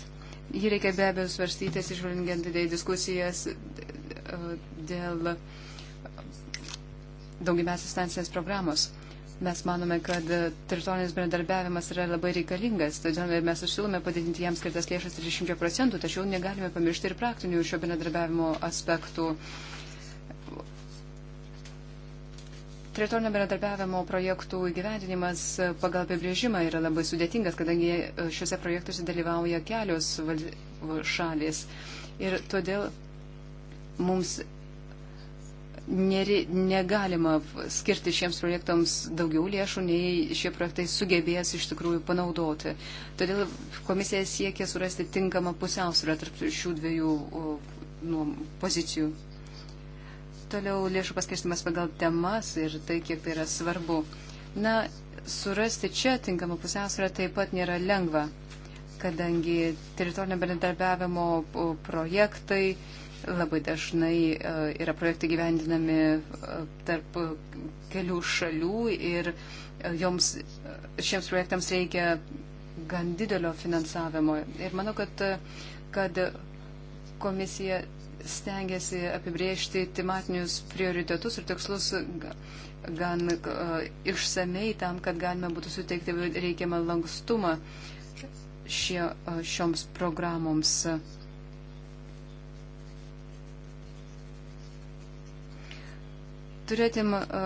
[SPEAKER 3] Jį reikia be abejo svarstyti, išvalgiant į diskusijas e, dėl daugybės instancinės programos. Mes manome, kad teritorinis bendradarbiavimas yra labai reikalingas, todėl mes siūlome padidinti jam skirtas lėšas 30 procentų, tačiau negalime pamiršti ir praktinių šio bendradarbiavimo aspektų. Uh, Teritorinio bendradarbiavimo projektų įgyvendinimas pagal apibrėžimą yra labai sudėtingas, kadangi šiuose projektuose dalyvauja kelios šalis. Ir todėl mums neri, negalima skirti šiems projektams daugiau lėšų, nei šie projektai sugebės iš tikrųjų panaudoti. Todėl komisija siekia surasti tinkamą pusiausvyrą tarp šių dviejų nu, pozicijų. Toliau lėšų paskirstimas pagal temas ir tai, kiek tai yra svarbu. Na, surasti čia tinkamą pusiausvyrą taip pat nėra lengva, kadangi teritorinio bendradarbiavimo projektai labai dažnai e, yra projektai gyvendinami e, tarp e, kelių šalių ir joms, šiems projektams reikia gan didelio finansavimo. Ir manau, kad, kad komisija stengiasi apibriežti tematinius prioritetus ir tikslus gan e, išsamei tam, kad galime būtų suteikti reikiamą lankstumą šie, e, šioms programoms. Turėtum e,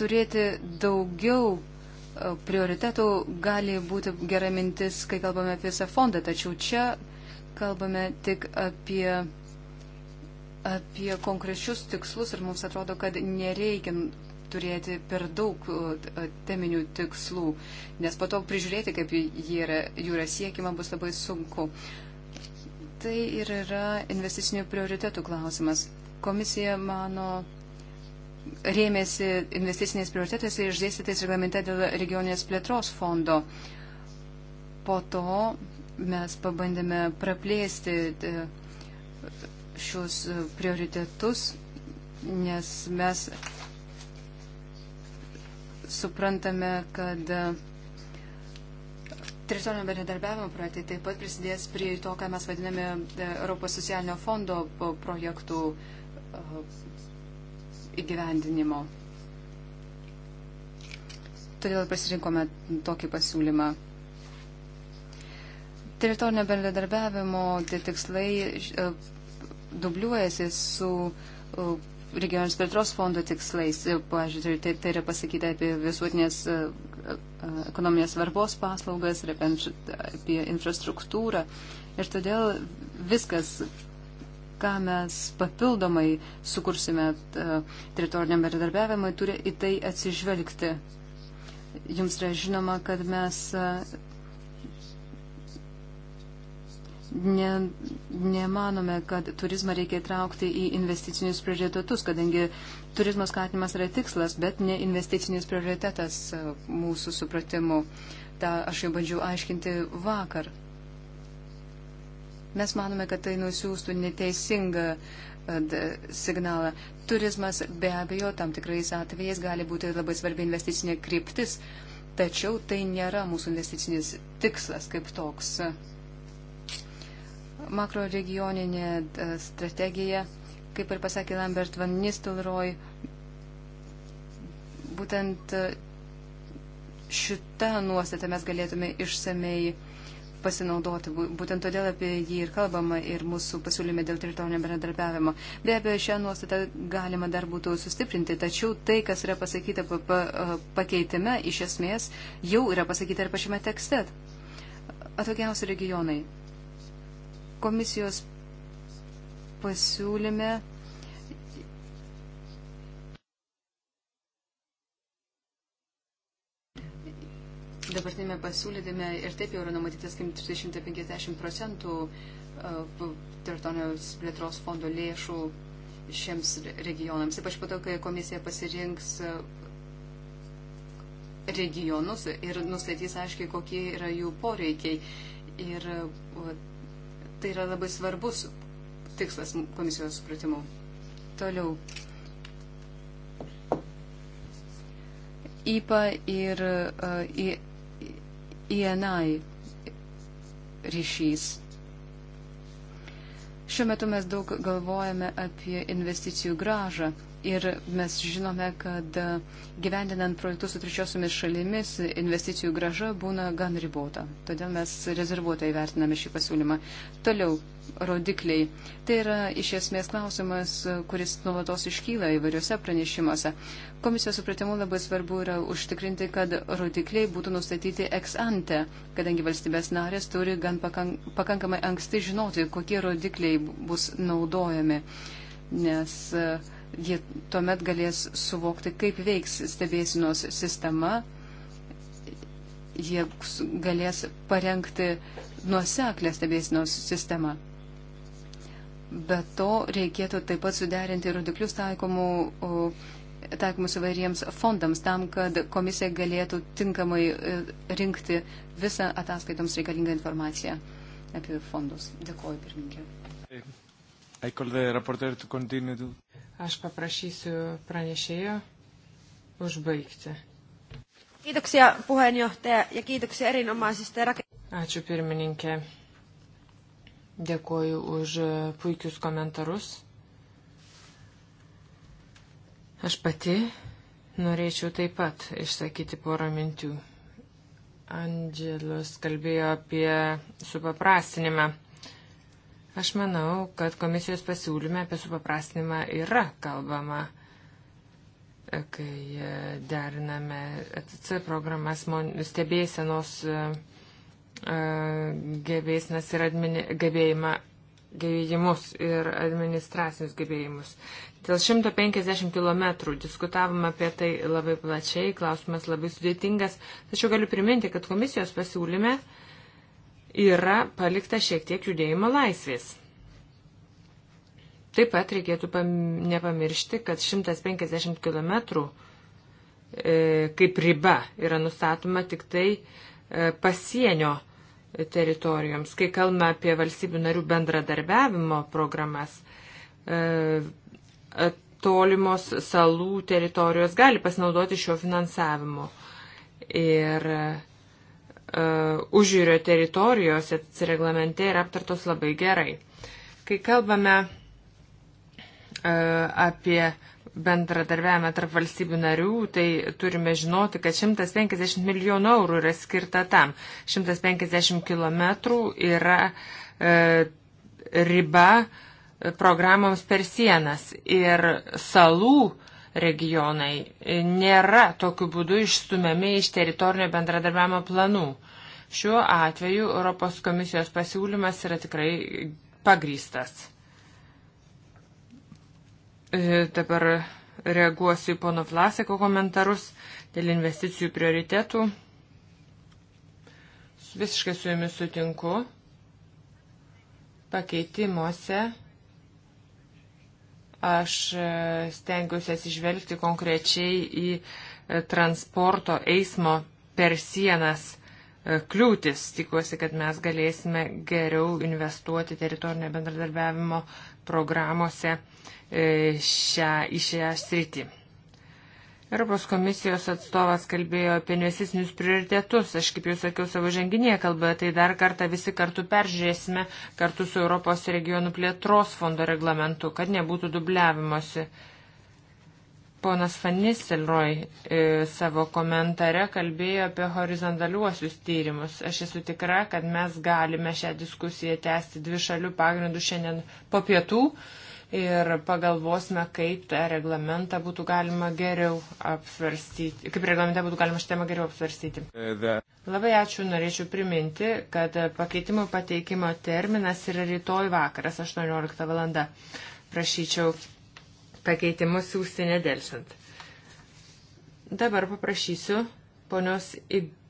[SPEAKER 3] turėti daugiau prioritetų gali būti gera mintis, kai kalbame apie visą fondą, tačiau čia kalbame tik apie, apie konkrečius tikslus ir mums atrodo, kad nereikia turėti per daug e, teminių tikslų, nes po to prižiūrėti, kaip jie yra, jų yra siekima, bus labai sunku. Tai ir yra investicinių prioritetų klausimas. Komisija mano, rėmėsi investiciniais prioritetais ir išdėstytais reglamente dėl regioninės plėtros fondo. Po to mes pabandėme praplėsti e, šios e, prioritetus, nes mes suprantame, kad e, teritorinio bendradarbiavimo projektai taip pat prisidės prie to, ką mes vadiname Europos socialinio fondo projektų įgyvendinimo. Todėl pasirinkome tokį pasiūlymą. Teritorinio bendradarbiavimo tie tikslai e, dubliuojasi su e, regionės plėtros fondo tikslais. E, pavyzdžiui, tai, tai yra pasakyta apie visuotinės ekonominės svarbos paslaugas ir apie, apie infrastruktūrą. Ir todėl viskas, ką mes papildomai sukursime e, teritoriniam bendradarbiavimui, turi į tai atsižvelgti. Jums yra žinoma, kad mes e, ne, nemanome, kad turizmą reikia įtraukti į investicinius prioritetus, kadangi turizmo skatinimas yra tikslas, bet ne investicinis prioritetas e, mūsų supratimu. Ta aš jau bandžiau aiškinti vakar. Mes manome, kad tai nusiųstų neteisingą e, signalą. Turizmas be abejo tam tikrais atvejais gali būti labai svarbi investicinė kryptis, tačiau tai nėra mūsų investicinis tikslas kaip toks. Makro regioninė strategija, kaip ir pasakė Lambert Van Nistelrooy, būtent e, šitą nuostatą mes galėtume išsamei pasinaudoti. Būtent todėl apie jį ir kalbama ir mūsų pasiūlyme dėl teritorinio bendradarbiavimo. Be abejo, šią nuostatą galima dar būtų sustiprinti, tačiau tai, kas yra pasakyta pa, pa, pakeitime, iš esmės jau yra pasakyta ir pačiame tekste. Atokiausi regionai. Komisijos pasiūlyme dabartinėme pasiūlyme ir taip jau yra numatytas 350 procentų e, teritorijos plėtros fondo lėšų šiems regionams. Ypač po to, kai komisija pasirinks e, regionus ir nustatys aiškiai, kokie yra jų poreikiai. Ir e, tai yra labai svarbus tikslas komisijos supratimu. Toliau. IPA ir uh, INI e ryšys. Šiuo metu mes daug galvojame apie investicijų gražą Ir mes žinome, kad gyvendinant projektus su trečiosiomis šalimis investicijų graža būna gan ribota. Todėl mes rezervuotai vertiname šį pasiūlymą. Toliau, rodikliai. Tai yra iš esmės klausimas, kuris nuolatos iškyla įvairiuose pranešimuose. Komisijos supratimu labai svarbu yra užtikrinti, kad rodikliai būtų nustatyti ex ante, kadangi valstybės narės turi gan pakankamai anksti žinoti, kokie rodikliai bus naudojami. Nes uh, jie tuomet galės suvokti, kaip veiks stebėsinos sistema, jie galės parengti nuoseklę stebėsinos sistemą. Be to reikėtų taip pat suderinti rodiklius taikomų, taikomus įvairiems fondams, tam, kad komisija galėtų tinkamai e, rinkti visą ataskaitoms reikalingą informaciją apie fondus. Dėkuoju, pirmininkė.
[SPEAKER 4] I call the reporter to continue. To...
[SPEAKER 1] Aš paprašysiu pranešėjo užbaigti. Kiitoksia puheenjohtaja ja kiitoksia erinomaisista ja Ačiū pirmininkė. Dėkuoju už puikius komentarus. Aš pati norėčiau taip pat išsakyti porą mintių. Andželos kalbėjo apie supaprastinimą. Aš manau, kad komisijos pasiūlyme apie supaprastinimą yra kalbama, kai e, deriname ATC e programas, stebėsenos e, gebėsinas ir admini, gebėjimą, gebėjimus ir administracinius gebėjimus. Dėl 150 km diskutavome apie tai labai plačiai, klausimas labai sudėtingas, tačiau galiu priminti, kad komisijos pasiūlyme uh, yra palikta šiek tiek judėjimo laisvės. Taip pat reikėtų nepamiršti, kad 150 km e, kaip riba yra nustatoma tik tai e, pasienio teritorijoms. Kai kalbame apie valstybių narių bendradarbiavimo programas, e, tolimos salų teritorijos gali pasinaudoti šio finansavimu. Ir Uh, užjūrio teritorijos reglamente yra aptartos labai gerai. Kai kalbame uh, apie bendradarbiavimą tarp valstybių narių, tai turime žinoti, kad 150 milijonų eurų yra skirta tam. 150 km yra e, riba programoms per sienas ir salų regionai nėra tokiu būdu išstumiami iš teritorinio bendradarbiavimo planų. Šiuo atveju Europos komisijos pasiūlymas yra tikrai pagrystas. E, dabar reaguosiu į pono Vlaseko komentarus dėl investicijų prioritetų. Visiškai su jumis sutinku. Pakeitimuose Aš e, stengiuosi atsižvelgti konkrečiai į e, transporto eismo per sienas e, kliūtis. Tikiuosi, kad mes galėsime geriau investuoti teritorinio bendradarbiavimo programuose šią, į šią sritį. Europos komisijos atstovas kalbėjo apie investicinius prioritetus. Aš, kaip jau sakiau savo ženginėje kalboje, tai dar kartą visi kartu peržiūrėsime kartu su Europos regionų plėtros fondo reglamentu, kad nebūtų dubliavimosi. Ponas Fanistelroj e, savo komentare kalbėjo apie horizontaliuosius tyrimus. Aš esu tikra, kad mes galime šią diskusiją tęsti dvi šalių pagrindų šiandien po pietų. E, ir pagalvosime, kaip tą reglamentą būtų galima geriau apsvarstyti, kaip reglamentą būtų galima šitą temą geriau apsvarstyti. Labai ačiū, norėčiau priminti, kad pakeitimo pateikimo terminas yra rytoj vakaras 18 valanda. Prašyčiau pakeitimus siūsti nedelsant. Dabar paprašysiu ponios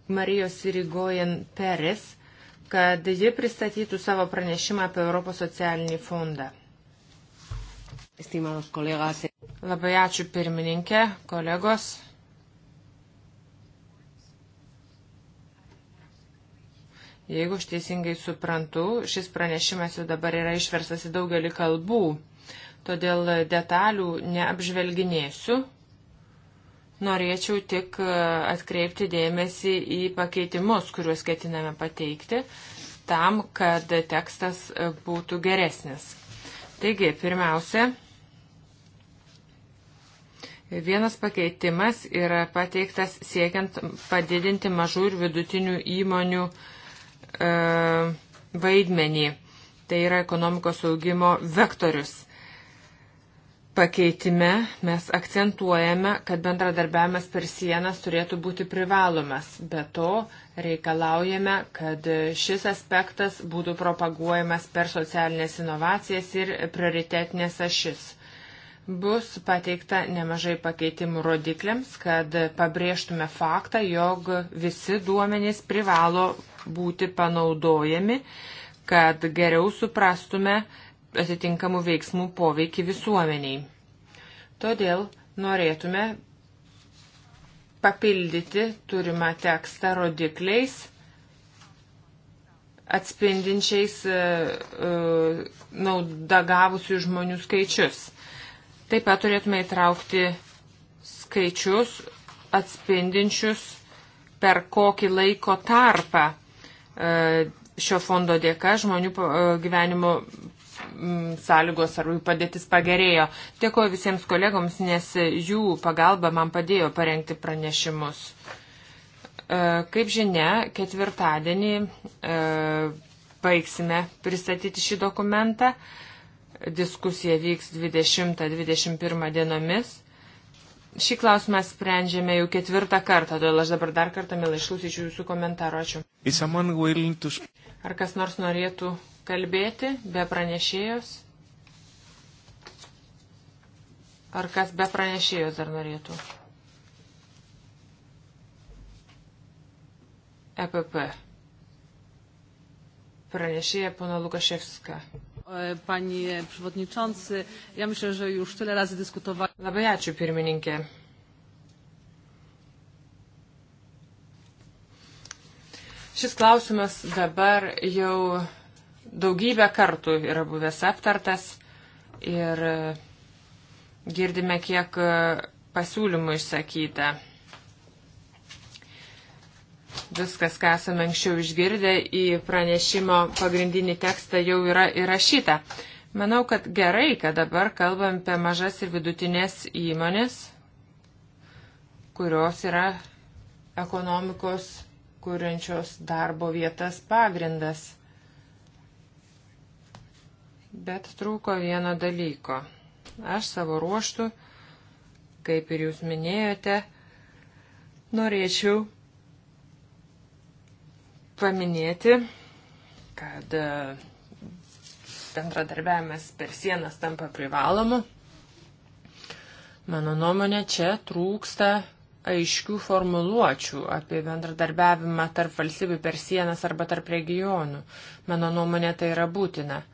[SPEAKER 1] Marijos Irigojen Peres, kad ji pristatytų savo pranešimą apie Europos socialinį fondą. Labai ačiū pirmininkė, kolegos. Jeigu aš teisingai suprantu, šis pranešimas jau dabar yra išverstas į daugelį kalbų, todėl detalių neapžvelginėsiu. Norėčiau tik e, atkreipti dėmesį į pakeitimus, kuriuos ketiname pateikti, tam, kad tekstas e, būtų geresnis. Taigi, pirmiausia, vienas pakeitimas yra pateiktas siekiant padidinti mažų ir vidutinių įmonių e, vaidmenį. Tai yra ekonomikos augimo vektorius. Pakeitime mes akcentuojame, kad bendradarbiavimas per sienas turėtų būti privalomas. Be to, reikalaujame, kad šis aspektas būtų propaguojamas per socialinės inovacijas ir prioritetinės ašis. Bus pateikta nemažai pakeitimų rodikliams, kad pabrėžtume faktą, jog visi duomenys privalo būti panaudojami, kad geriau suprastume atitinkamų veiksmų poveikį visuomeniai. Todėl norėtume papildyti turimą tekstą rodikliais atspindinčiais e, e, naudą gavusių žmonių skaičius. Taip pat turėtume įtraukti skaičius atspindinčius per kokį laiko tarpą e, šio fondo dėka žmonių gyvenimo Mm, sąlygos ar jų padėtis pagerėjo. Dėkuoju visiems kolegoms, nes jų pagalba man padėjo parengti pranešimus. E, kaip žinia, ketvirtadienį e, baigsime pristatyti šį dokumentą. Diskusija vyks 20-21 dienomis. Šį klausimą sprendžiame jau ketvirtą kartą, todėl aš dabar dar kartą mielai išklausyčiau jūsų komentarų.
[SPEAKER 4] Ačiū.
[SPEAKER 1] Ar kas nors norėtų kalbėti be pranešėjos? Ar kas be pranešėjos dar norėtų? EPP. Pranešėja pana Lukaševska. E, panie przewodniczący, ja myślę, że już tyle razy dyskutowaliśmy. Labai ačiū pirmininkė. Šis klausimas dabar jau daugybę kartų yra buvęs aptartas ir e, girdime, kiek e, pasiūlymų išsakyta. Viskas, ką esame anksčiau išgirdę į pranešimo pagrindinį tekstą, jau yra įrašyta. Manau, kad gerai, kad dabar kalbam apie mažas ir vidutinės įmonės, kurios yra ekonomikos kuriančios darbo vietas pagrindas. Bet trūko vieno dalyko. Aš savo ruoštų, kaip ir jūs minėjote, norėčiau paminėti, kad e, bendradarbiavimas per sienas tampa privalomu. Mano nuomonė, čia trūksta aiškių formuluočių apie bendradarbiavimą tarp valstybių per sienas arba tarp regionų. Mano nuomonė, tai yra būtina.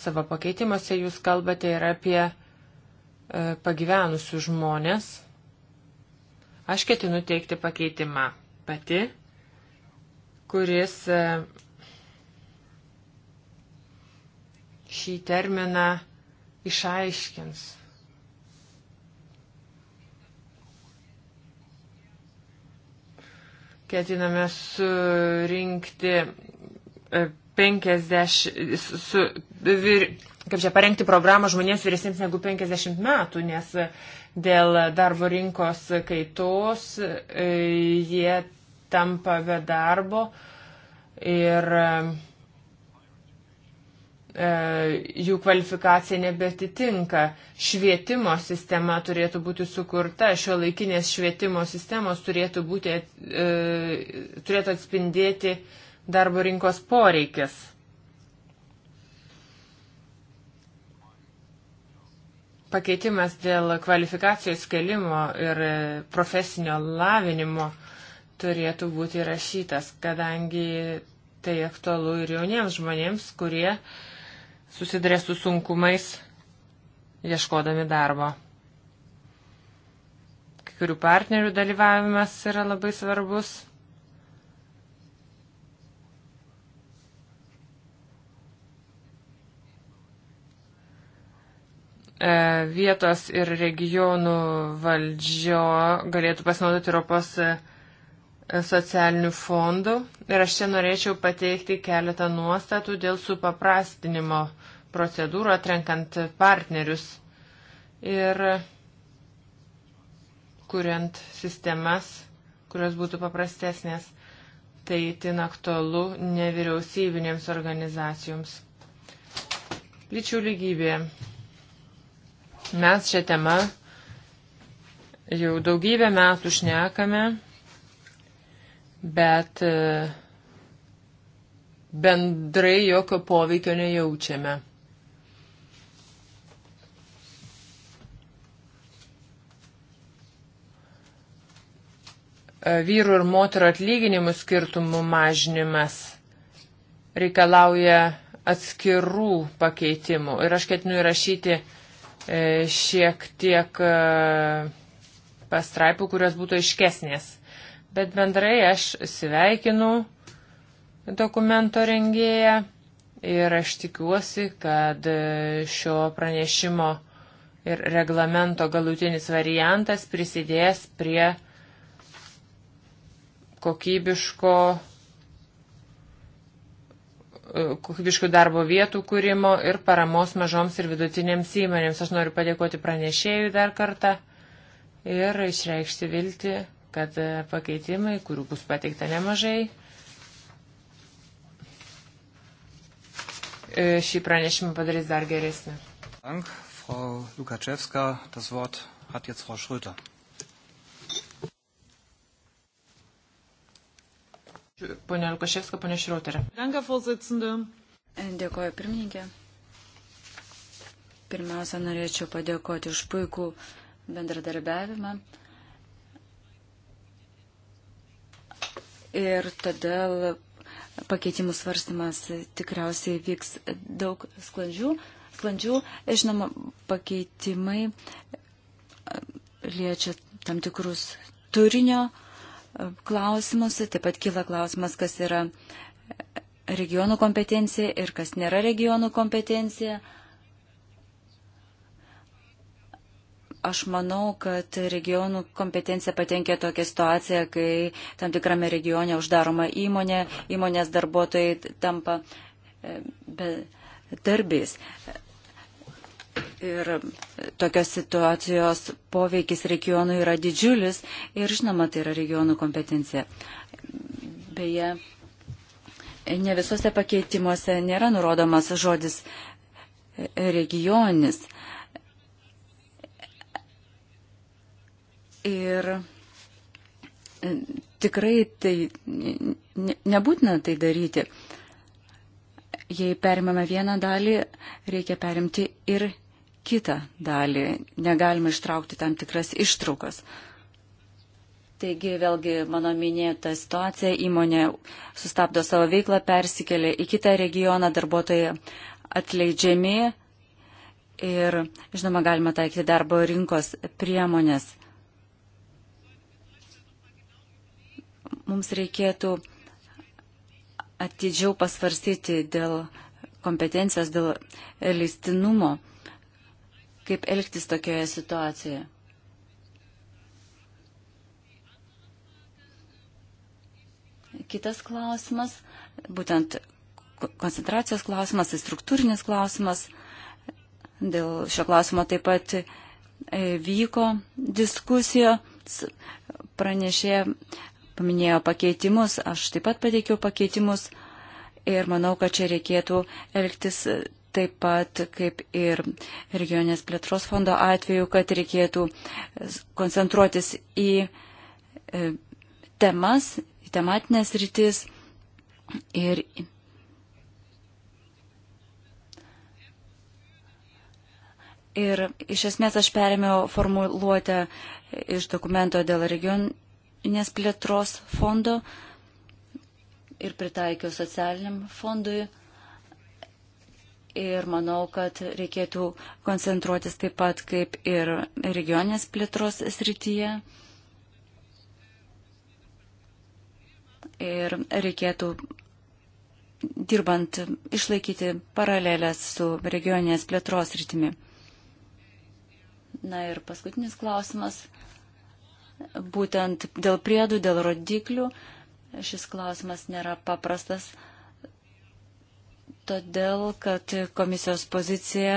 [SPEAKER 1] Savo pakeitimuose jūs kalbate ir apie e, pagyvenusių žmonės. Aš ketinu teikti pakeitimą pati, kuris e, šį terminą išaiškins. Ketiname surinkti e, 50, su, vir, kaip čia parengti programą žmonėms vyresniems negu 50 metų, nes dėl darbo rinkos kaitos e, jie tampa be darbo ir e, jų kvalifikacija nebetitinka. Švietimo sistema turėtų būti sukurta, šio laikinės švietimo sistemos turėtų, būti, e, turėtų atspindėti darbo rinkos poreikis. Pakeitimas dėl kvalifikacijos kelimo ir profesinio lavinimo turėtų būti įrašytas, kadangi tai aktualu ir jauniems žmonėms, kurie susidurė su sunkumais ieškodami darbo. Kai kurių partnerių dalyvavimas yra labai svarbus. E, vietos ir regionų valdžio galėtų pasinaudoti Europos e, socialinių fondų. Ir aš čia norėčiau pateikti keletą nuostatų dėl supaprastinimo procedūrų atrenkant partnerius ir kuriant sistemas, kurios būtų paprastesnės. Tai tin aktualu nevyriausybinėms organizacijoms. Lyčių lygybė. Mes šią temą jau daugybę metų šnekame, bet e, bendrai jokio poveikio nejaučiame. E, vyrų ir moterų atlyginimų skirtumų mažinimas reikalauja atskirų pakeitimų. Ir aš ketinu įrašyti E, šiek tiek e, pastraipų, kurios būtų iškesnės. Bet bendrai aš sveikinu dokumento rengėją ir aš tikiuosi, kad e, šio pranešimo ir reglamento galutinis variantas prisidės prie kokybiško E, kokybiškų darbo vietų kūrimo ir paramos mažoms ir vidutinėms įmonėms. Aš noriu padėkoti pranešėjui dar kartą ir išreikšti vilti, kad e, pakeitimai, kurių bus pateikta nemažai, e, šį pranešimą padarys dar geresnį.
[SPEAKER 4] Dank, Frau Lukaczewska. Das Wort hat jetzt Frau Schröter.
[SPEAKER 1] Pone Lukaševska, pone Šrioterė.
[SPEAKER 2] Dėkoju, pirmininkė.
[SPEAKER 1] Pirmiausia, norėčiau padėkoti už
[SPEAKER 2] puikų bendradarbiavimą. Ir todėl pakeitimų svarstymas tikriausiai vyks daug sklandžių. sklandžių. Žinoma, pakeitimai liečia tam tikrus turinio uh, klausimus, taip pat kyla klausimas, kas yra regionų kompetencija ir kas nėra regionų kompetencija. Aš manau, kad regionų kompetencija patenkia tokią situaciją, kai tam tikrame regione uždaroma įmonė, įmonės darbuotojai tampa e, be darbiais. Ir tokios situacijos poveikis regionui yra didžiulis ir, žinoma, tai yra regionų kompetencija. Beje, ne visuose pakeitimuose nėra nurodomas žodis regionis. Ir tikrai tai nebūtina tai daryti. Jei perimame vieną dalį, reikia perimti ir kitą dalį, negalima ištraukti tam tikras ištraukas. Taigi vėlgi mano minėta situacija, įmonė sustabdo savo veiklą, persikelia į kitą regioną, darbuotojai atleidžiami ir, žinoma, galima taikyti darbo rinkos priemonės. Mums reikėtų atidžiau pasvarstyti dėl kompetencijos, dėl leistinumo kaip elgtis tokioje situacijoje. Kitas klausimas, būtent koncentracijos klausimas, tai struktūrinis klausimas. Dėl šio klausimo taip pat e, vyko diskusijos, pranešė, paminėjo pakeitimus, aš taip pat pateikiau pakeitimus ir manau, kad čia reikėtų elgtis taip pat kaip ir regionės plėtros fondo atveju, kad reikėtų koncentruotis į e, temas, į tematinės rytis ir Ir iš esmės aš perėmiau formuluotę iš dokumento dėl regioninės plėtros fondo ir pritaikiau socialiniam fondui ir manau, kad reikėtų koncentruotis taip pat kaip ir regionės plėtros srityje. Ir reikėtų dirbant išlaikyti paralelės su regionės plėtros rytimi. Na ir paskutinis klausimas. Būtent dėl priedų, dėl rodiklių šis klausimas nėra paprastas todėl, kad komisijos pozicija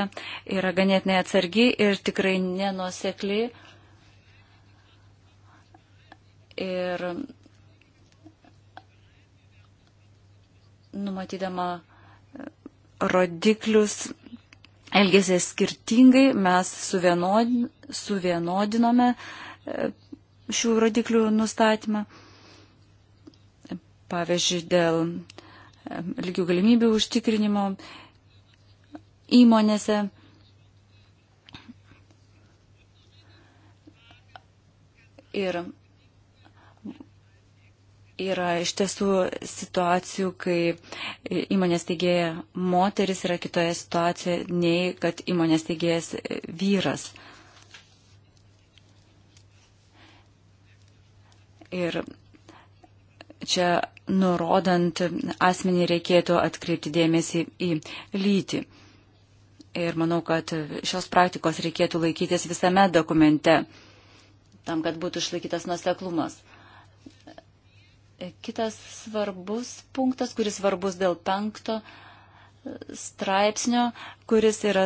[SPEAKER 2] yra ganėtinai atsargi ir tikrai nenuosekli. Ir numatydama rodiklius elgėsi skirtingai, mes suvienodinome e, šių rodiklių nustatymą. Pavyzdžiui, dėl lygių galimybių užtikrinimo įmonėse. Ir yra iš tiesų situacijų, kai įmonės teigėja moteris yra kitoje situacijoje nei kad įmonės teigėjas vyras. Ir čia nurodant asmenį reikėtų atkreipti dėmesį į lytį. Ir manau, kad šios praktikos reikėtų laikytis visame dokumente, tam, kad būtų išlaikytas nuseklumas. Kitas svarbus punktas, kuris svarbus dėl penkto straipsnio, kuris yra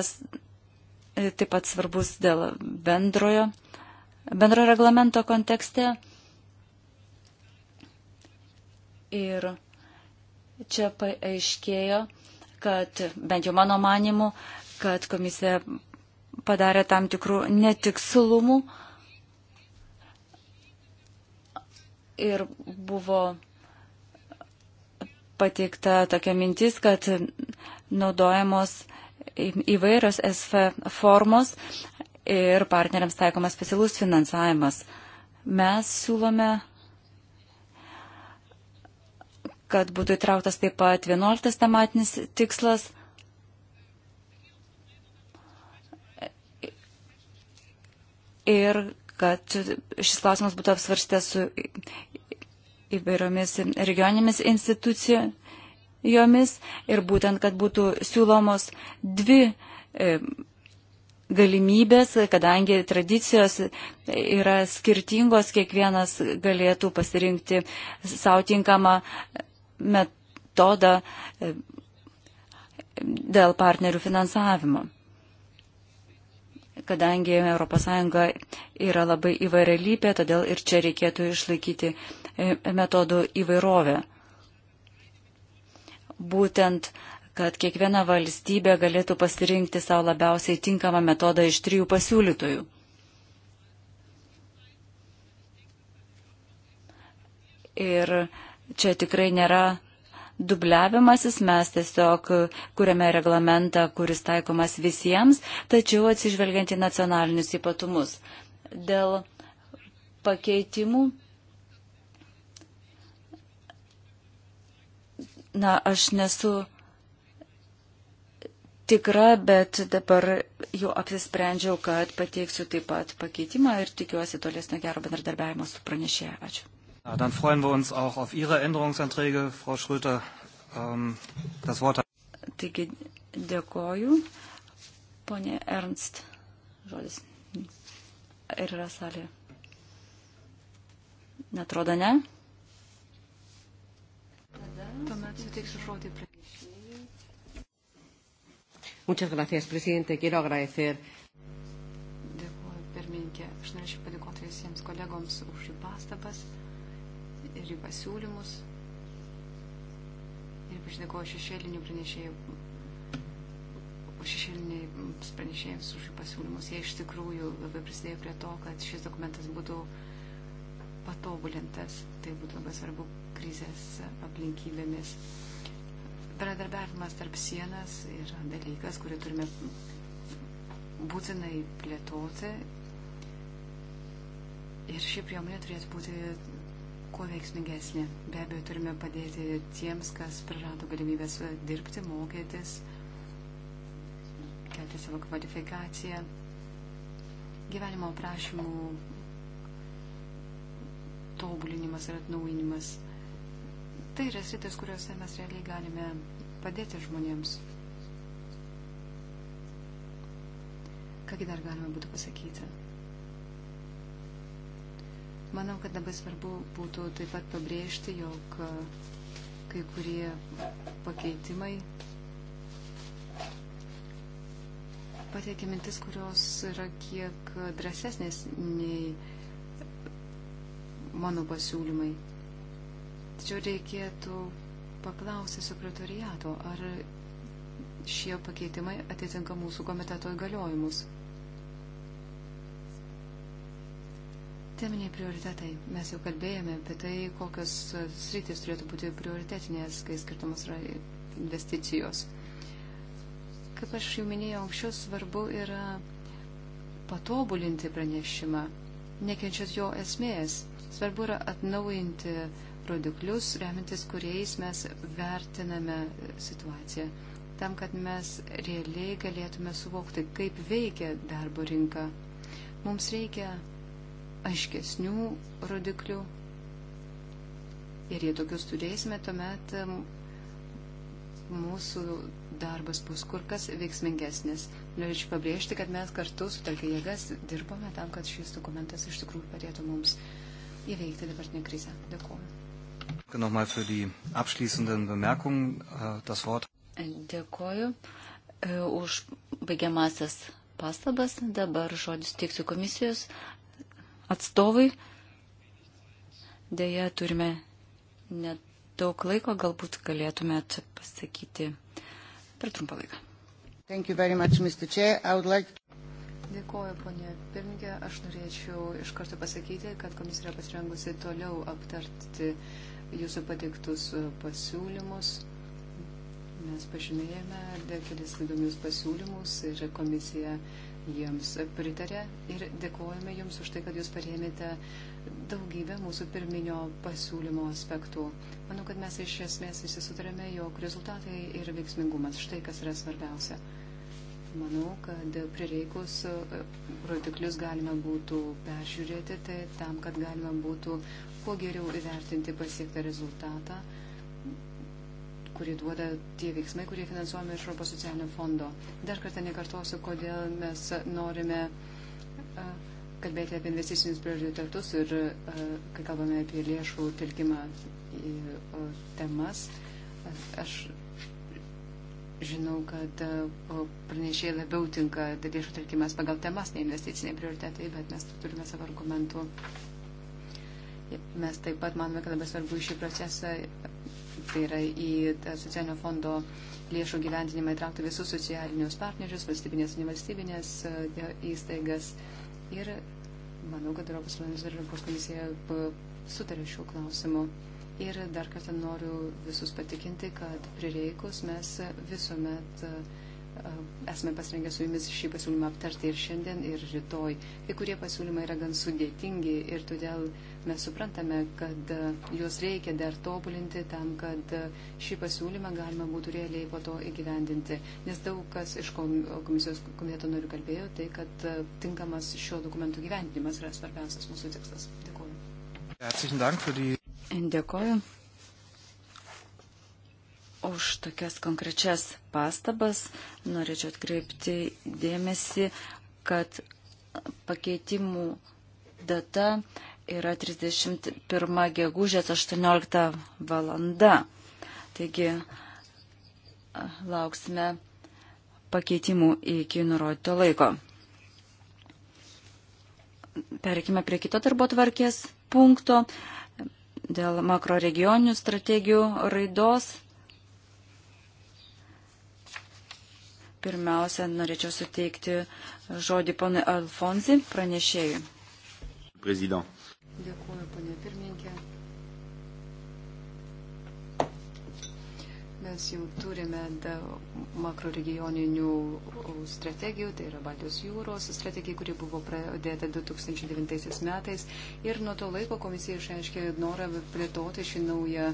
[SPEAKER 2] taip pat svarbus dėl bendrojo, bendro reglamento kontekste, Ir čia paaiškėjo, kad bent jau mano manimu, kad komisija padarė tam tikrų netikslumų ir buvo pateikta tokia mintis, kad naudojamos įvairios SF formos ir partneriams taikomas specialus finansavimas. Mes siūlome kad būtų įtrauktas taip pat 11 tematinis tikslas. Ir kad šis klausimas būtų apsvarstęs su įvairiomis regioninėmis institucijomis ir būtent, kad būtų siūlomos dvi e, galimybės, kadangi tradicijos yra skirtingos, kiekvienas galėtų pasirinkti savo tinkamą metodą e, dėl partnerių finansavimo. Kadangi ES yra labai įvairialypė, todėl ir čia reikėtų išlaikyti e, metodų įvairovę. Būtent, kad kiekviena valstybė galėtų pasirinkti savo labiausiai tinkamą metodą iš trijų pasiūlytojų. Ir čia tikrai nėra dubliavimasis, mes tiesiog kuriame reglamentą, kuris taikomas visiems, tačiau atsižvelgiant į nacionalinius ypatumus. Dėl pakeitimų. Na, aš nesu tikra, bet dabar jau apsisprendžiau, kad pateiksiu taip pat pakeitimą ir tikiuosi tolesnio gero bendradarbiavimo su pranešėja. Ačiū.
[SPEAKER 4] Na, dann freuen wir uns auch auf Ihre Änderungsanträge, Frau Schröter. Ähm, das Wort hat. Taigi, dėkoju. Pone Ernst, žodis.
[SPEAKER 2] Ir yra salė. Netrodo, ne?
[SPEAKER 3] Tuomet suteiksiu žodį pranešėjai.
[SPEAKER 2] Muchas gracias, presidente. Quiero agradecer
[SPEAKER 3] pirmininkė, aš norėčiau padėkoti visiems kolegoms už jų pastabas ir jų pasiūlymus. Ir ypač dėkoju šešėlinių pranešėjų, šešėliniais pranešėjams už jų pasiūlymus. Jie iš tikrųjų labai prisidėjo prie to, kad šis dokumentas būtų patobulintas. Tai būtų labai svarbu krizės aplinkybėmis. Bendradarbiavimas tarp sienas yra dalykas, kurį turime būtinai plėtoti. Ir ši priemonė turėtų būti kuo veiksmingesnė. Be abejo, turime padėti tiems, kas prarado galimybės dirbti, mokytis, kelti savo kvalifikaciją. Gyvenimo aprašymų tobulinimas ir atnauinimas. Tai yra sritis, kuriuose mes realiai galime padėti žmonėms. Kągi dar galima būtų pasakyti? Manau, kad labai svarbu būtų taip pat pabrėžti, jog e, kai kurie pakeitimai pateikia mintis, kurios yra kiek drąsesnės nei mano pasiūlymai. Tačiau reikėtų paklausti sekretoriato, ar šie pakeitimai atitinka mūsų komiteto įgaliojimus. Teminiai prioritetai. Mes jau kalbėjome apie tai, kokios sritis turėtų būti prioritetinės, kai skirtumas yra investicijos. Kaip aš jau minėjau, anksčiau svarbu yra patobulinti pranešimą, nekenčiant jo esmės. Svarbu yra atnaujinti rodiklius, remintis kuriais mes vertiname situaciją, tam, kad mes realiai galėtume suvokti, kaip veikia darbo rinka. Mums reikia aiškesnių rodiklių. Ir jei tokius turėsime, tuomet mūsų darbas bus kur kas veiksmingesnis. Norėčiau pabrėžti, kad mes kartu sutelkę jėgas dirbome tam, kad šis dokumentas iš tikrųjų padėtų mums įveikti dabartinę krizę. Dėkuoju.
[SPEAKER 4] Äh,
[SPEAKER 3] Dėkuoju
[SPEAKER 2] äh, už baigiamasias pastabas. Dabar žodis tiksiu komisijos atstovai. Deja, turime nedaug laiko, galbūt galėtumėt pasakyti per trumpą laiką. Much, like...
[SPEAKER 3] Dėkuoju, ponė Pirmininkė. Aš norėčiau iš karto pasakyti, kad komisija yra pasirengusi toliau aptarti jūsų pateiktus pasiūlymus. Mes pažymėjome kelis įdomius pasiūlymus ir komisija uh, jiems pritarė ir dėkojame jums už tai, kad jūs parėmėte daugybę mūsų pirminio pasiūlymo aspektų. Manau, kad mes iš esmės visi sutarėme, jog rezultatai ir veiksmingumas štai kas yra svarbiausia. Manau, kad prireikus e, rodiklius galima būtų peržiūrėti tai tam, kad galima būtų kuo geriau įvertinti pasiektą rezultatą kurį duoda tie veiksmai, kurie finansuojami iš Europos socialinio fondo. Dar kartą nekartosiu, kodėl mes norime kalbėti apie investicinius prioritetus ir kai kalbame apie lėšų telkimą į temas. Aš žinau, kad pranešėjai labiau tinka lėšų telkimas pagal temas, nei investiciniai prioritetai, bet mes turime savo argumentų. Mes taip pat manome, kad labai svarbu šį procesą tai yra į e, socialinio fondo lėšų gyventinimą įtraukti visus socialinius partnerius, valstybinės, nevalstybinės e, įstaigas. Ir manau, kad Europos Sąjungos ir Europos komisija e, sutarė šiuo klausimu. Ir dar kartą noriu visus patikinti, kad prireikus mes visuomet esame pasirengę su jumis šį pasiūlymą aptarti ir šiandien, ir rytoj. Kai kurie pasiūlymai yra gan sudėtingi ir todėl mes suprantame, kad e, juos reikia dar tobulinti tam, kad e, šį pasiūlymą galima būtų realiai po to įgyvendinti. Nes daug kas iš komisijos komiteto norių kalbėjo, tai kad e, tinkamas šio dokumentų gyvendinimas yra svarbiausias mūsų tikslas.
[SPEAKER 4] Dėkuoju. Dėkuoju
[SPEAKER 2] už tokias konkrečias pastabas. Norėčiau atkreipti dėmesį, kad pakeitimų data yra 31 gegužės 18 valanda. Taigi lauksime pakeitimų iki nurodyto laiko. Perkime prie kito darbo tvarkės punkto dėl makroregioninių strategijų raidos. Pirmiausia, norėčiau suteikti žodį ponui Alfonzi pranešėjui. Prezident.
[SPEAKER 3] Dėkuoju, ponė pirmininkė. Mes jau turime makroregioninių strategijų, tai yra Baltijos jūros strategija, kuri buvo pradėta 2009 metais. Ir nuo to laiko komisija išaiškė norą plėtoti šį naują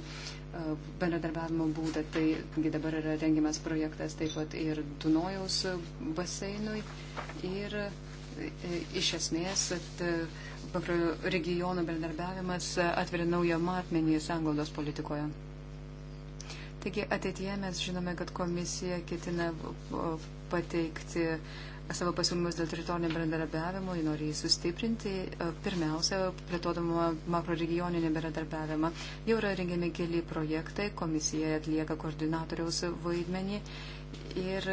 [SPEAKER 3] bendradarbiavimo būdą. Tai dabar yra rengiamas projektas taip pat ir Dunojaus baseinui. Ir e, iš esmės, kad regionų bendarbiavimas atveria naują matmenį sanglaudos politikoje. Taigi ateityje mes žinome, kad komisija ketina pateikti savo pasiūlymus dėl teritorinio bendradarbiavimo, jį nori jį sustiprinti, pirmiausia, plėtodama makroregioninį bendradarbiavimą. Jau yra rengiami keli projektai, komisija atlieka koordinatoriaus vaidmenį ir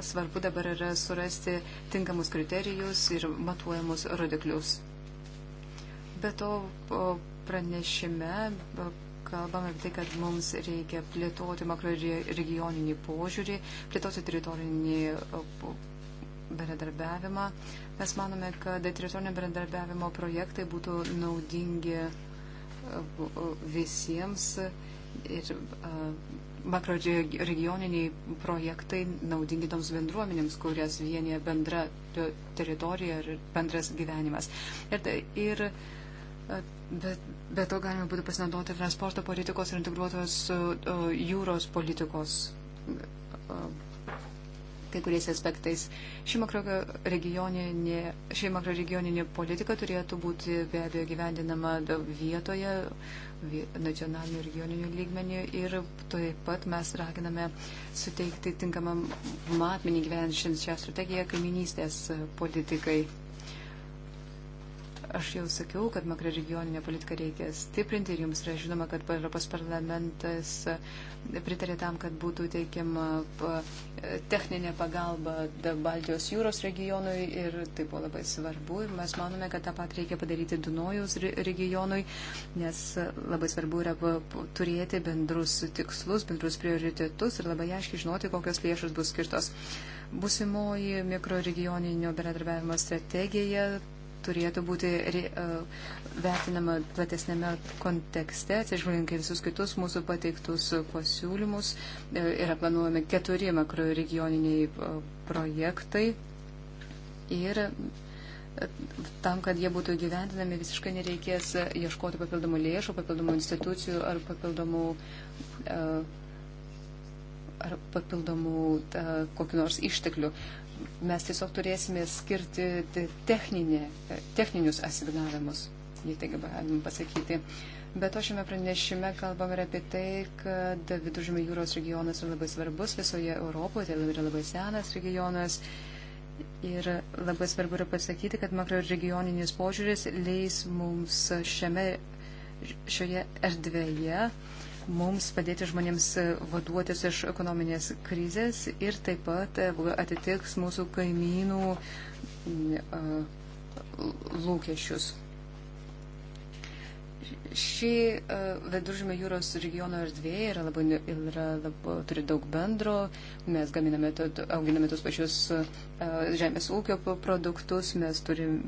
[SPEAKER 3] svarbu dabar yra surasti tinkamus kriterijus ir matuojamus rodiklius. Be to pranešime e, kalbame apie tai, kad mums reikia plėtoti makroregioninį požiūrį, plėtoti teritorinį e, bendradarbiavimą. Mes manome, kad teritorinio bendradarbiavimo projektai būtų naudingi e, visiems ir makroregioniniai projektai naudingi toms bendruomenėms, kurias vienyje bendra teritorija ir bendras gyvenimas. Ir, tai, ir Bet, bet to galima būtų pasinaudoti transporto politikos ir integruotos jūros politikos kai kuriais aspektais. Ši makroregioninė, ši makroregioninė politika turėtų būti be abejo gyvendinama vietoje, nacionalinių regioninių lygmenių ir taip pat mes raginame suteikti tinkamą matmenį gyvenant šią strategiją kaiminystės politikai. Aš jau sakiau, kad makroregioninę politiką reikia stiprinti ir jums yra žinoma, kad Europos parlamentas pritarė tam, kad būtų teikiama techninė pagalba Baltijos jūros regionui ir tai buvo labai svarbu. Ir mes manome, kad tą pat reikia padaryti Dunojus regionui, nes labai svarbu yra turėti bendrus tikslus, bendrus prioritetus ir labai aiškiai žinoti, kokios lėšos bus skirtos. Busimoji mikroregioninio bendradarbiavimo strategija turėtų būti e, vertinama platesnėme kontekste, atsižvelgiant į visus kitus mūsų pateiktus pasiūlymus. E, yra planuojami keturi makroregioniniai e, projektai. Ir tam, kad jie būtų gyvendinami, visiškai nereikės ieškoti papildomų lėšų, papildomų institucijų ar papildomų, ar papildomų kokiu nors išteklių mes tiesiog turėsime skirti techninį, e, techninius asignavimus, jei taigi galim pasakyti. Bet o šiame pranešime kalbam ir apie tai, kad Viduržymė jūros regionas yra labai svarbus visoje Europoje, tai yra labai senas regionas. Ir labai svarbu yra pasakyti, kad makro regioninis požiūris leis mums šiame, šioje erdvėje uh, mums padėti žmonėms e, vaduotis iš ekonominės krizės ir taip pat e, atitiks mūsų kaimynų e, lūkesčius. Ši viduržymio jūros regiono erdvė yra labai, yra labai, turi daug bendro. Mes gaminame, auginame tos pačius žemės ūkio produktus, mes turime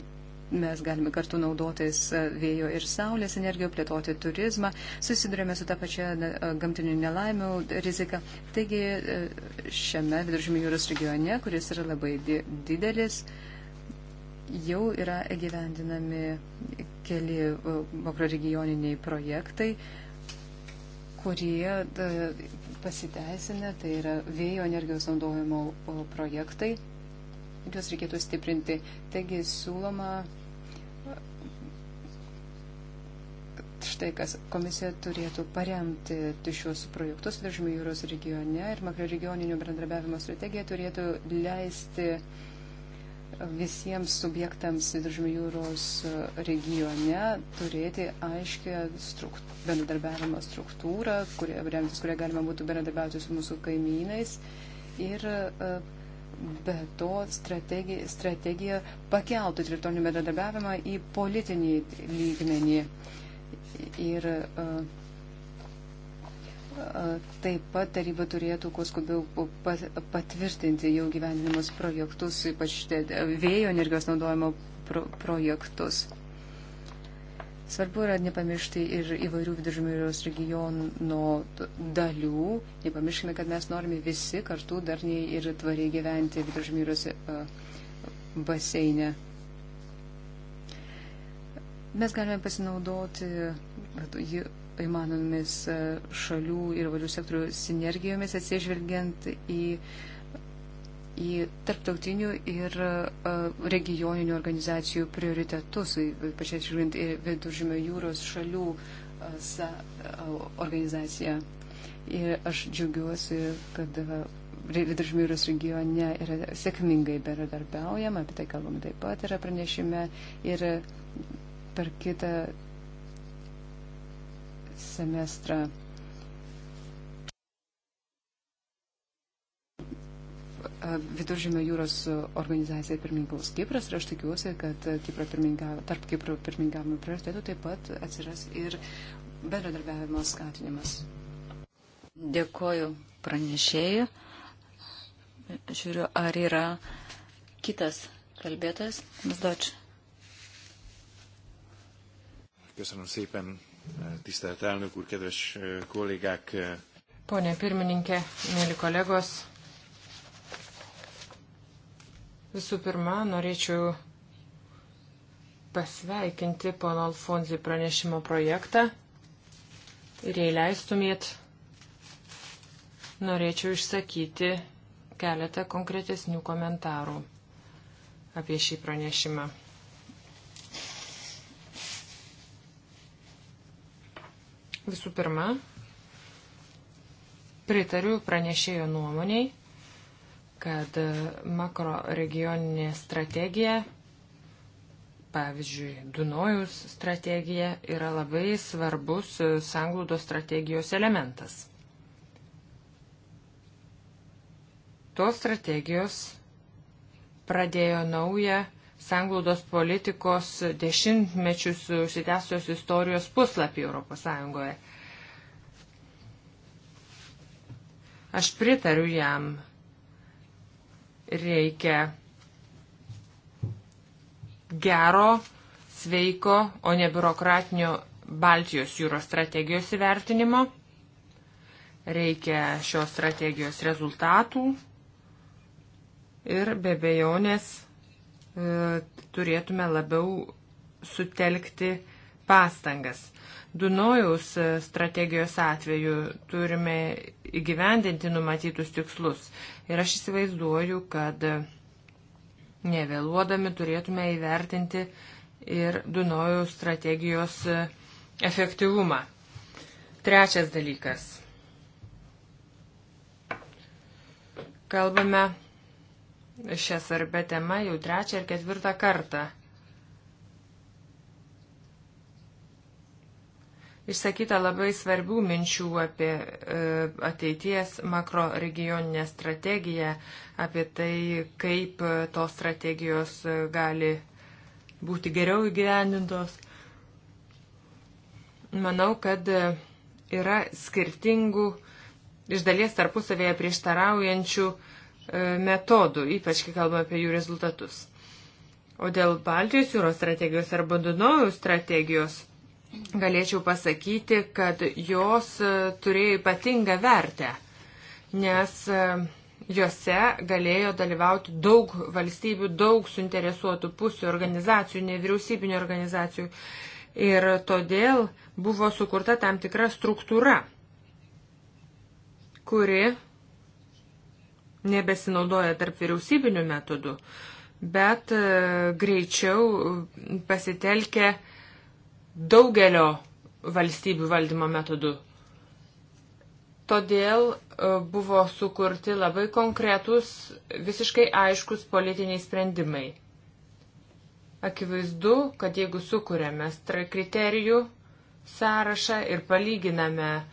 [SPEAKER 3] mes galime kartu naudotis e, vėjo ir saulės energijų, plėtoti turizmą, susidurėme su tą pačią e, gamtinių nelaimių riziką. Taigi e, šiame viduržymio jūros regione, kuris yra labai didelis, jau yra gyvendinami keli makroregioniniai projektai, kurie pasiteisina, tai yra vėjo energijos naudojimo projektai juos reikėtų stiprinti. Taigi siūloma štai kas komisija turėtų paremti šios projektus Viržmio jūros regione ir makroregioninio bendradarbiavimo strategija turėtų leisti visiems subjektams Viržmio jūros regione turėti aiškę strukt, bendradarbiavimo struktūrą, kurie, remtis, kurie galima būtų bendradarbiauti su mūsų kaimynais ir uh, Be to, strategija, strategija pakeltų teritorinį bendradarbiavimą į politinį lygmenį. Ir e, e, taip pat taryba turėtų kuo skubiau patvirtinti jau gyvenimus projektus, ypač vėjo energijos naudojimo projektus. Svarbu yra nepamiršti ir įvairių viduržmiriaus regiono dalių. Nepamirškime, kad mes norime visi kartu darniai ir tvariai gyventi viduržmiriaus e, baseine. Mes galime pasinaudoti įmanomis e, šalių ir valių sektorių sinergijomis atsižvelgiant į uh, į tarptautinių ir e, regioninių organizacijų prioritetus, ypač žiūrint į Viduržymio jūros šalių e, e, organizaciją. Ir aš džiaugiuosi, kad Viduržymio jūros regione yra sėkmingai bendradarbiaujama, apie tai kalbam taip pat yra pranešime. Ir per kitą semestrą Viduržymio jūros organizacija pirmininkaus Kipras ir aš tikiuosi, kad Kipro tarp Kipro pirmininkavimo prioritetų taip pat atsiras ir bendradarbiavimo skatinimas. Dėkoju pranešėjai.
[SPEAKER 2] Žiūriu, ar yra kitas kalbėtojas, Mazdoč.
[SPEAKER 4] Köszönöm szépen, tisztelt elnök úr, kedves kollégák! Pone
[SPEAKER 1] pirmininkė, mėly kolegos, Visų pirma, norėčiau pasveikinti pono Alfonzi pranešimo projektą ir jei leistumėt, norėčiau išsakyti keletą konkretesnių komentarų apie šį pranešimą. Visų pirma, pritariu pranešėjo nuomoniai, kad e, makro regioninė strategija, pavyzdžiui, Dunojus strategija, yra labai svarbus e, sanglūdo strategijos elementas. Tos strategijos pradėjo naują sanglaudos politikos dešimtmečius užsitęsios istorijos puslapį Europos Sąjungoje. Aš pritariu jam reikia gero, sveiko, o ne biurokratinio Baltijos jūros strategijos įvertinimo. Reikia šios strategijos rezultatų ir be bejonės e, turėtume labiau sutelkti pastangas. Dunojaus e, strategijos atveju turime įgyvendinti numatytus tikslus. Ir aš įsivaizduoju, kad nevėluodami turėtume įvertinti ir Dunojų strategijos efektyvumą. Trečias dalykas. Kalbame šią svarbę temą jau trečią ir ketvirtą kartą. Išsakyta labai svarbių minčių apie e, ateities makro regioninę strategiją, apie tai, kaip e, tos strategijos e, gali būti geriau įgyvendintos. Manau, kad yra skirtingų, iš dalies tarpusavėje prieštaraujančių metodų, ypač kai kalbame apie jų rezultatus. O dėl Baltijos jūros strategijos arba Dunojaus strategijos galėčiau pasakyti, kad jos e, turėjo ypatingą vertę, nes e, jose galėjo dalyvauti daug valstybių, daug suinteresuotų pusių, organizacijų, nevyriausybinio organizacijų. Ir todėl buvo sukurta tam tikra struktūra, kuri nebesinaudoja tarp vyriausybinių metodų, bet e, greičiau pasitelkia uh, daugelio valstybių valdymo metodų. Todėl e, buvo sukurti labai konkretus, visiškai aiškus politiniai sprendimai. Akivaizdu, kad jeigu sukūrėme kriterijų sąrašą ir palyginame e,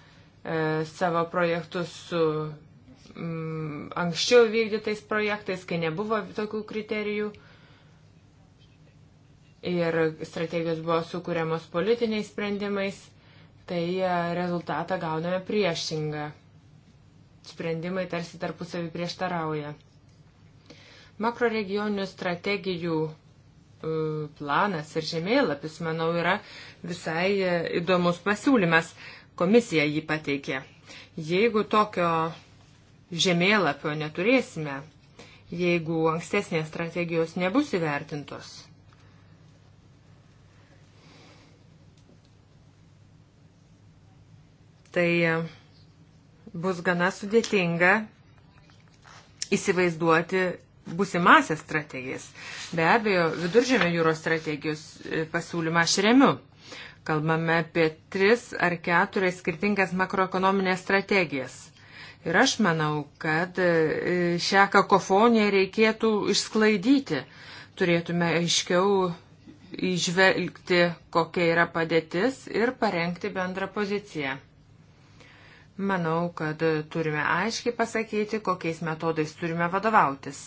[SPEAKER 1] savo projektus su mm, anksčiau vykdytais projektais, kai nebuvo tokių kriterijų, e, ir strategijos buvo sukūriamos politiniais sprendimais, tai e, rezultatą gauname priešingą. Sprendimai tarsi tarpusavį prieštarauja. Makroregioninių strategijų e, planas ir žemėlapis, manau, yra visai e, įdomus pasiūlymas. Komisija jį pateikė. Jeigu tokio žemėlapio neturėsime, jeigu ankstesnės strategijos nebus įvertintos, tai e, bus gana sudėtinga įsivaizduoti busimasias strategijas. Be abejo, viduržėmio jūros strategijos e, pasiūlymą aš remiu. Kalbame apie tris ar keturias skirtingas makroekonominės strategijas. Ir aš manau, kad e, šią kakofoniją reikėtų išsklaidyti. Turėtume aiškiau išvelgti, kokia yra padėtis ir parengti bendrą poziciją. Manau, kad turime aiškiai pasakyti, kokiais metodais turime vadovautis.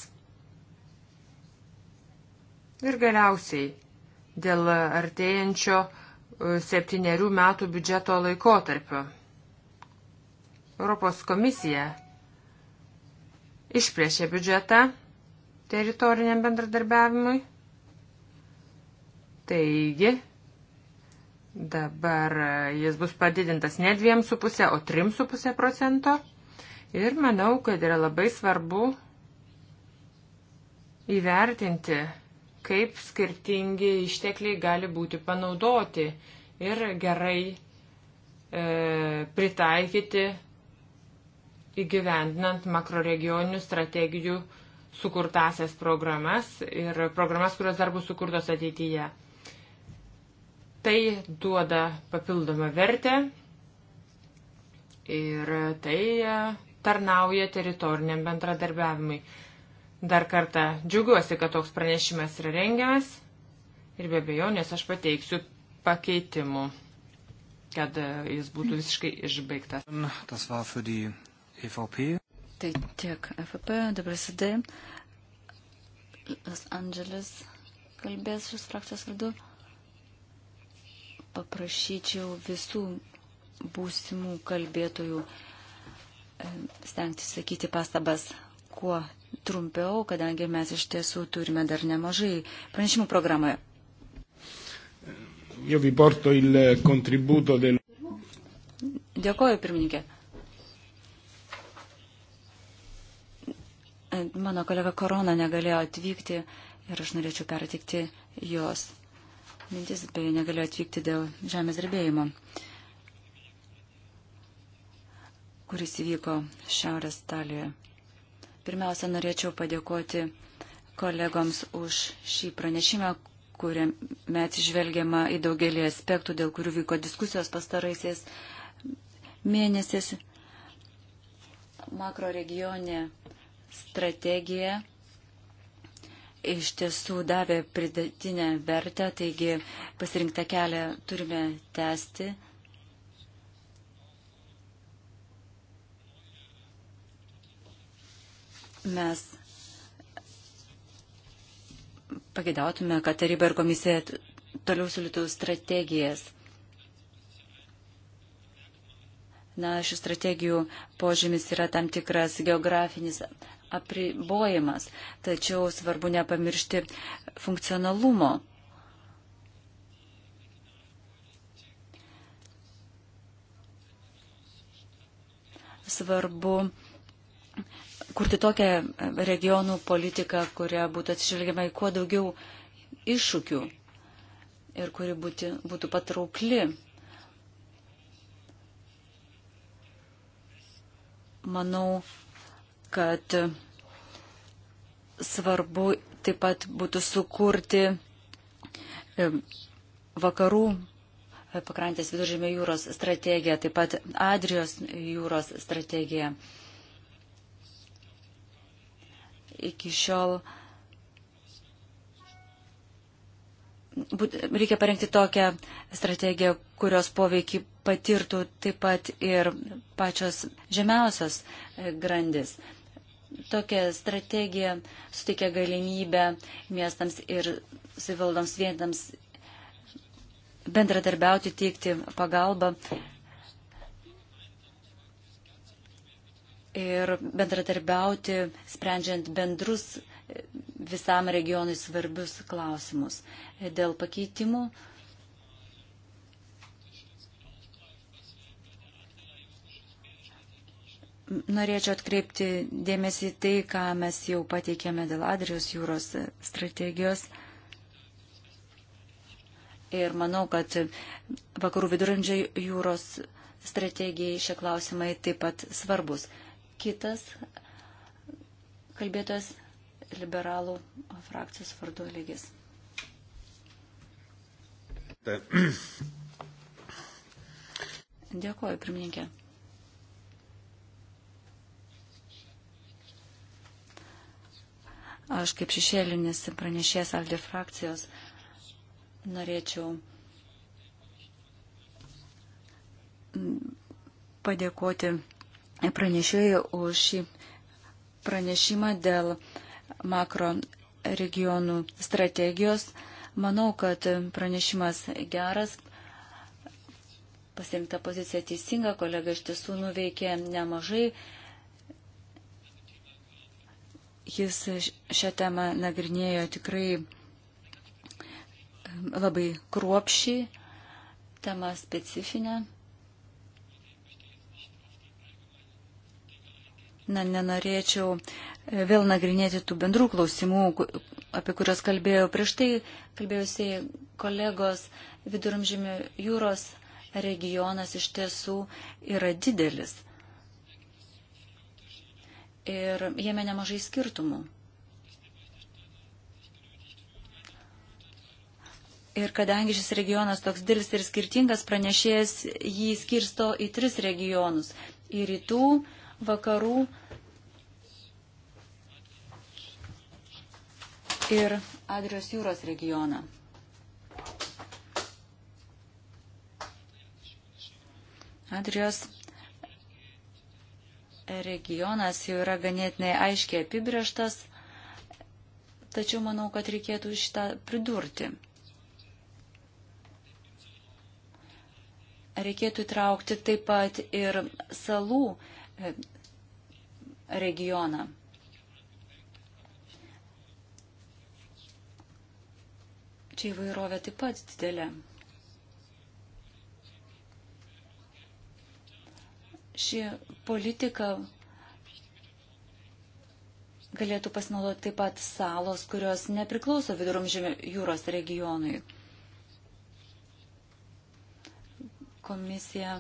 [SPEAKER 1] Ir galiausiai dėl artėjančio e, septyniarių metų biudžeto laikotarpio. Europos komisija išplėšė biudžetą teritoriniam bendradarbiavimui. Taigi, Dabar e, jis bus padidintas ne 2,5, o 3,5 procento. Ir manau, kad yra labai svarbu įvertinti, kaip skirtingi ištekliai gali būti panaudoti ir gerai e, pritaikyti įgyvendinant makroregioninių strategijų sukurtasias programas ir programas, kurios dar bus sukurtos ateityje. Tai duoda papildomą vertę ir tai e, tarnauja teritoriniam bendradarbiavimui. Dar kartą džiaugiuosi, kad toks pranešimas yra rengiamas ir be abejo, nes aš pateiksiu pakeitimų, kad e, jis būtų visiškai
[SPEAKER 4] išbaigtas. E tai
[SPEAKER 1] tiek FP, dabar SD,
[SPEAKER 2] Los Andželis kalbės šis frakcijos vardu paprašyčiau visų būsimų kalbėtojų e, stengtis sakyti pastabas kuo trumpiau, kadangi mes iš tiesų turime dar nemažai pranešimų programoje.
[SPEAKER 4] Eh,
[SPEAKER 2] Dėkoju, pirmininkė. E, mano kolega Korona negalėjo atvykti ir aš norėčiau pertikti jos mintis, beje, negalėjo atvykti dėl žemės drebėjimo, kuris įvyko Šiaurės Italijoje. Pirmiausia, norėčiau padėkoti kolegoms už šį pranešimą, kuriame atsižvelgiama į daugelį aspektų, dėl kurių vyko diskusijos pastaraisiais mėnesiais. Makro regionė strategija iš tiesų davė pridėtinę vertę, taigi pasirinktą kelią turime tęsti. Mes pagėdautume, kad taryba ir komisija toliau siūlytų strategijas. Na, šių strategijų požymis yra tam tikras geografinis apribojimas, tačiau svarbu nepamiršti funkcionalumo. Svarbu kurti tokią regionų politiką, kuria būtų atsižvelgiama į kuo daugiau iššūkių ir kuri būti, būtų patraukli. Manau, kad svarbu taip pat būtų sukurti vakarų e, pakrantės viduržėmio jūros strategija, taip pat Adrijos jūros strategija. Iki šiol reikia parengti tokią strategiją, kurios poveikį patirtų taip pat ir pačios žemiausios e, grandis. Tokia strategija suteikia galimybę miestams ir savivaldoms vietams bendradarbiauti, teikti pagalbą ir bendradarbiauti, sprendžiant bendrus visam regionui svarbius klausimus. Dėl pakeitimų Norėčiau atkreipti dėmesį tai, ką mes jau pateikėme dėl Adrijos jūros strategijos. Ir manau, kad vakarų viduramžiai jūros strategijai šie klausimai taip pat svarbus. Kitas kalbėtojas liberalų frakcijos vardu lygis.
[SPEAKER 1] Dėkuoju,
[SPEAKER 2] pirmininkė. Aš kaip šešėlinis pranešėjas Aldė frakcijos norėčiau mm, padėkoti pranešėjai už šį pranešimą dėl makro regionų strategijos. Manau, kad pranešimas geras, pasirinkta pozicija teisinga, kolega iš tiesų nuveikė nemažai Jis šią temą nagrinėjo tikrai labai kruopšiai, tema specifinė. Na, nenorėčiau e, vėl nagrinėti tų bendrų klausimų, apie kuriuos kalbėjau prieš tai, kalbėjusiai kolegos viduramžymio jūros regionas iš tiesų yra didelis ir jame nemažai skirtumų. Ir kadangi šis regionas toks dilis ir skirtingas, pranešėjas jį skirsto į tris regionus - į rytų, vakarų ir Adrios jūros regioną. Adrios regionas jau yra ganėtinai aiškiai apibrieštas, tačiau manau, kad reikėtų šitą pridurti. Reikėtų įtraukti taip pat ir salų e, regioną. Čia įvairovė taip pat didelė. ši politika galėtų pasinaudoti taip pat salos, kurios nepriklauso viduramžėmio jūros regionui. Komisija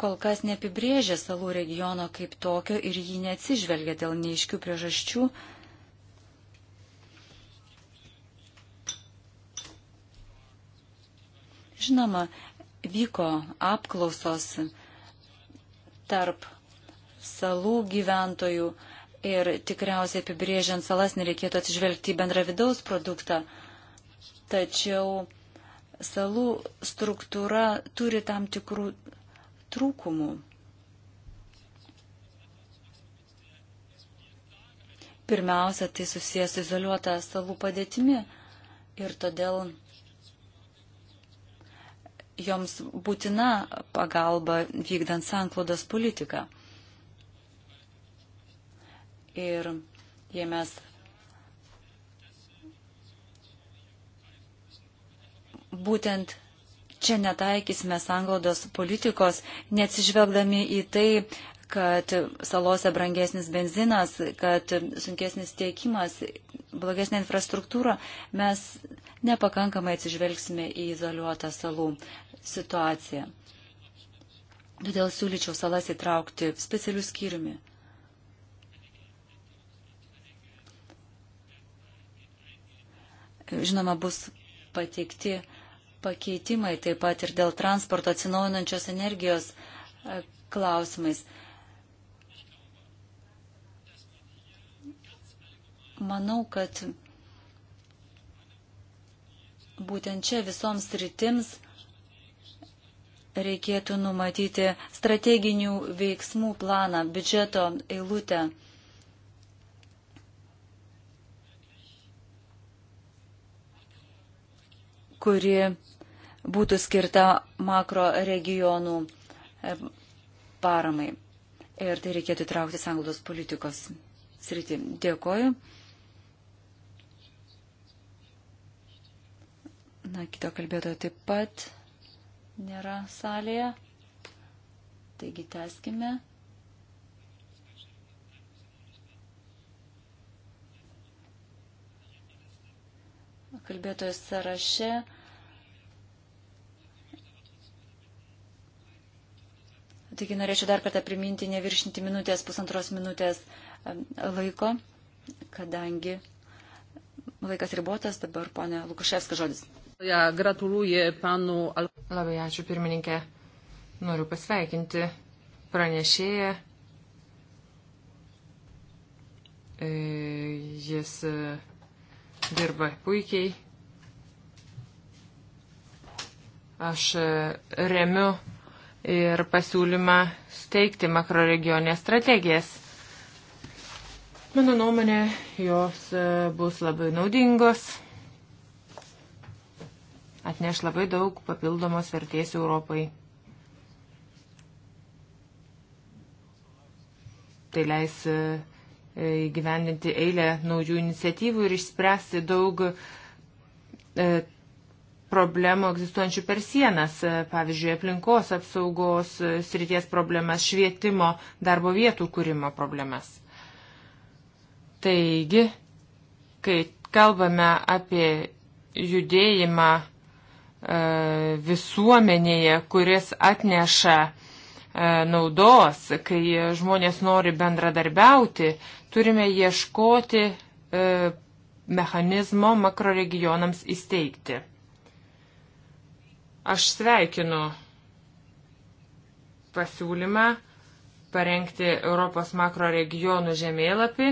[SPEAKER 2] kol kas neapibrėžė salų regiono kaip tokio ir jį neatsižvelgia dėl neiškių priežasčių. Žinoma, vyko apklausos tarp salų gyventojų ir tikriausiai apibrėžiant salas nereikėtų atsižvelgti į bendrą vidaus produktą, tačiau salų struktūra turi tam tikrų trūkumų. Pirmiausia, tai susijęs izoliuota salų padėtimi ir todėl joms būtina pagalba vykdant sanklodas politiką. Ir jei mes būtent čia netaikysime sanglaudos politikos, neatsižvelgdami į tai, kad salose brangesnis benzinas, kad sunkesnis tiekimas, blogesnė infrastruktūra, mes nepakankamai atsižvelgsime į izoliuotą salų situaciją. Todėl siūlyčiau salas įtraukti specialių skyriumi. Žinoma, bus pateikti pakeitimai taip pat ir dėl transporto atsinaujinančios energijos e, klausimais. Manau, kad būtent čia visoms rytims reikėtų numatyti strateginių veiksmų planą, biudžeto eilutę. kuri būtų skirta makro regionų e, paramai. Ir tai reikėtų traukti sanglaudos politikos sritį. Dėkoju. Na, kito kalbėtojo taip pat nėra salėje. Taigi teskime. Kalbėtojų sąraše Taigi norėčiau dar kartą priminti neviršinti minutės, pusantros minutės laiko, kadangi laikas ribotas, dabar ponia Lukaševska žodis.
[SPEAKER 1] Ja, gratuluoju panu. Labai ačiū pirmininkė. Noriu pasveikinti pranešėją. E, jis e, dirba puikiai. Aš e, remiu ir pasiūlymą steigti makroregionės strategijas. Mano nuomonė, jos bus labai naudingos atneš labai daug papildomos vertės Europai. Tai leis e, e, įgyvendinti eilę naujų iniciatyvų ir išspręsti daug e, problemų egzistuojančių per sienas, pavyzdžiui, aplinkos apsaugos srities problemas, švietimo, darbo vietų kūrimo problemas. Taigi, kai kalbame apie judėjimą E, visuomenėje, kuris atneša e, naudos, kai žmonės nori bendradarbiauti, turime ieškoti e, mechanizmo makroregionams įsteigti. Aš sveikinu pasiūlymą parengti Europos makroregionų žemėlapį.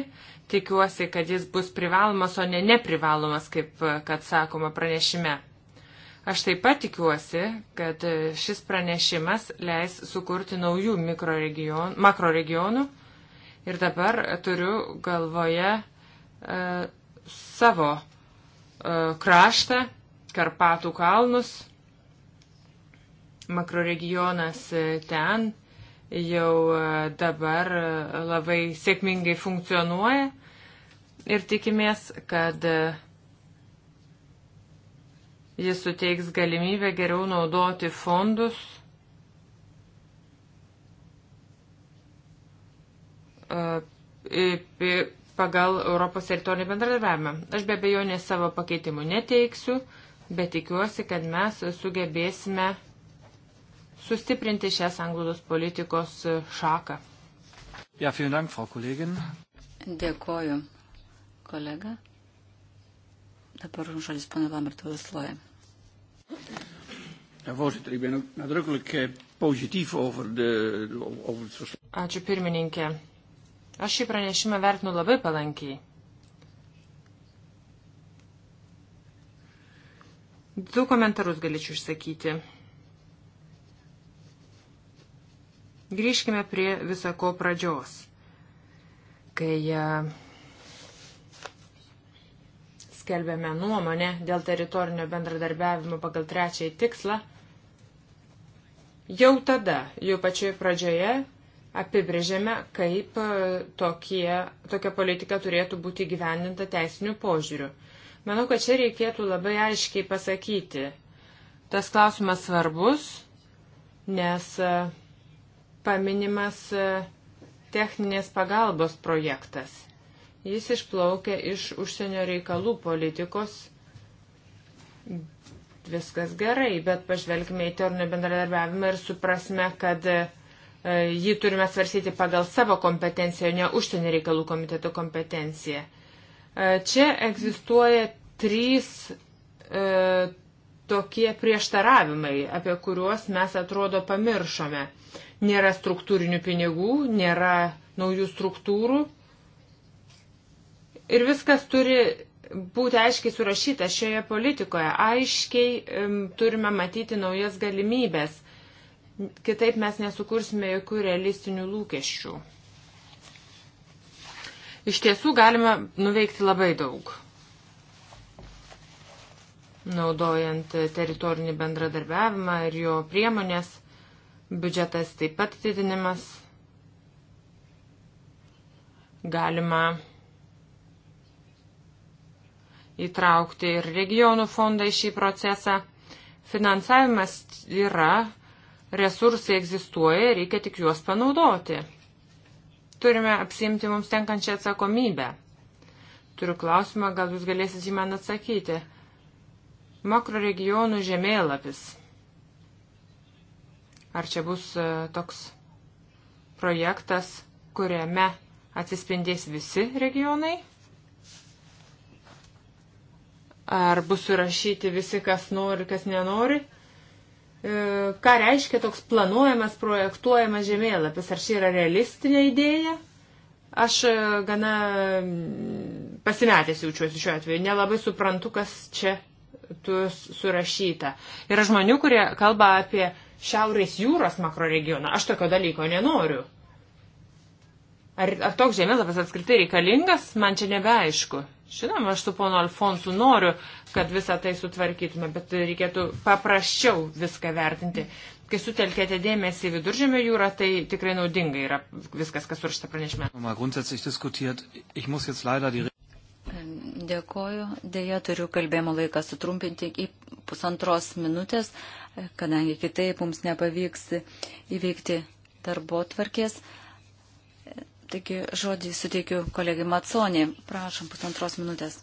[SPEAKER 1] Tikiuosi, kad jis bus privalomas, o ne neprivalomas, kaip kad sakoma pranešime. Aš taip pat tikiuosi, kad šis pranešimas leis sukurti naujų makroregionų ir dabar turiu galvoje e, savo e, kraštą, Karpatų kalnus. Makroregionas e, ten jau e, dabar e, labai sėkmingai funkcionuoja ir tikimės, kad e, Jis suteiks galimybę geriau naudoti fondus e, pagal Europos teritorinį bendradarbiavimą. Aš be abejonės savo pakeitimų neteiksiu, bet tikiuosi, kad mes sugebėsime sustiprinti šią sanglaudos politikos šaką.
[SPEAKER 4] Ja, vielen Dank, Frau Kollegin.
[SPEAKER 2] Dėkoju, kolega.
[SPEAKER 1] Dabar žodis pana Lamberto Vesloje. Ačiū pirmininkė. Aš šį pranešimą vertinu labai palankiai. Du komentarus galėčiau išsakyti. Grįžkime prie visako pradžios, kai eh, skelbėme nuomonę dėl teritorinio bendradarbiavimo pagal trečiąjį tikslą, jau tada, jau pačioje pradžioje apibrėžėme, kaip e, tokie, tokia politika turėtų būti gyvendinta teisiniu požiūriu. Manau, kad čia reikėtų labai aiškiai pasakyti, tas klausimas svarbus, nes e, paminimas e, techninės pagalbos projektas. Jis išplaukia iš užsienio reikalų politikos. Viskas gerai, bet pažvelgime į teorinio bendradarbiavimą ir suprasme, kad e, jį turime svarsyti pagal savo kompetenciją, o ne užsienio reikalų komiteto kompetenciją. E, čia egzistuoja trys e, tokie prieštaravimai, apie kuriuos mes atrodo pamiršome. Nėra struktūrinių pinigų, nėra naujų struktūrų, Ir viskas turi būti aiškiai surašyta šioje politikoje. Aiškiai um, turime matyti naujas galimybės. Kitaip mes nesukursime jokių realistinių lūkesčių. Iš tiesų galima nuveikti labai daug, naudojant teritorinį bendradarbiavimą ir jo priemonės, biudžetas taip pat didinimas. Galima įtraukti ir regionų fondą į šį procesą. Finansavimas yra, resursai egzistuoja, reikia tik juos panaudoti. Turime apsimti mums tenkančią atsakomybę. Turiu klausimą, gal jūs galėsit į man atsakyti. Makro regionų žemėlapis. Ar čia bus e, toks projektas, kuriame atsispindės visi regionai? Ar bus surašyti visi, kas nori, kas nenori? E, ką reiškia toks planuojamas, projektuojamas žemėlapis? Ar ši yra realistinė idėja? Aš e, gana mm, pasimetęs jaučiuosi šiuo atveju. Nelabai suprantu, kas čia surašyta. Yra žmonių, kurie kalba apie Šiaurės jūros makroregioną. Aš tokio dalyko nenoriu. Ar, ar toks žemėlapis apskritai reikalingas, man čia nebeaišku. Žinoma, aš su pono Alfonsu noriu, kad visą tai sutvarkytume, bet reikėtų paprasčiau viską vertinti. Kai sutelkėte dėmesį į viduržėmio jūrą, tai tikrai naudinga yra viskas, kas užsta pranešime.
[SPEAKER 2] Dėkoju, dėja turiu kalbėjimo laiką sutrumpinti į pusantros minutės, kadangi kitaip mums nepavyks įveikti darbo tvarkės. Taigi žodį suteikiu kolegai Matsonį. Prašom pusantros minutės.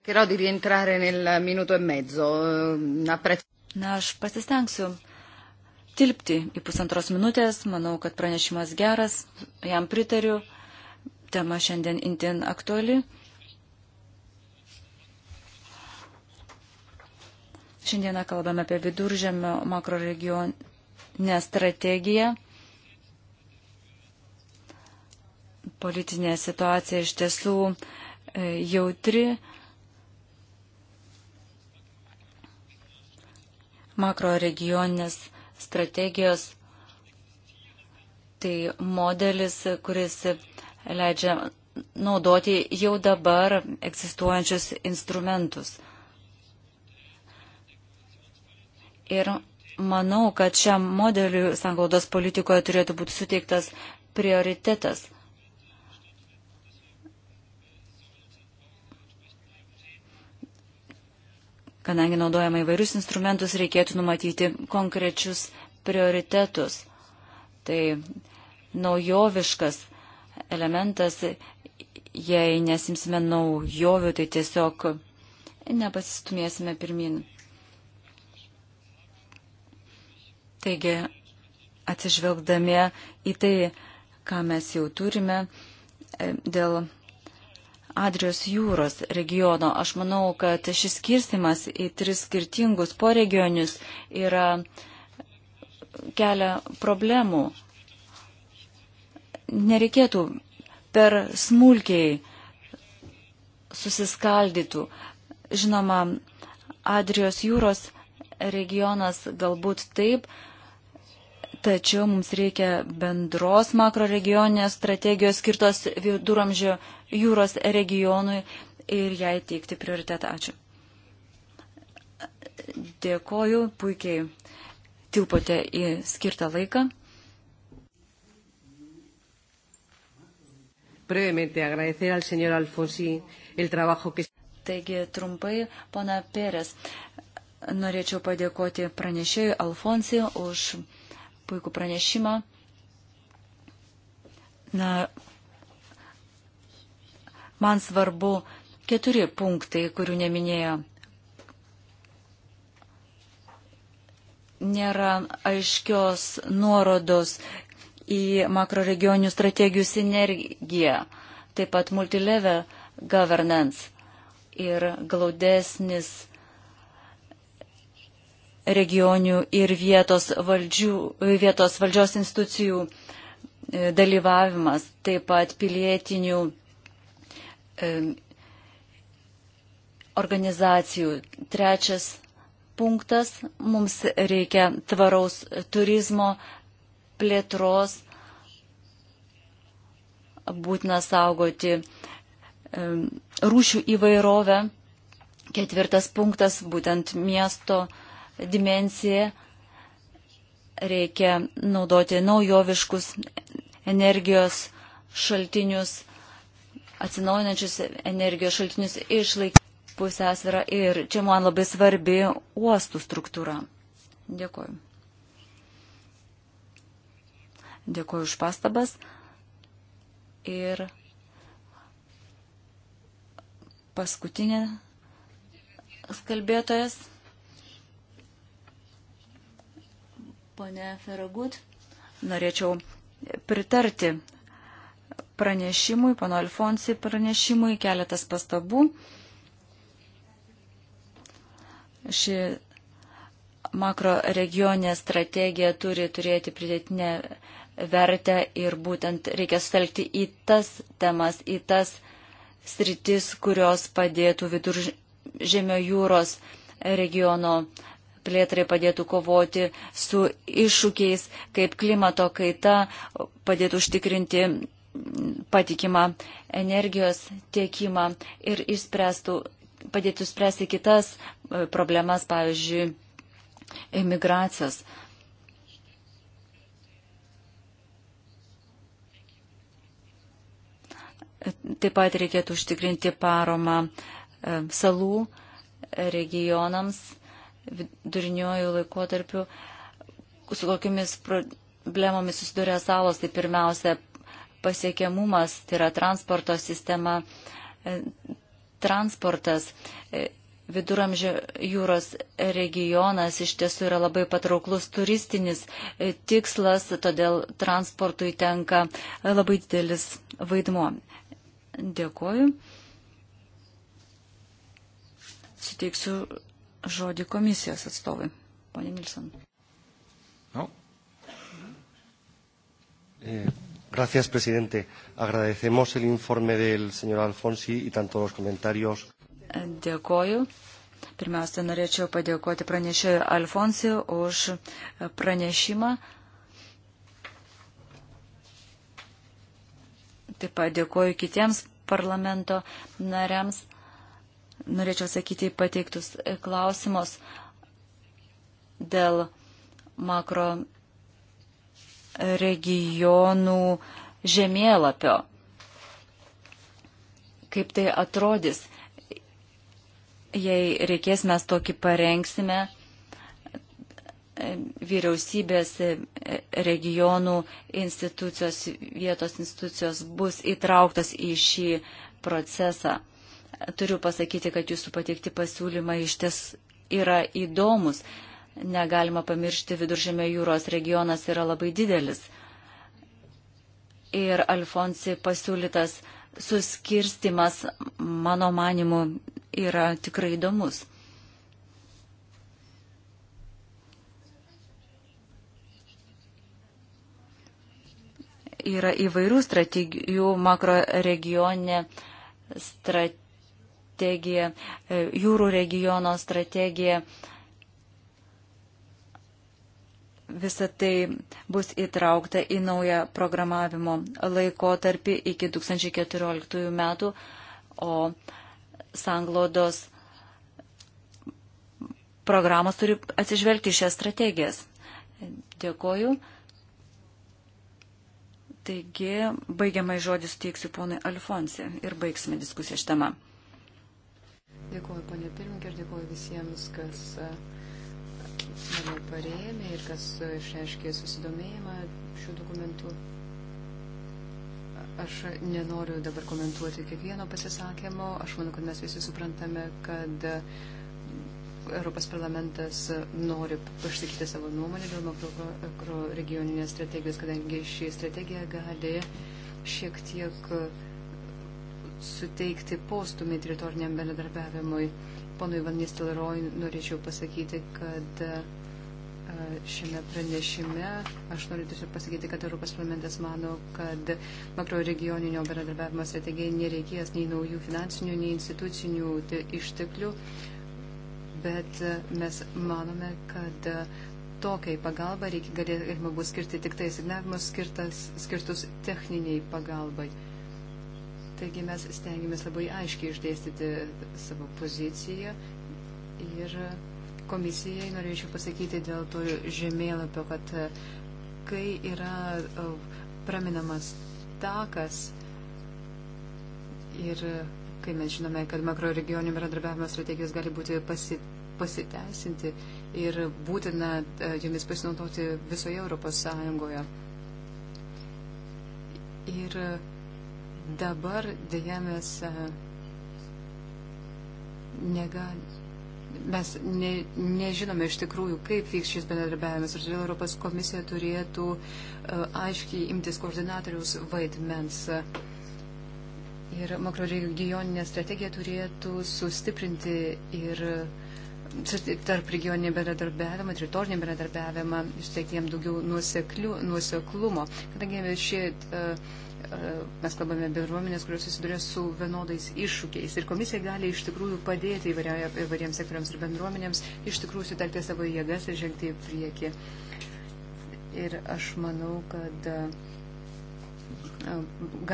[SPEAKER 2] E ehm, Na, aš pasistengsiu tilpti į pusantros minutės. Manau, kad pranešimas geras, jam pritariu. Tema šiandien intin aktuali. Šiandieną kalbame apie viduržėmio makroregioninę strategiją. Politinė situacija iš tiesų e, jautri. Makro regioninės strategijos tai modelis, kuris leidžia naudoti jau dabar egzistuojančius instrumentus. Ir manau, kad šiam modeliu sanglaudos politikoje turėtų būti suteiktas prioritetas – Kadangi naudojama įvairius instrumentus, reikėtų numatyti konkrečius prioritetus. Tai naujoviškas elementas, jei nesimsime naujovių, tai tiesiog nepasistumėsime pirmin. Taigi, atsižvelgdami į tai, ką mes jau turime e, dėl Adrijos jūros regiono. Aš manau, kad šis skirstimas į tris skirtingus poregionius yra kelia problemų. Nereikėtų per smulkiai susiskaldytų. Žinoma, Adrijos jūros regionas galbūt taip, tačiau mums reikia bendros makroregioninės strategijos skirtos viduramžio jūros regionui ir jai teikti prioritetą. Ačiū. Dėkoju, puikiai tilpote į skirtą laiką. Brevemente agradecer al señor Alfonsi el trabajo que. Taigi trumpai, pana Pérez, norėčiau padėkoti pranešėjui Alfonsi už puikų pranešimą. Na, Man svarbu keturi punktai, kurių neminėjo. Nėra aiškios nuorodos į makroregionių strategijų sinergiją, taip pat multilevel governance ir glaudesnis regionių ir vietos, valdžių, vietos valdžios institucijų e, dalyvavimas, taip pat pilietinių organizacijų. Trečias punktas - mums reikia tvaraus turizmo plėtros, būtina saugoti rūšių įvairovę. Ketvirtas punktas - būtent miesto dimencija. Reikia naudoti naujoviškus energijos šaltinius atsinaujinančius energijos šaltinius išlaik pusęsvyrą ir čia man labai svarbi uostų struktūra. Dėkuoju. Dėkuoju už pastabas ir paskutinė kalbėtojas. Pone Feragut, norėčiau pritarti pranešimui, pano Alfonsi pranešimui, keletas pastabų. Ši makro regionė strategija turi turėti pridėtinę vertę ir būtent reikia sutelkti į tas temas, į tas sritis, kurios padėtų viduržėmio jūros regiono plėtrai padėtų kovoti su iššūkiais, kaip klimato kaita, padėtų užtikrinti patikimą energijos tiekimą ir išspręstų, padėtų spręsti kitas e, problemas, pavyzdžiui, imigracijos. Taip pat reikėtų užtikrinti paromą e, salų regionams viduriniojų laikotarpių, su kokiamis problemomis susiduria salos, tai pirmiausia pasiekiamumas, tai yra transporto sistema, e, transportas. E, viduramžio jūros regionas iš tiesų yra labai patrauklus turistinis e, tikslas, todėl transportui tenka labai didelis vaidmuo. Dėkoju. Suteiksiu žodį komisijos atstovui. Pone Nilsson.
[SPEAKER 4] No. E, Gracias, presidente. Agradecemos el informe del señor Alfonsi y tanto los comentarios.
[SPEAKER 2] Dėkoju. Pirmiausia, norėčiau padėkoti pranešėjui Alfonsi už pranešimą. Taip pat dėkoju kitiems parlamento nariams. Norėčiau sakyti pateiktus klausimus dėl makro regionų žemėlapio. Kaip tai atrodys? Jei reikės, mes tokį parengsime vyriausybės regionų institucijos, vietos institucijos bus įtrauktas į šį procesą. Turiu pasakyti, kad jūsų pateikti pasiūlymai iš ties yra įdomus. Negalima pamiršti, viduržėmio jūros regionas yra labai didelis. Ir Alfonsi pasiūlytas suskirstimas, mano manimu, yra tikrai įdomus. Yra įvairių strategijų makroregionė strategija, jūrų regiono strategija. Makro visa tai bus įtraukta į naują programavimo laikotarpį iki 2014 metų, o sanglodos programos turi atsižvelgti šias strategijas. Dėkoju. Taigi, baigiamai žodis teiksiu ponui Alfonsi ir baigsime diskusiją šitama.
[SPEAKER 3] Dėkuoju, ponė pirmininkė, ir dėkuoju visiems, kas uh, manau, parėmė ir kas išreiškė susidomėjimą šių dokumentų. Aš nenoriu dabar komentuoti kiekvieno pasisakymo. Aš manau, kad mes visi suprantame, kad Europos parlamentas nori pasakyti savo nuomonę dėl makro regioninės strategijos, kadangi ši strategija gali šiek tiek suteikti postumį teritoriniam bendradarbiavimui. Ponui Van Nistelrooy norėčiau pasakyti, kad e, šiame pranešime aš noriu tiesiog pasakyti, kad Europos parlamentas mano, kad makro regioninio bendradarbiavimo strategijai nereikės nei naujų finansinių, nei institucinių išteklių, bet e, mes manome, kad e, tokiai pagalba reikia galima bus skirti tik tai signavimus skirtus techniniai pagalbai. Taigi mes stengiamės labai aiškiai išdėstyti savo poziciją ir komisijai norėčiau pasakyti dėl to žemėlapio, kad e, kai yra e, praminamas takas ir e, kai mes žinome, kad makroregioninių bendradarbiavimo strategijos gali būti pasitikti pasiteisinti ir būtina jomis pasinaudoti visoje Europos Sąjungoje. Ir uh, Dabar dėja mes e, negalime. Mes ne, nežinome iš tikrųjų, kaip vyks šis bendradarbiavimas ir todėl Europos komisija turėtų uh, aiškiai imtis koordinatoriaus vaidmens. Ir makroregioninė strategija turėtų sustiprinti ir tarp regioninį bendradarbiavimą, teritorinį bendradarbiavimą, išteikti jam daugiau nuoseklių, nuoseklumo. Kadangi šie uh, E, mes kalbame bendruomenės, kurios susiduria su vienodais iššūkiais. Ir komisija gali iš tikrųjų padėti įvairiems sektoriams ir bendruomenėms iš tikrųjų sutelkti savo jėgas ir žengti į priekį. Ir aš manau, kad e,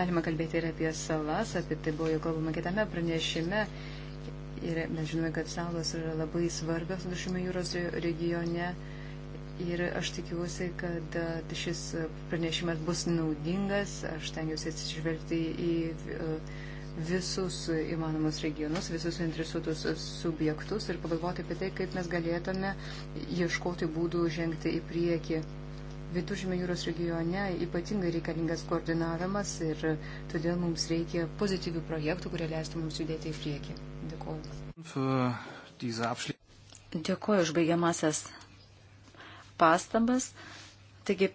[SPEAKER 3] galima kalbėti ir apie salas, apie tai buvo jau kalbama kitame pranešime. Ir mes žinome, kad salos yra labai svarbios Dušime jūros regione. Ir aš tikiuosi, kad šis pranešimas bus naudingas. Aš tengiuosi atsižvelgti į visus įmanomus regionus, visus interesuotus subjektus ir pagalvoti apie tai, kaip mes galėtume ieškoti būdų žengti į priekį. Viduržymė jūros regione ypatingai reikalingas koordinavimas ir todėl mums reikia pozityvių projektų, kurie leistų mums judėti į priekį.
[SPEAKER 4] Dėkuoju.
[SPEAKER 3] Dėkuoju už baigiamasias pastabas.
[SPEAKER 2] Taigi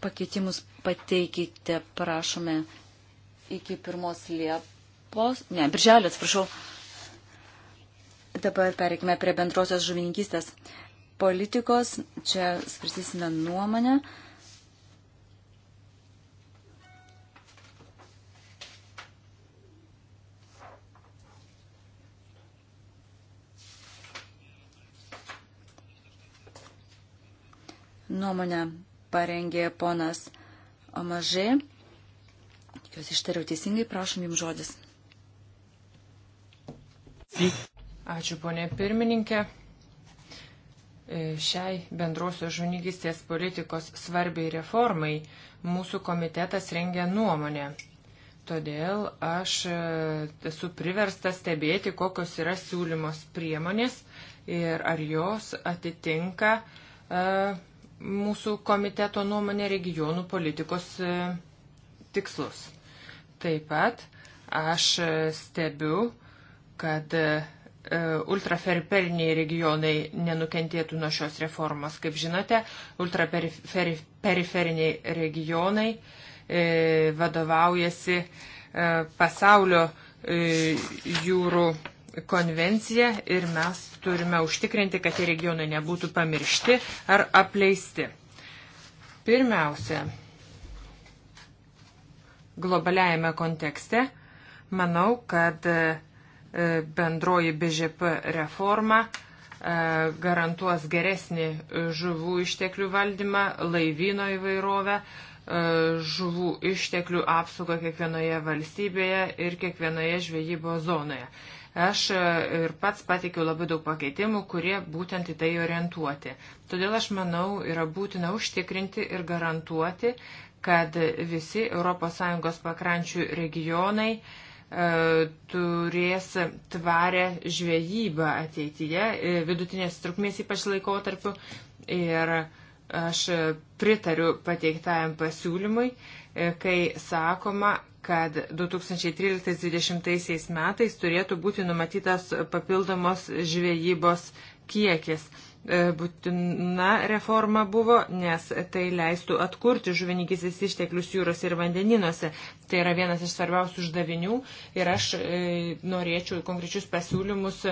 [SPEAKER 2] pakeitimus pateikite, prašome, iki pirmos Liepos, ne, birželio, atsiprašau. Dabar pereikime prie bendrosios žuvininkystės politikos. Čia svarstysime nuomonę. Uh, Nuomonę parengė ponas Omažė. Jūs
[SPEAKER 1] ištariau teisingai, prašom jums žodis. Ačiū, ponė pirmininkė. E, šiai bendrosios žunigystės politikos svarbiai reformai mūsų komitetas rengia nuomonę. Todėl aš e, esu priversta stebėti, kokios yra siūlymos priemonės ir ar jos atitinka uh, mūsų komiteto nuomonę regionų politikos e, tikslus. Taip pat aš e, stebiu, kad e, ultraferiferiniai regionai nenukentėtų nuo šios reformos. Kaip žinote, ultraferiferiniai regionai vadovaujasi pasaulio jūrų konvenciją ir mes turime užtikrinti, kad tie regionai nebūtų pamiršti ar apleisti. Pirmiausia, globaliajame kontekste manau, kad e, bendroji BŽP reforma e, garantuos geresnį žuvų išteklių valdymą, laivyno įvairovę, e, žuvų išteklių apsaugą kiekvienoje valstybėje ir kiekvienoje žvejybo zonoje. Aš e, ir pats patikiu labai daug pakeitimų, kurie būtent į tai orientuoti. Todėl aš manau, yra būtina užtikrinti ir garantuoti, kad visi ES pakrančių regionai e, turės tvarę žvejybą ateityje, e, vidutinės trukmės ypač laikotarpiu. Ir aš pritariu pateiktajam pasiūlymui. Uh, E, kai sakoma, kad 2013-2020 metais turėtų būti numatytas papildomos žvejybos kiekis. E, būtina reforma buvo, nes tai leistų atkurti žuvininkisis išteklius jūros ir vandeninuose. Tai yra vienas iš svarbiausių uždavinių ir aš e, norėčiau konkrečius pasiūlymus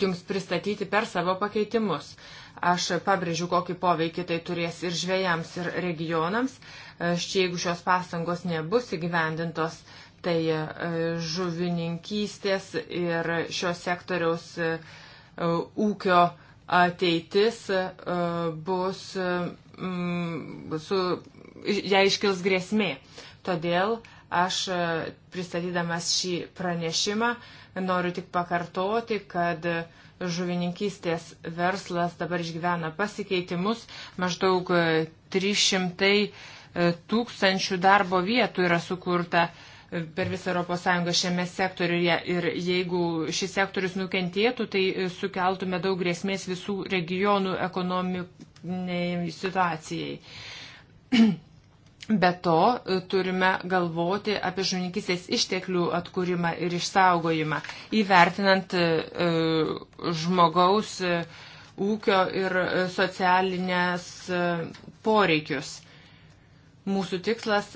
[SPEAKER 1] jums pristatyti per savo pakeitimus. Aš pabrėžiu, kokį poveikį tai turės ir žvėjams, ir regionams. E, štai jeigu šios pastangos nebus įgyvendintos, tai e, žuvininkystės ir šios sektoriaus e, ūkio ateitis bus, mm, su, jai iškils grėsmė. Todėl aš pristatydamas šį pranešimą Noriu tik pakartoti, kad žuvininkystės verslas dabar išgyvena pasikeitimus. Maždaug 300 e, tūkstančių darbo vietų yra sukurta e, per visą ES šiame sektoriuje. Ir jeigu šis sektorius nukentėtų, tai e, sukeltume daug grėsmės visų regionų ekonominiai situacijai. *clears throat* Be to e, turime galvoti apie žuvininkysės išteklių atkūrimą ir išsaugojimą, įvertinant e, e, žmogaus ūkio ir socialinės poreikius. Mūsų tikslas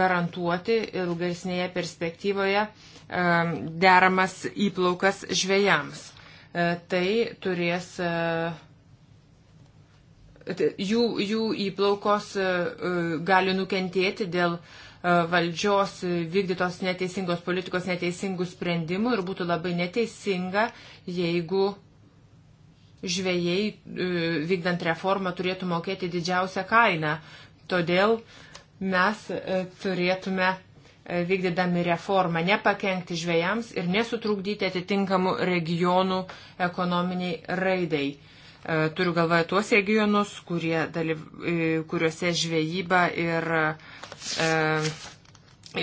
[SPEAKER 1] garantuoti ilgesnėje perspektyvoje deramas įplaukas žvėjams. Tai turės Tai jų, jų įplaukos e, e, gali nukentėti dėl e, valdžios vykdytos neteisingos politikos, neteisingų sprendimų ir būtų labai neteisinga, jeigu žvėjai vykdant reformą turėtų mokėti didžiausią kainą. Todėl mes turėtume vykdydami reformą nepakengti žvėjams ir nesutrukdyti atitinkamų regionų ekonominiai raidai. E, turiu galvoje tuos regionus, dalyv, e, kuriuose žvejyba ir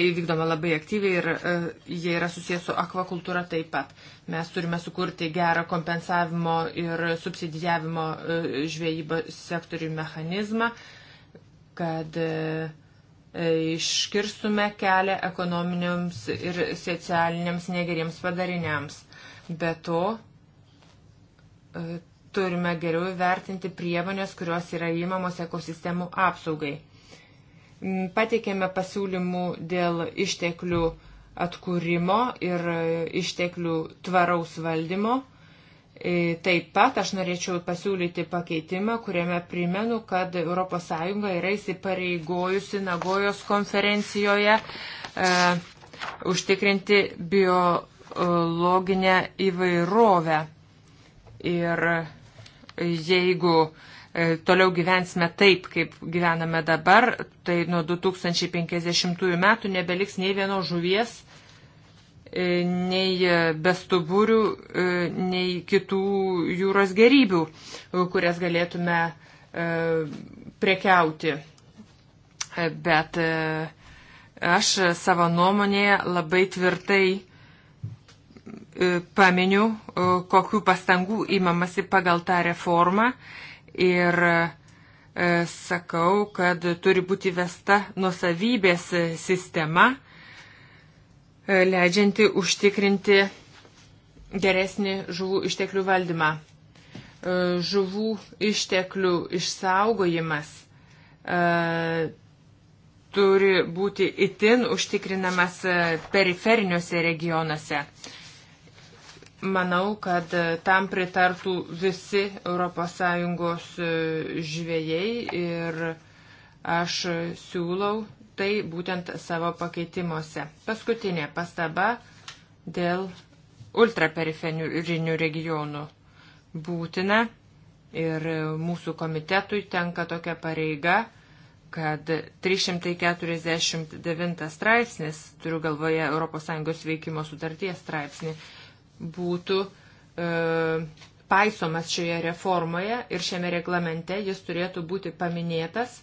[SPEAKER 1] įvykdoma e, labai aktyviai ir jie yra susijęs su akvakultūra taip pat. Mes turime sukurti gerą kompensavimo ir subsidijavimo žvejybos sektorių mechanizmą, kad iškirstume kelią ekonominiams ir socialiniams negeriems padariniams. Be to, turime geriau įvertinti priemonės, kurios yra įmamos ekosistemų apsaugai. Mm, pateikėme pasiūlymų dėl išteklių atkūrimo ir e, išteklių tvaraus valdymo. E, taip pat aš norėčiau pasiūlyti pakeitimą, kuriame primenu, kad ES yra įsipareigojusi Nagojos konferencijoje e, užtikrinti biologinę įvairovę. Ir jeigu e, toliau gyvensime taip, kaip gyvename dabar, tai nuo 2050 metų nebeliks nei vienos žuvies, e, nei bestuburių, e, nei kitų jūros gerybių, kurias galėtume prekiauti. Bet aš savo nuomonėje labai tvirtai E, paminiu, e, kokiu pastangų įmamasi pagal tą reformą ir e, sakau, kad turi būti vesta nusavybės sistema, leidžianti užtikrinti geresnį žuvų išteklių valdymą. Žuvų išteklių išsaugojimas turi būti itin užtikrinamas periferiniuose regionuose. Manau, kad e, tam pritartų visi ES e, žvėjai ir aš siūlau tai būtent savo pakeitimuose. Paskutinė pastaba dėl ultraperiferinių regionų būtina ir mūsų komitetui tenka tokia pareiga, kad 349 straipsnis, turiu galvoje ES veikimo sutarties straipsnį, būtų e, paisomas šioje reformoje ir šiame reglamente jis turėtų būti paminėtas,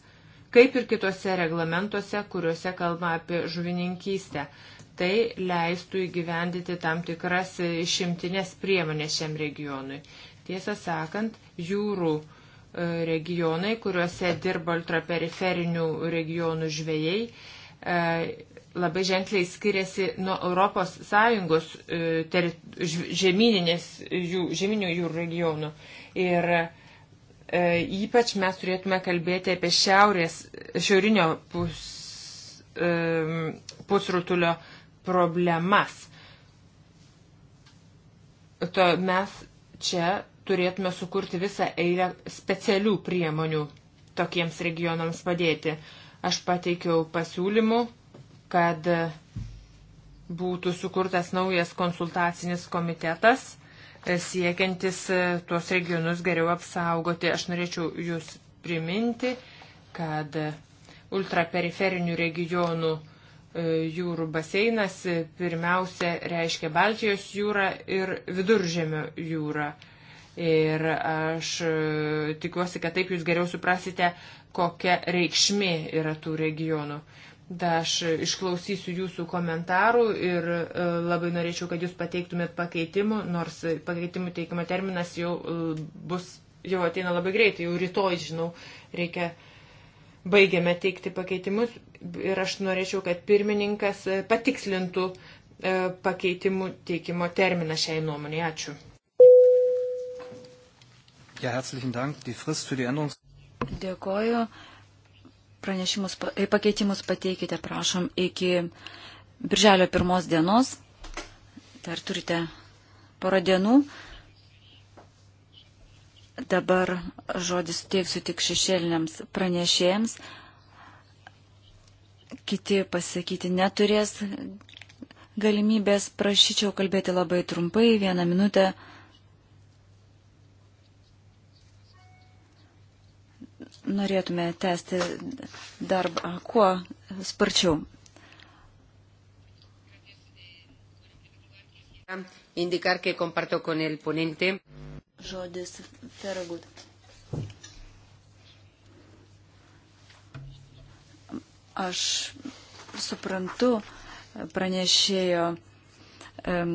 [SPEAKER 1] kaip ir kitose reglamentuose, kuriuose kalba apie žuvininkystę. Tai leistų įgyvendyti tam tikras išimtinės priemonės šiam regionui. Tiesą sakant, jūrų e, regionai, kuriuose dirba ultraperiferinių regionų žvėjai, e, labai ženkliai skiriasi nuo Europos Sąjungos e, teri, žemyninės jų, žeminių jūrų regionų. Ir e, ypač mes turėtume kalbėti apie šiaurės, šiaurinio pus, e, pusrutulio problemas. To mes čia turėtume sukurti visą eilę specialių priemonių tokiems regionams padėti. Aš pateikiau pasiūlymų kad būtų sukurtas naujas konsultacinis komitetas, e, siekiantis e, tuos regionus geriau apsaugoti. Aš norėčiau Jūs priminti, kad ultraperiferinių regionų e, jūrų baseinas pirmiausia reiškia Baltijos jūrą ir Viduržėmio jūrą. Ir aš tikiuosi, kad taip jūs geriau suprasite, kokia reikšmė yra tų regionų. Da, aš išklausysiu jūsų komentarų ir e, labai norėčiau, kad jūs pateiktumėt pakeitimų, nors pakeitimų teikimo terminas jau e, bus, jau ateina labai greitai, jau rytoj, žinau, reikia, baigiame teikti pakeitimus ir aš norėčiau, kad pirmininkas e, patikslintų e, pakeitimų teikimo terminą šiai nuomonė.
[SPEAKER 4] Ačiū. Ja, herzlichen Dank. Die Frist für die Änderungs...
[SPEAKER 2] Dėkoju pranešimus, e, pakeitimus pateikite, prašom, iki birželio pirmos dienos. Dar turite porą dienų. Dabar žodis teiksiu tik šešėliniams pranešėjams. Kiti pasakyti neturės galimybės. Prašyčiau kalbėti labai trumpai, vieną minutę. norėtume tęsti darbą kuo sparčiau.
[SPEAKER 3] indicar que comparto con el ponente. Žodis Feragut. Aš suprantu
[SPEAKER 2] pranešėjo um,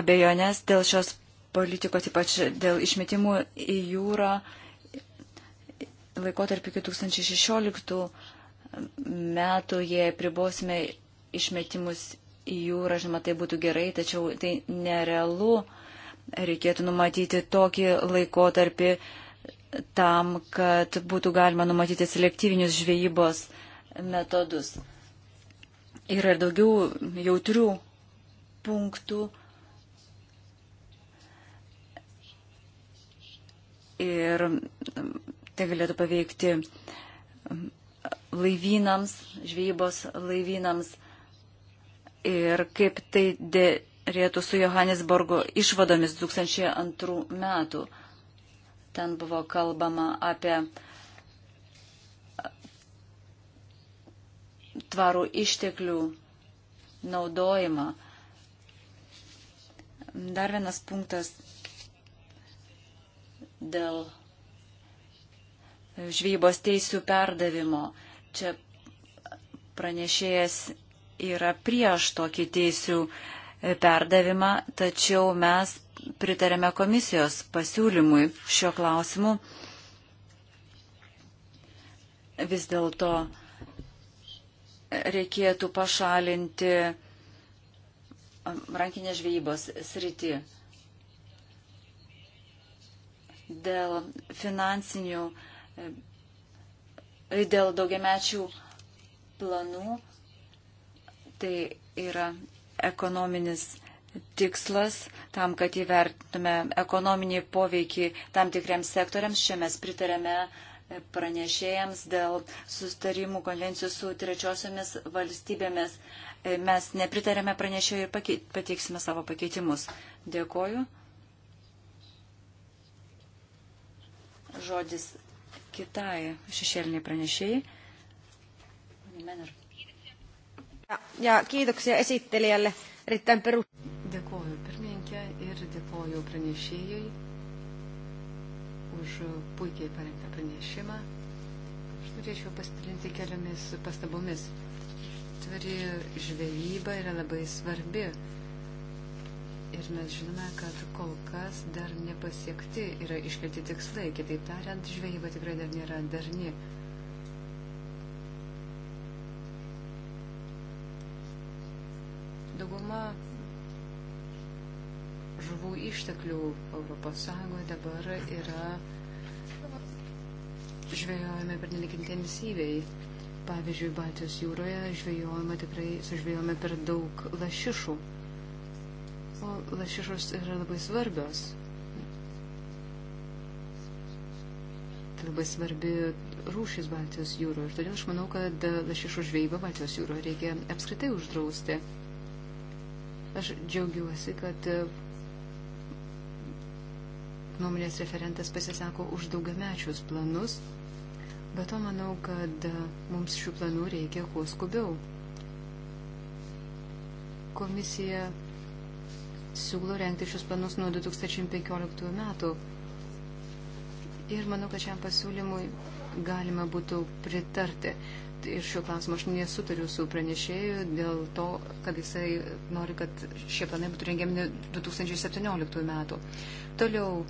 [SPEAKER 2] abejonės dėl šios politikos, ypač dėl išmetimų į jūrą laikotarpį iki 2016 metų, jei pribosime išmetimus į jūrą, žinoma, tai būtų gerai, tačiau tai nerealu. Reikėtų numatyti tokį laikotarpį tam, kad būtų galima numatyti selektyvinius žvejybos metodus. Yra ir daugiau jautrių punktų. Ir Tai galėtų paveikti laivynams, žvejybos laivynams ir kaip tai dėrėtų su Johannesburgo išvadomis 2002 metų. Ten buvo kalbama apie tvarų išteklių naudojimą. Dar vienas punktas dėl žvybos teisų perdavimo. Čia pranešėjas yra prieš tokį teisų perdavimą, tačiau mes pritarėme komisijos pasiūlymui šiuo klausimu. Vis dėlto reikėtų pašalinti rankinės žvejybos sritį dėl finansinių uh, E, dėl daugiamečių planų. Tai yra ekonominis tikslas tam, kad įvertume ekonominį poveikį tam tikriams sektoriams. Šiame mes pritarėme pranešėjams dėl sustarimų konvencijų su trečiosiomis valstybėmis. E, mes nepritarėme pranešėjų ir pateiksime savo pakeitimus. Dėkoju. Žodis kitai šešėliniai pranešėjai. Ja kiitoksia esittelijälle erittäin peru.
[SPEAKER 3] Dėkoju pirmininkė ir dėkoju pranešėjui už puikiai parengtą pranešimą. Aš norėčiau pasidalinti keliomis pastabomis. Tvari žvejyba yra labai svarbi ir mes žinome, kad kol kas dar nepasiekti yra iškelti tikslai. Kitaip tariant, žvejyba tikrai dar nėra darni. Dauguma žuvų išteklių Europos Sąjungoje dabar yra žvejojame per nelik intensyviai. Pavyzdžiui, Baltijos jūroje žvejojame tikrai, sužvejojame per daug lašišų lašišos yra labai svarbios. Tai labai svarbi rūšis Baltijos jūroje. Ir todėl aš manau, kad lašišų žvejybą Baltijos jūroje reikia apskritai uždrausti. Aš džiaugiuosi, kad e, nuomonės referentas pasisako už daugiamečius planus, bet to manau, kad e, mums šių planų reikia kuo skubiau. Komisija siūlo rengti šius planus nuo 2015 metų. Ir manau, kad šiam pasiūlymui galima būtų pritarti. Tai ir šiuo klausimu aš nesutariu su pranešėju dėl to, kad jisai nori, kad šie planai būtų rengiami 2017 metų. Toliau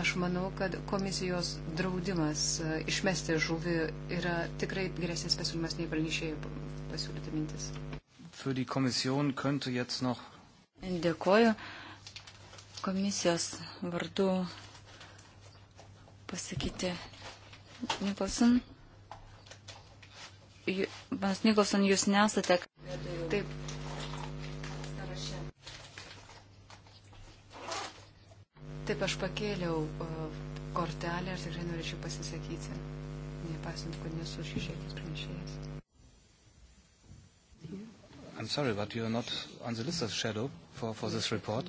[SPEAKER 3] aš manau, kad komisijos draudimas e, išmesti žuvį yra tikrai geresnis pasiūlymas nei pranešėjų pasiūlyti mintis.
[SPEAKER 4] Für die Kommission könnte jetzt noch
[SPEAKER 3] Dėkoju.
[SPEAKER 2] Komisijos vardu pasakyti Nikolson. Mas Nikolson, jūs nesate.
[SPEAKER 3] Taip. Taip, aš pakėliau uh, kortelę ir tikrai norėčiau pasisakyti, nepaisant, kad nesu šešėlis pranešėjas.
[SPEAKER 4] I'm sorry, but you're not on the list of shadow for, for this report.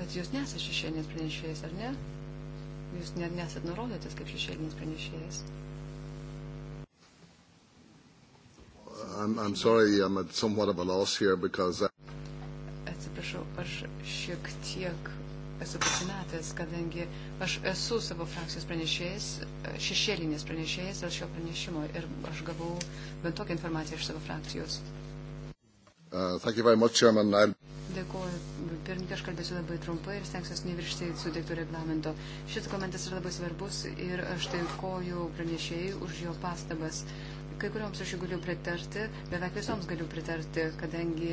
[SPEAKER 4] Bet
[SPEAKER 3] jūs nesate šešėlinis pranešėjas, ar ne? Jūs net nesat nurodytas kaip šešėlinis pranešėjas.
[SPEAKER 4] I'm, I'm sorry, I'm
[SPEAKER 1] at somewhat of a loss here because... I...
[SPEAKER 3] Atsiprašau, aš šiek tiek esu pasimetęs, kadangi aš esu savo frakcijos pranešėjas, šešėlinis pranešėjas dėl šio pranešimo ir aš gavau bent tokią informaciją iš savo frakcijos.
[SPEAKER 4] Uh, thank you very much, Chairman. I'll...
[SPEAKER 3] Dėkuoju. Pirmininkė, aš kalbėsiu labai trumpai ir stengsiuosi neviršti suteiktų reglamento. Šis komentas yra labai svarbus ir aš tai dėkoju pranešėjai už jo pastabas. Kai kurioms aš jų galiu pritarti, beveik visoms galiu pritarti, kadangi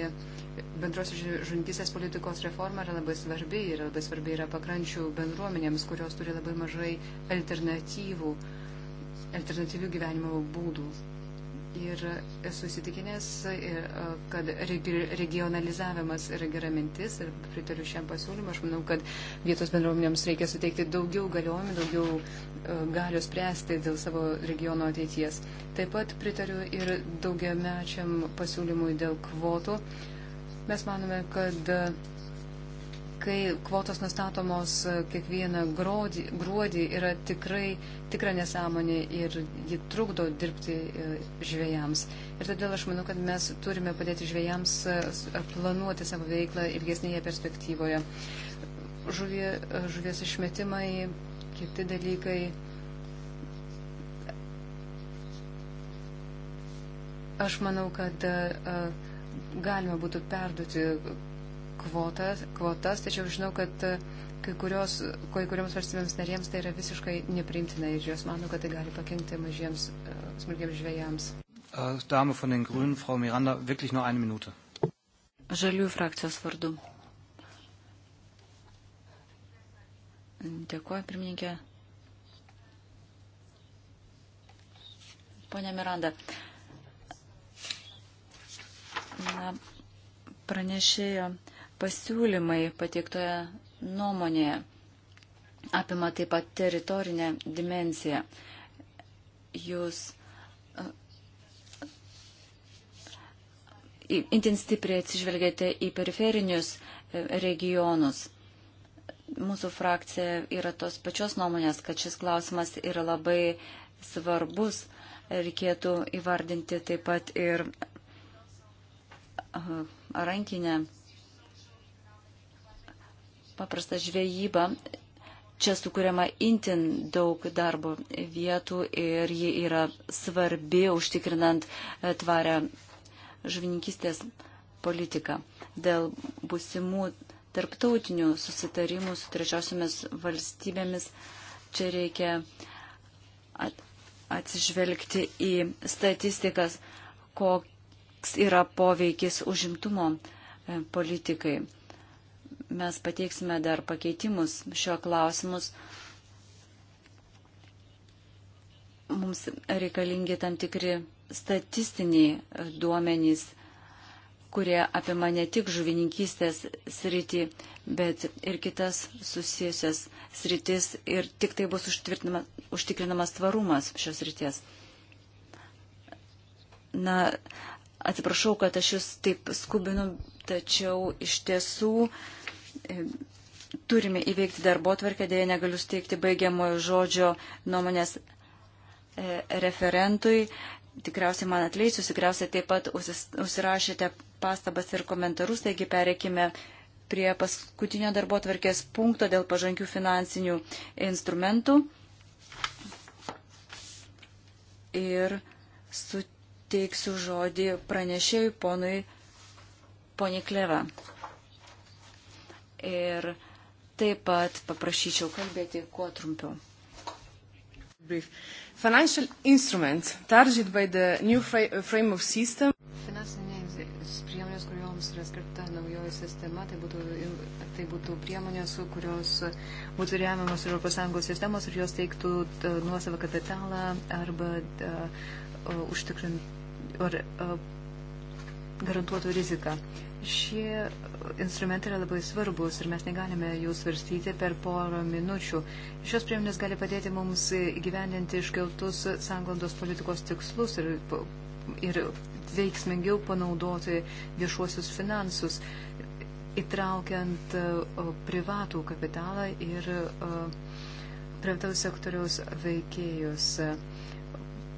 [SPEAKER 3] bendrosios žungysės politikos reforma yra labai svarbi ir labai svarbi yra pakrančių bendruomenėms, kurios turi labai mažai alternatyvų, alternatyvių gyvenimo būdų. Ir esu įsitikinęs, e, kad regionalizavimas yra gera mintis ir pritariu šiam pasiūlymui. Aš manau, kad vietos bendruomenėms reikia suteikti daugiau galiojimų, daugiau e, galių spręsti dėl savo regiono ateities. Taip pat pritariu ir daugiamečiam pasiūlymui dėl kvotų. Mes manome, kad kai kvotos nustatomos e, kiekvieną gruodį, gruodį yra tikrai tikra nesąmonė ir ji trukdo dirbti e, žvėjams. Ir todėl aš manau, kad mes turime padėti žvėjams e, planuoti savo veiklą ilgesnėje perspektyvoje. Žuvė, žuvies išmetimai, kiti dalykai. Aš manau, kad galima būtų perduoti kvotas, kvotas tačiau žinau, kad e, kai, kurios, kai kurioms valstybėms narėms tai yra visiškai nepriimtina ir jos mano, kad tai gali pakengti mažiems e, smulkiems žvėjams.
[SPEAKER 4] Äh, Dame von den Grünen, Frau Miranda, wirklich nur eine Minute.
[SPEAKER 3] Žaliųjų frakcijos vardu.
[SPEAKER 2] Dėkuoju, pirmininkė. Pone Miranda, na, pranešėjo pasiūlymai pateiktoje nuomonėje apima taip pat teritorinę dimenciją. Jūs e, itin stipriai atsižvelgėte į periferinius e, regionus. Mūsų frakcija yra tos pačios nuomonės, kad šis klausimas yra labai svarbus. Reikėtų įvardinti taip pat ir e, rankinę paprastą žvejybą. Čia sukūriama intin daug darbo vietų ir ji yra svarbi užtikrinant e, tvarę žvininkistės politiką. Dėl busimų tarptautinių susitarimų su trečiosiomis valstybėmis čia reikia atsižvelgti į statistikas, koks yra poveikis užimtumo e, politikai mes pateiksime dar pakeitimus šio klausimus. Mums reikalingi tam tikri statistiniai duomenys, kurie apima ne tik žuvininkystės sritį, bet ir kitas susijusias sritis ir tik tai bus užtikrinamas tvarumas šios srities. Na, atsiprašau, kad aš jūs taip skubinu, tačiau iš tiesų uh, E, turime įveikti darbo tvarkę, dėja negaliu steigti baigiamojo žodžio nuomonės e, referentui. Tikriausiai man atleisiu, tikriausiai taip pat užsirašėte pastabas ir komentarus, taigi pereikime prie paskutinio darbo tvarkės punkto dėl pažangių finansinių instrumentų. Ir suteiksiu žodį pranešėjui ponui Ponikleva ir
[SPEAKER 3] taip pat paprašyčiau kalbėti kuo trumpiau. Brief. Financial instruments targeted by the new uh, framework system. Finansinės priemonės, kuriuoms yra skirta naujoji sistema, tai būtų, tai būtų priemonės, kurios būtų remiamos ES sistemos ir jos teiktų nuosavą kapitalą arba uh, užtikrint, ar, uh, garantuotų riziką. Šie instrumentai yra labai svarbus ir mes negalime jų svarstyti per porą minučių. Šios priemonės gali padėti mums gyvendinti iškeltus sanglandos politikos tikslus ir, ir veiksmingiau panaudoti viešuosius finansus, įtraukiant e, privatų kapitalą ir e, privataus sektoriaus veikėjus.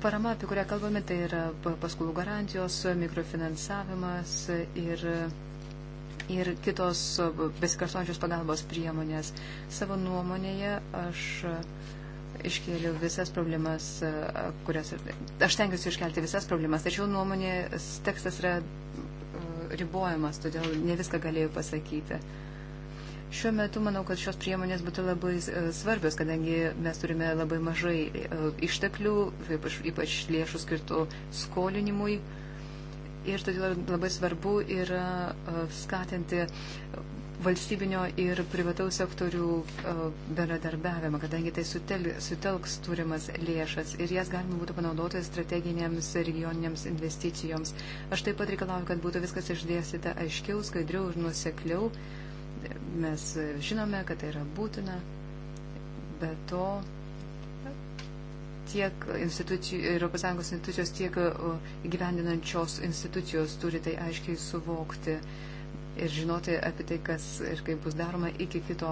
[SPEAKER 3] Parama, apie kurią kalbame, tai yra paskolų garantijos, mikrofinansavimas ir, ir kitos besikartojančios pagalbos priemonės. Savo nuomonėje aš iškėliau visas problemas, kurias aš tengiuosi iškelti visas problemas, tačiau nuomonės tekstas yra ribojamas, todėl ne viską galėjau pasakyti. Uh, Šiuo metu manau, kad šios priemonės būtų labai e, svarbios, kadangi mes turime labai mažai e, išteklių, ypač lėšų skirtų skolinimui. Ir todėl labai svarbu yra e, skatinti valstybinio ir privataus sektorių bendradarbiavimą, kadangi tai sutel, sutelks turimas lėšas ir jas galima būtų panaudoti strateginėms regioninėms investicijoms. Aš taip pat reikalauju, kad būtų viskas išdėstyta aiškiau, skaidriau ir nusekliau. Mes žinome, kad tai yra būtina, bet to tiek Europos Sąjungos institucijos, tiek įgyvendinančios institucijos turi tai aiškiai suvokti ir žinoti apie tai, kas ir kaip bus daroma iki kito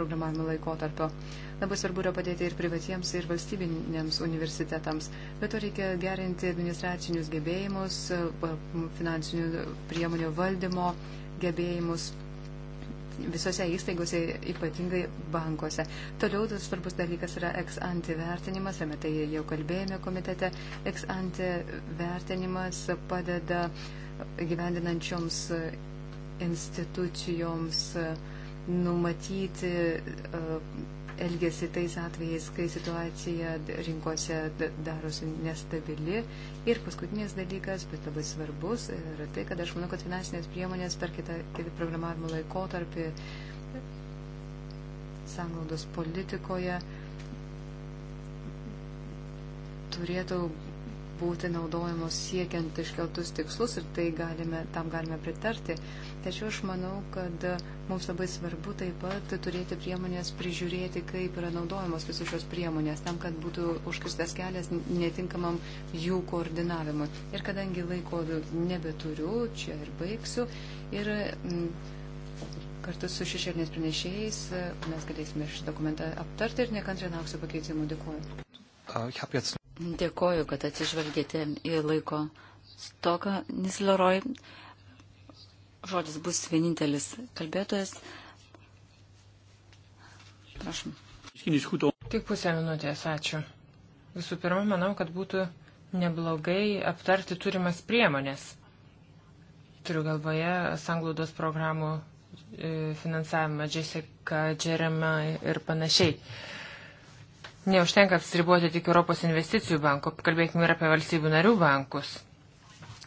[SPEAKER 3] programavimo laikotarpio. Labai svarbu yra padėti ir privatiems, ir valstybinėms universitetams, bet to reikia gerinti administracinius gebėjimus, finansinių priemonių valdymo gebėjimus visose įstaigose, ypatingai bankuose. Toliau tas svarbus dalykas yra ex ante vertinimas, apie tai jau kalbėjome komitete. Ex ante vertinimas padeda gyvendinančioms institucijoms e, numatyti e, elgesi tais atvejais, kai situacija rinkose darosi nestabili Ir paskutinis dalykas, bet labai svarbus, yra tai, kad aš manau, kad finansinės priemonės per kitą programavimo laikotarpį sanglaudos politikoje turėtų būti naudojamos siekiant iškeltus tikslus ir tai galime, tam galime pritarti. Tačiau aš manau, kad mums labai svarbu taip pat turėti priemonės prižiūrėti, kaip yra naudojamos visos šios priemonės, tam, kad būtų užkirstas kelias netinkamam jų koordinavimui. Ir kadangi laiko nebeturiu, čia ir baigsiu. Ir, mm, Kartu su šešėlinės pranešėjais mm, mes galėsime šį dokumentą aptarti ir nekantriai lauksiu pakeitimų. Dėkuoju.
[SPEAKER 2] Dėkuoju, kad atsižvelgėte į laiko stoką. Nisleroj,
[SPEAKER 1] žodis bus vienintelis kalbėtojas. Prašom. Tik pusę minutės, ačiū. Visų pirma, manau, kad būtų neblogai aptarti turimas priemonės. Turiu galvoje sanglaudos programų e, finansavimą, Jessica, Jeremą ir panašiai. Neužtenka apsiriboti tik Europos investicijų banko, kalbėkime ir apie valstybių narių bankus.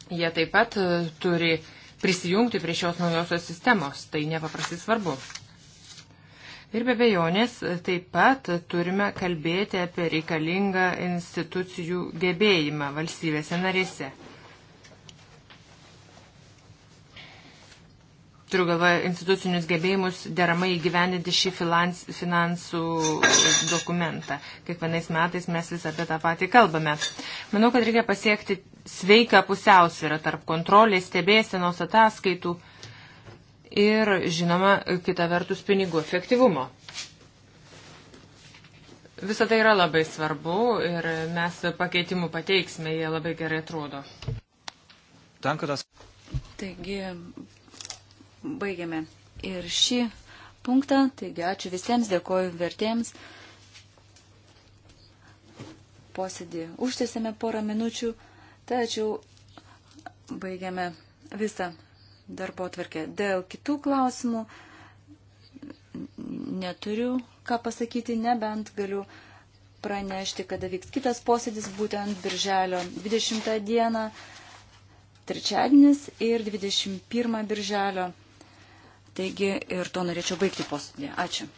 [SPEAKER 1] Jie taip pat e, turi uh, prisijungti prie šios naujosios sistemos. Tai nepaprastai svarbu. Ir be bejonės taip pat turime kalbėti apie reikalingą institucijų gebėjimą valstybėse narėse. turiu galvoje institucinius gebėjimus deramai įgyvendinti šį finans, finansų dokumentą. Kiekvienais metais mes vis apie tą patį kalbame. Manau, kad reikia pasiekti sveiką pusiausvyrą tarp kontrolės, stebėsenos ataskaitų ir, žinoma, kita vertus pinigų efektyvumo. Visą tai yra labai svarbu ir mes pakeitimų pateiksime, jie labai gerai atrodo.
[SPEAKER 4] Tankadas.
[SPEAKER 2] Taigi baigiame ir šį punktą. Taigi ačiū visiems, dėkoju vertėjams. Posėdį užtėsėme porą minučių, tačiau baigiame visą darbo atvarkę. Dėl kitų klausimų neturiu ką pasakyti, nebent galiu pranešti, kada vyks kitas posėdis, būtent birželio 20 dieną, trečiadienis ir 21 birželio. Taigi ir to norėčiau baigti posėdį. Ačiū.